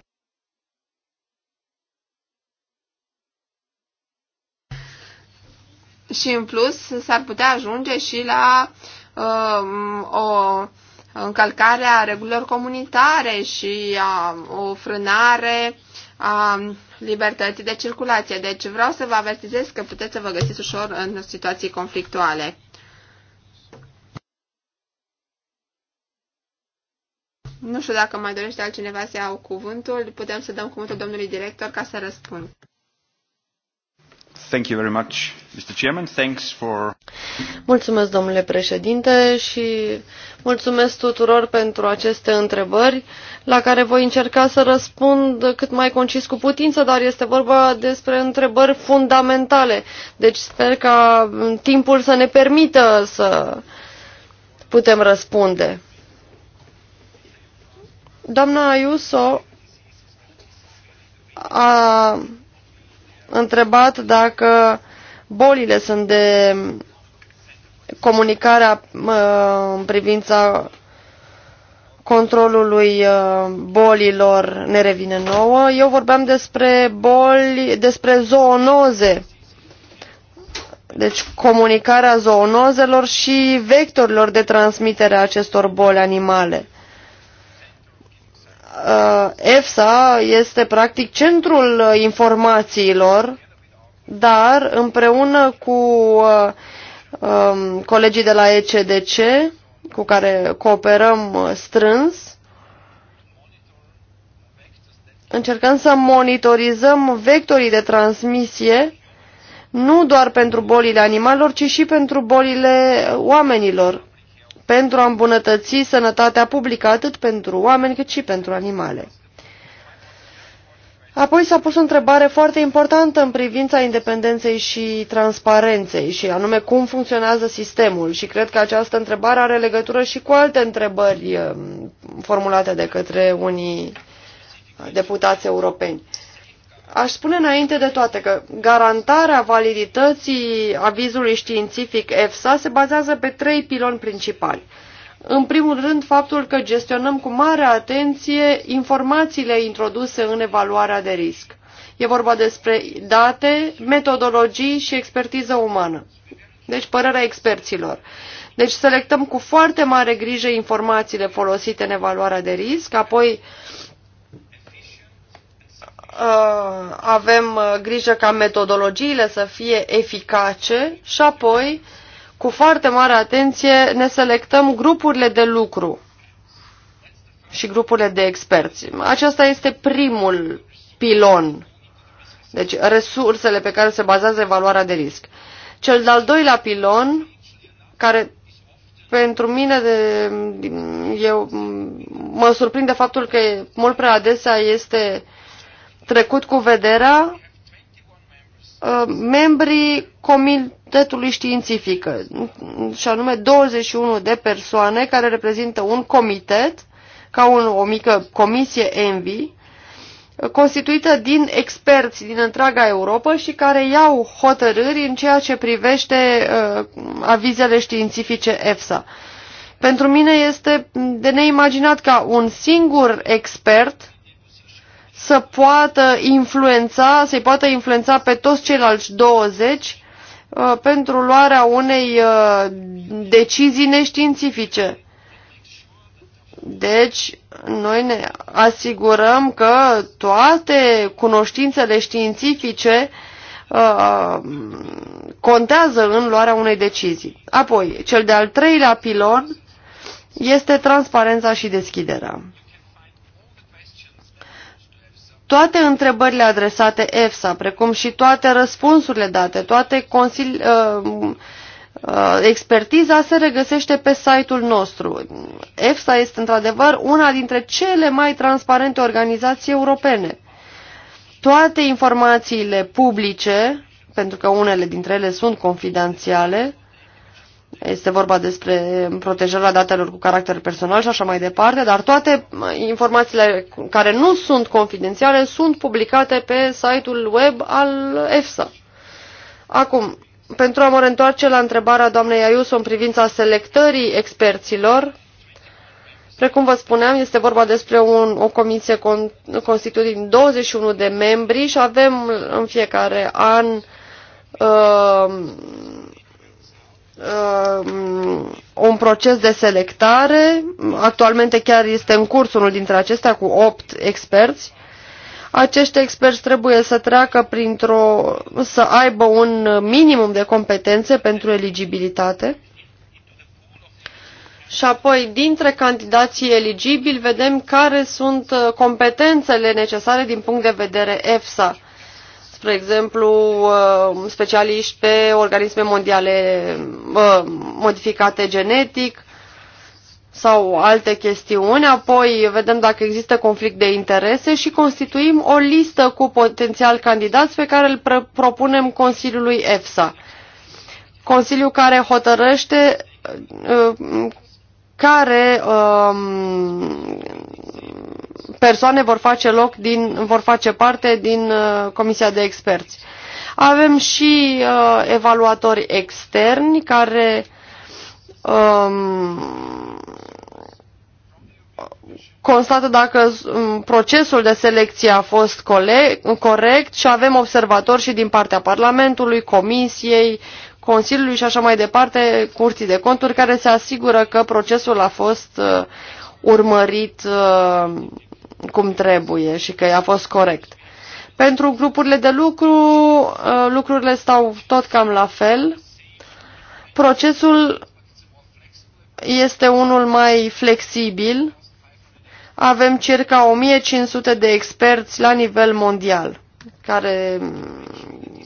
și în plus s-ar putea ajunge și la uh, o încălcare a regulilor comunitare și a, o frânare a libertății de circulație. Deci vreau să vă avertizez că puteți să vă găsiți ușor în situații conflictuale. Nu știu dacă mai dorește altcineva să iau cuvântul. Putem să dăm cuvântul domnului director ca să răspund. Mulțumesc, domnule președinte, și mulțumesc tuturor pentru aceste întrebări, la care voi încerca să răspund cât mai concis cu putință, dar este vorba despre întrebări fundamentale. Deci sper ca timpul să ne permită să putem răspunde. Doamna Ayuso a întrebat dacă bolile sunt de comunicarea în privința controlului uh, bolilor ne revine nouă. Eu vorbeam despre boli, despre zoonoze, deci comunicarea zoonozelor și vectorilor de transmitere a acestor boli animale. Uh, EFSA este practic centrul uh, informațiilor, dar împreună cu uh, um, colegii de la ECDC, cu care cooperăm strâns, încercăm să monitorizăm vectorii de transmisie nu doar pentru bolile animalelor, ci și pentru bolile oamenilor pentru a îmbunătăți sănătatea publică atât pentru oameni cât și pentru animale. Apoi s-a pus o întrebare foarte importantă în privința independenței și transparenței și anume cum funcționează sistemul și cred că această întrebare are legătură și cu alte întrebări um, formulate de către unii deputați europeni. Aș spune înainte de toate că garantarea validității avizului științific EFSA se bazează pe trei piloni principali. În primul rând, faptul că gestionăm cu mare atenție informațiile introduse în evaluarea de risc. E vorba despre date, metodologii și expertiză umană. Deci părerea experților. Deci selectăm cu foarte mare grijă informațiile folosite în evaluarea de risc, apoi Uh, avem uh, grijă ca metodologiile să fie eficace și apoi, cu foarte mare atenție, ne selectăm grupurile de lucru și grupurile de experți. Acesta este primul pilon, deci resursele pe care se bazează evaluarea de risc. Cel de-al doilea pilon, care pentru mine de, eu, mă surprinde faptul că mult prea adesea este trecut cu vederea uh, membrii comitetului științific, și anume 21 de persoane care reprezintă un comitet, ca un, o mică comisie ENVI, constituită din experți din întreaga Europa și care iau hotărâri în ceea ce privește uh, avizele științifice EFSA. Pentru mine este de neimaginat ca un singur expert să poată influența, să-i poată influența pe toți ceilalți 20 uh, pentru luarea unei uh, decizii neștiințifice. Deci, noi ne asigurăm că toate cunoștințele științifice uh, contează în luarea unei decizii. Apoi, cel de-al treilea pilon este transparența și deschiderea toate întrebările adresate EFSA, precum și toate răspunsurile date, toate consil, uh, uh, expertiza se regăsește pe site-ul nostru. EFSA este într-adevăr una dintre cele mai transparente organizații europene. Toate informațiile publice, pentru că unele dintre ele sunt confidențiale, este vorba despre protejarea datelor cu caracter personal și așa mai departe, dar toate informațiile care nu sunt confidențiale sunt publicate pe site-ul web al EFSA. Acum, pentru a mă întoarce la întrebarea doamnei Ayuso în privința selectării experților, Precum vă spuneam, este vorba despre un, o comisie con, constituită din 21 de membri și avem în fiecare an uh, un proces de selectare, actualmente chiar este în curs unul dintre acestea cu opt experți. Acești experți trebuie să treacă printr-o, să aibă un minimum de competențe pentru eligibilitate. Și apoi, dintre candidații eligibili, vedem care sunt uh, competențele necesare din punct de vedere EFSA spre exemplu, uh, specialiști pe organisme mondiale uh, modificate genetic sau alte chestiuni, apoi vedem dacă există conflict de interese și constituim o listă cu potențial candidați pe care îl propunem Consiliului EFSA. Consiliul care hotărăște uh, care um, persoane vor face, loc din, vor face parte din uh, Comisia de Experți. Avem și uh, evaluatori externi care um, constată dacă um, procesul de selecție a fost corect și avem observatori și din partea Parlamentului, Comisiei, Consiliului și așa mai departe, Curții de Conturi, care se asigură că procesul a fost uh, urmărit uh, cum trebuie și că a fost corect. Pentru grupurile de lucru, uh, lucrurile stau tot cam la fel. Procesul este unul mai flexibil. Avem circa 1500 de experți la nivel mondial care mm,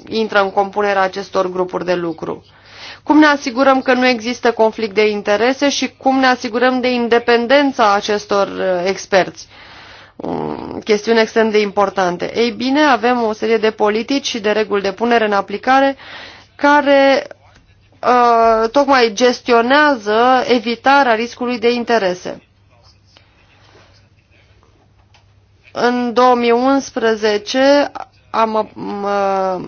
intră în compunerea acestor grupuri de lucru. Cum ne asigurăm că nu există conflict de interese și cum ne asigurăm de independența acestor uh, experți? Mm, chestiuni extrem de importante. Ei bine, avem o serie de politici și de reguli de punere în aplicare care uh, tocmai gestionează evitarea riscului de interese. În 2011 am, uh,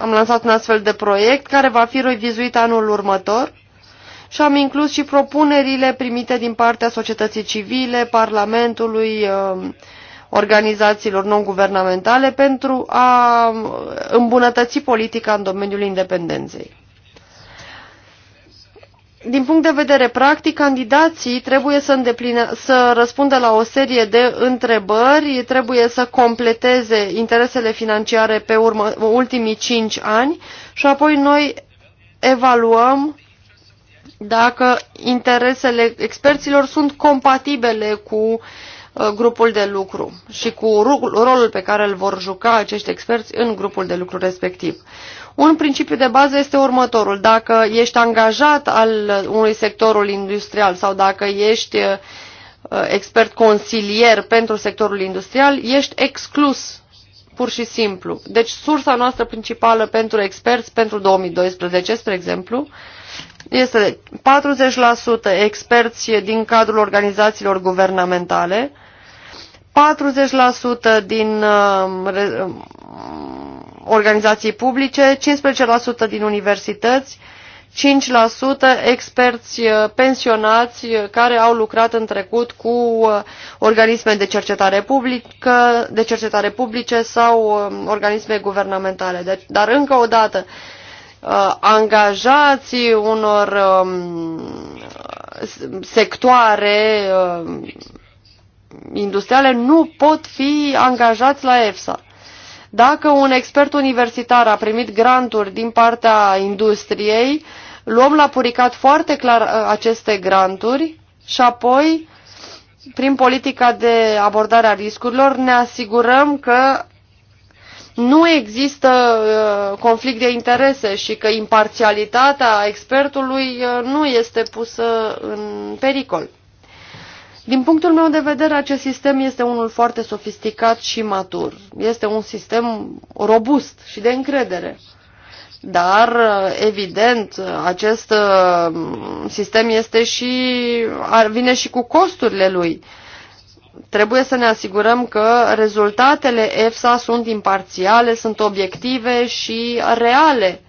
am lansat un astfel de proiect care va fi revizuit anul următor și am inclus și propunerile primite din partea societății civile, Parlamentului, um, organizațiilor non-guvernamentale pentru a um, îmbunătăți politica în domeniul independenței. Din punct de vedere practic, candidații trebuie să, să răspundă la o serie de întrebări, trebuie să completeze interesele financiare pe urmă, ultimii cinci ani și apoi noi evaluăm dacă interesele experților sunt compatibile cu uh, grupul de lucru și cu rolul pe care îl vor juca acești experți în grupul de lucru respectiv. Un principiu de bază este următorul. Dacă ești angajat al unui sectorul industrial sau dacă ești uh, expert consilier pentru sectorul industrial, ești exclus pur și simplu. Deci sursa noastră principală pentru experți pentru 2012, spre exemplu, este 40% experți din cadrul organizațiilor guvernamentale, 40% din uh, um, organizații publice, 15% din universități, 5% experți uh, pensionați uh, care au lucrat în trecut cu uh, organisme de cercetare, publică, de cercetare publice sau um, organisme guvernamentale. Deci, dar încă o dată, Uh, angajați unor um, sectoare uh, industriale nu pot fi angajați la EFSA. Dacă un expert universitar a primit granturi din partea industriei, luăm la puricat foarte clar uh, aceste granturi și apoi, prin politica de abordare a riscurilor, ne asigurăm că nu există uh, conflict de interese și că imparțialitatea expertului uh, nu este pusă în pericol. Din punctul meu de vedere, acest sistem este unul foarte sofisticat și matur. Este un sistem robust și de încredere. Dar, uh, evident, acest sistem este și, vine și cu costurile lui trebuie să ne asigurăm că rezultatele EFSA sunt imparțiale, sunt obiective și reale,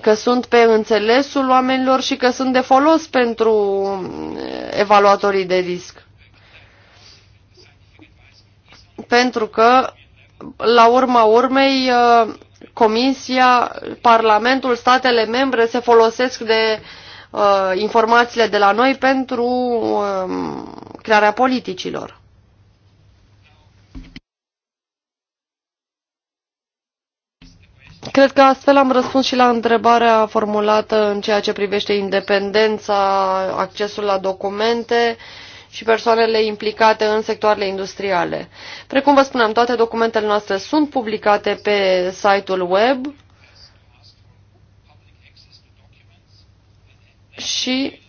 că sunt pe înțelesul oamenilor și că sunt de folos pentru mm, evaluatorii de risc. Pentru că, la urma urmei, uh, Comisia, Parlamentul, statele membre se folosesc de uh, informațiile de la noi pentru um, crearea politicilor. Cred că astfel am răspuns și la întrebarea formulată în ceea ce privește independența, accesul la documente și persoanele implicate în sectoarele industriale. Precum vă spuneam, toate documentele noastre sunt publicate pe site-ul web și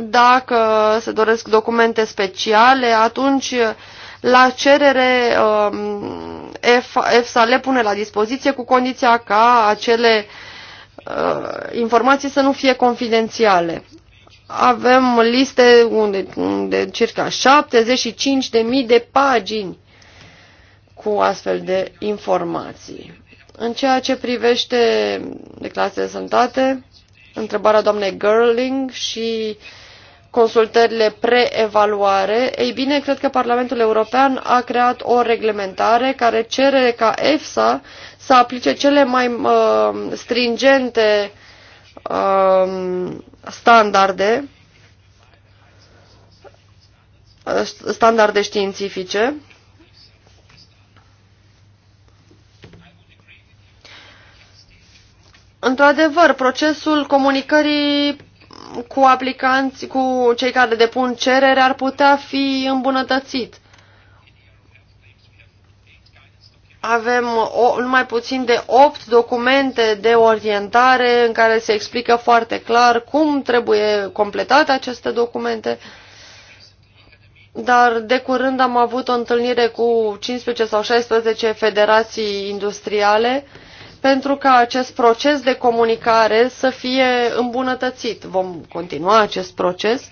dacă se doresc documente speciale, atunci la cerere, EFSA um, le pune la dispoziție cu condiția ca acele uh, informații să nu fie confidențiale. Avem liste unde, unde circa 75.000 de pagini cu astfel de informații. În ceea ce privește declarația de sănătate, întrebarea doamnei Girling și uh, consultările pre-evaluare, ei bine, cred că Parlamentul European a creat o reglementare care cere ca EFSA să aplice cele mai uh, stringente um, uh, standarde standarde științifice. Într-adevăr, procesul comunicării cu aplicanți, cu cei care depun cerere ar putea fi îmbunătățit. Avem o, numai puțin de 8 documente de orientare în care se explică foarte clar cum trebuie completate aceste documente dar de curând am avut o întâlnire cu 15 sau 16 federații industriale pentru ca acest proces de comunicare să fie îmbunătățit. Vom continua acest proces.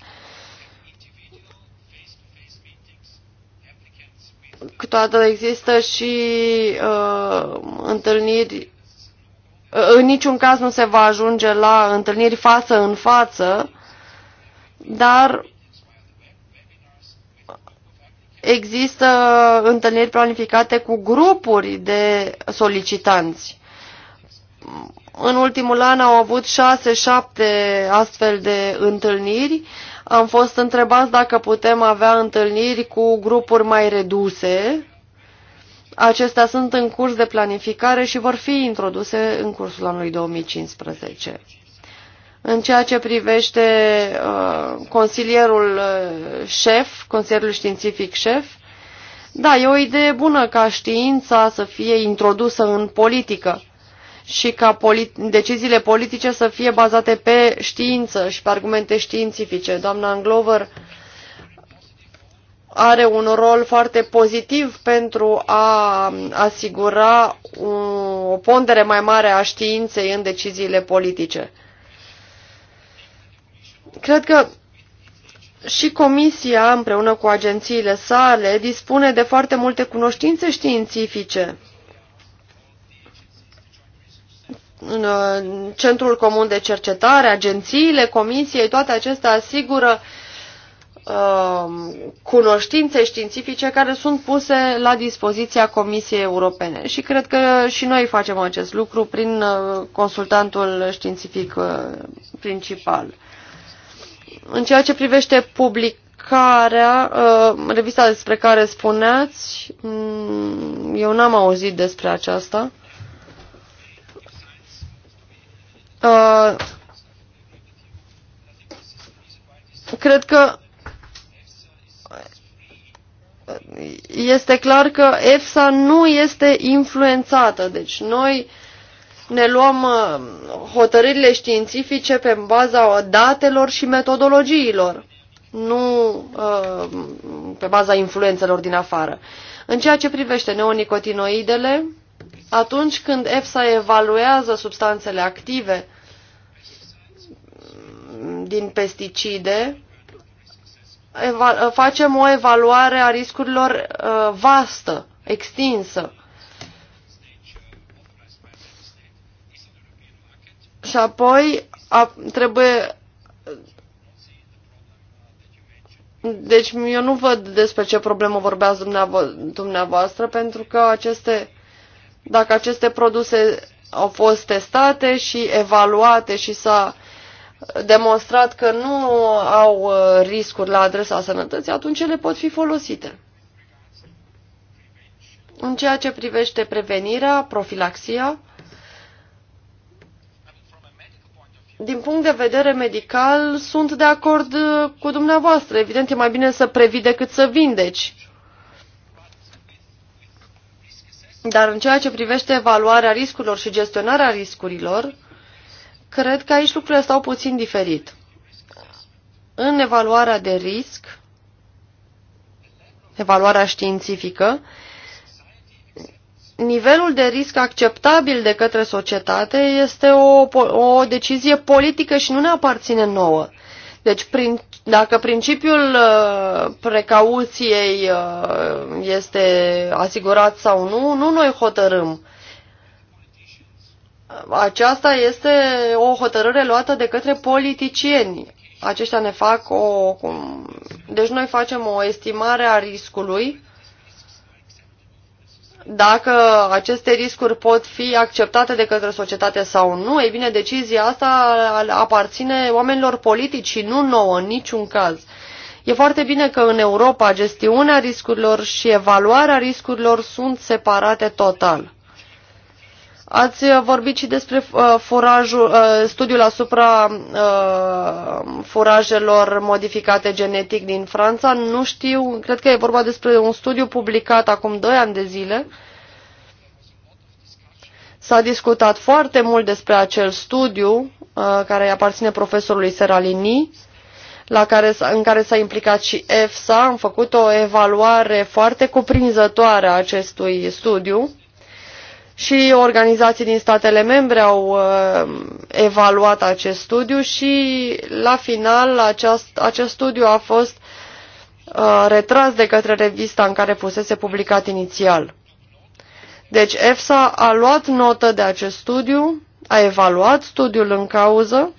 Câteodată există și uh, întâlniri uh, în niciun caz nu se va ajunge la întâlniri față în față, dar există întâlniri planificate cu grupuri de solicitanți în ultimul an au avut șase-șapte astfel de întâlniri. Am fost întrebați dacă putem avea întâlniri cu grupuri mai reduse. Acestea sunt în curs de planificare și vor fi introduse în cursul anului 2015. În ceea ce privește uh, consilierul uh, șef, consilierul științific șef, da, e o idee bună ca știința să fie introdusă în politică și ca polit deciziile politice să fie bazate pe știință și pe argumente științifice. Doamna Anglover are un rol foarte pozitiv pentru a asigura o pondere mai mare a științei în deciziile politice. Cred că și Comisia, împreună cu agențiile sale, dispune de foarte multe cunoștințe științifice Uh, Centrul Comun de Cercetare, agențiile, comisiei, toate acestea asigură uh, cunoștințe științifice care sunt puse la dispoziția Comisiei Europene. Și cred că și noi facem acest lucru prin uh, consultantul științific uh, principal. În ceea ce privește public, care, uh, revista despre care spuneați, mm, eu n-am auzit despre aceasta. Uh, cred că este clar că EFSA nu este influențată. Deci noi ne luăm uh, hotărârile științifice pe baza datelor și metodologiilor, nu uh, pe baza influențelor din afară. În ceea ce privește neonicotinoidele, atunci când EFSA evaluează substanțele active din pesticide, facem o evaluare a riscurilor uh, vastă, extinsă. Și apoi a, trebuie... Deci eu nu văd despre ce problemă vorbeați dumneavo dumneavoastră, pentru că aceste, dacă aceste produse au fost testate și evaluate și s-a demonstrat că nu au uh, riscuri la adresa sănătății, atunci ele pot fi folosite. În ceea ce privește prevenirea, profilaxia, din punct de vedere medical, sunt de acord uh, cu dumneavoastră. Evident, e mai bine să previi decât să vindeci. Dar în ceea ce privește evaluarea riscurilor și gestionarea riscurilor, Cred că aici lucrurile stau puțin diferit. În evaluarea de risc, evaluarea științifică, nivelul de risc acceptabil de către societate este o, o decizie politică și nu ne aparține nouă. Deci, prin, dacă principiul uh, precauției uh, este asigurat sau nu, nu noi hotărâm aceasta este o hotărâre luată de către politicieni. Aceștia ne fac o... Deci noi facem o estimare a riscului dacă aceste riscuri pot fi acceptate de către societate sau nu, e bine, decizia asta aparține oamenilor politici și nu nouă în niciun caz. E foarte bine că în Europa gestiunea riscurilor și evaluarea riscurilor sunt separate total. Ați uh, vorbit și despre uh, forajul, uh, studiul asupra forajelor modificate genetic din Franța. Nu știu, cred că e vorba despre un studiu publicat acum 2 ani de zile. S-a discutat foarte mult despre acel studiu care aparține profesorului Seralini, la care, în care s-a implicat și EFSA. Am făcut o evaluare foarte cuprinzătoare a acestui studiu și organizații din statele membre au uh, evaluat acest studiu și la final aceast, acest studiu a fost uh, retras de către revista în care fusese publicat inițial. Deci EFSA a luat notă de acest studiu, a evaluat studiul în cauză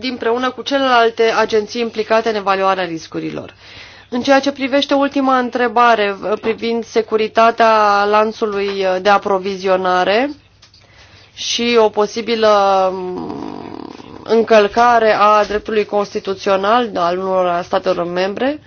împreună cu celelalte agenții implicate în evaluarea riscurilor. În ceea ce privește ultima întrebare uh, privind securitatea lanțului uh, de aprovizionare și o posibilă mm, încălcare a dreptului constituțional da, al unor statelor membre,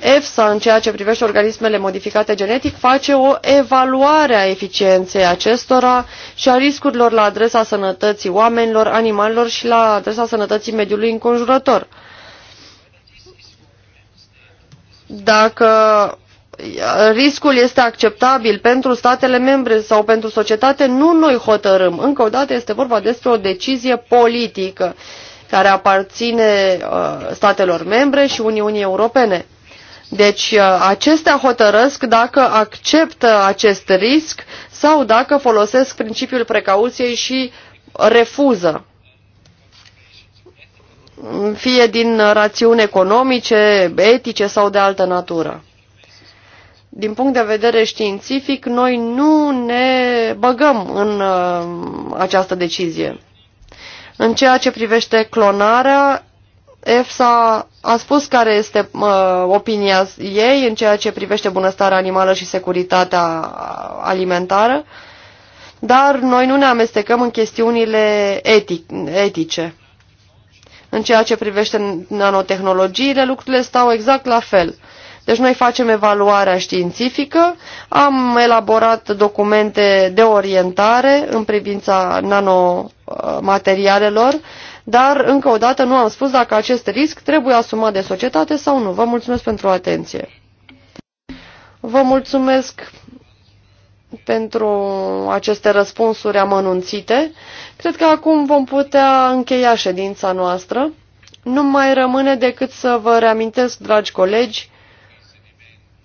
EFSA, în ceea ce privește organismele modificate genetic, face o evaluare a eficienței acestora și a riscurilor la adresa sănătății oamenilor, animalelor și la adresa sănătății mediului înconjurător. Dacă riscul este acceptabil pentru statele membre sau pentru societate, nu noi hotărâm. Încă o dată este vorba despre o decizie politică care aparține uh, statelor membre și Uniunii Europene. Deci uh, acestea hotărăsc dacă acceptă acest risc sau dacă folosesc principiul precauției și refuză. Fie din rațiuni economice, etice sau de altă natură. Din punct de vedere științific, noi nu ne băgăm în uh, această decizie. În ceea ce privește clonarea, EFSA a spus care este uh, opinia ei în ceea ce privește bunăstarea animală și securitatea alimentară, dar noi nu ne amestecăm în chestiunile etic etice. În ceea ce privește nanotehnologiile, lucrurile stau exact la fel. Deci noi facem evaluarea științifică, am elaborat documente de orientare în privința nanomaterialelor, uh, dar încă o dată nu am spus dacă acest risc trebuie asumat de societate sau nu. Vă mulțumesc pentru atenție. Vă mulțumesc pentru aceste răspunsuri amănunțite. Cred că acum vom putea încheia ședința noastră. Nu mai rămâne decât să vă reamintesc, dragi colegi,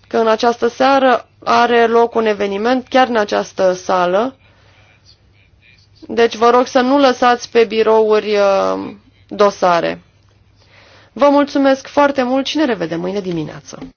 că în această seară are loc un eveniment chiar în această sală deci vă rog să nu lăsați pe birouri uh, dosare. Vă mulțumesc foarte mult și ne revedem mâine dimineață.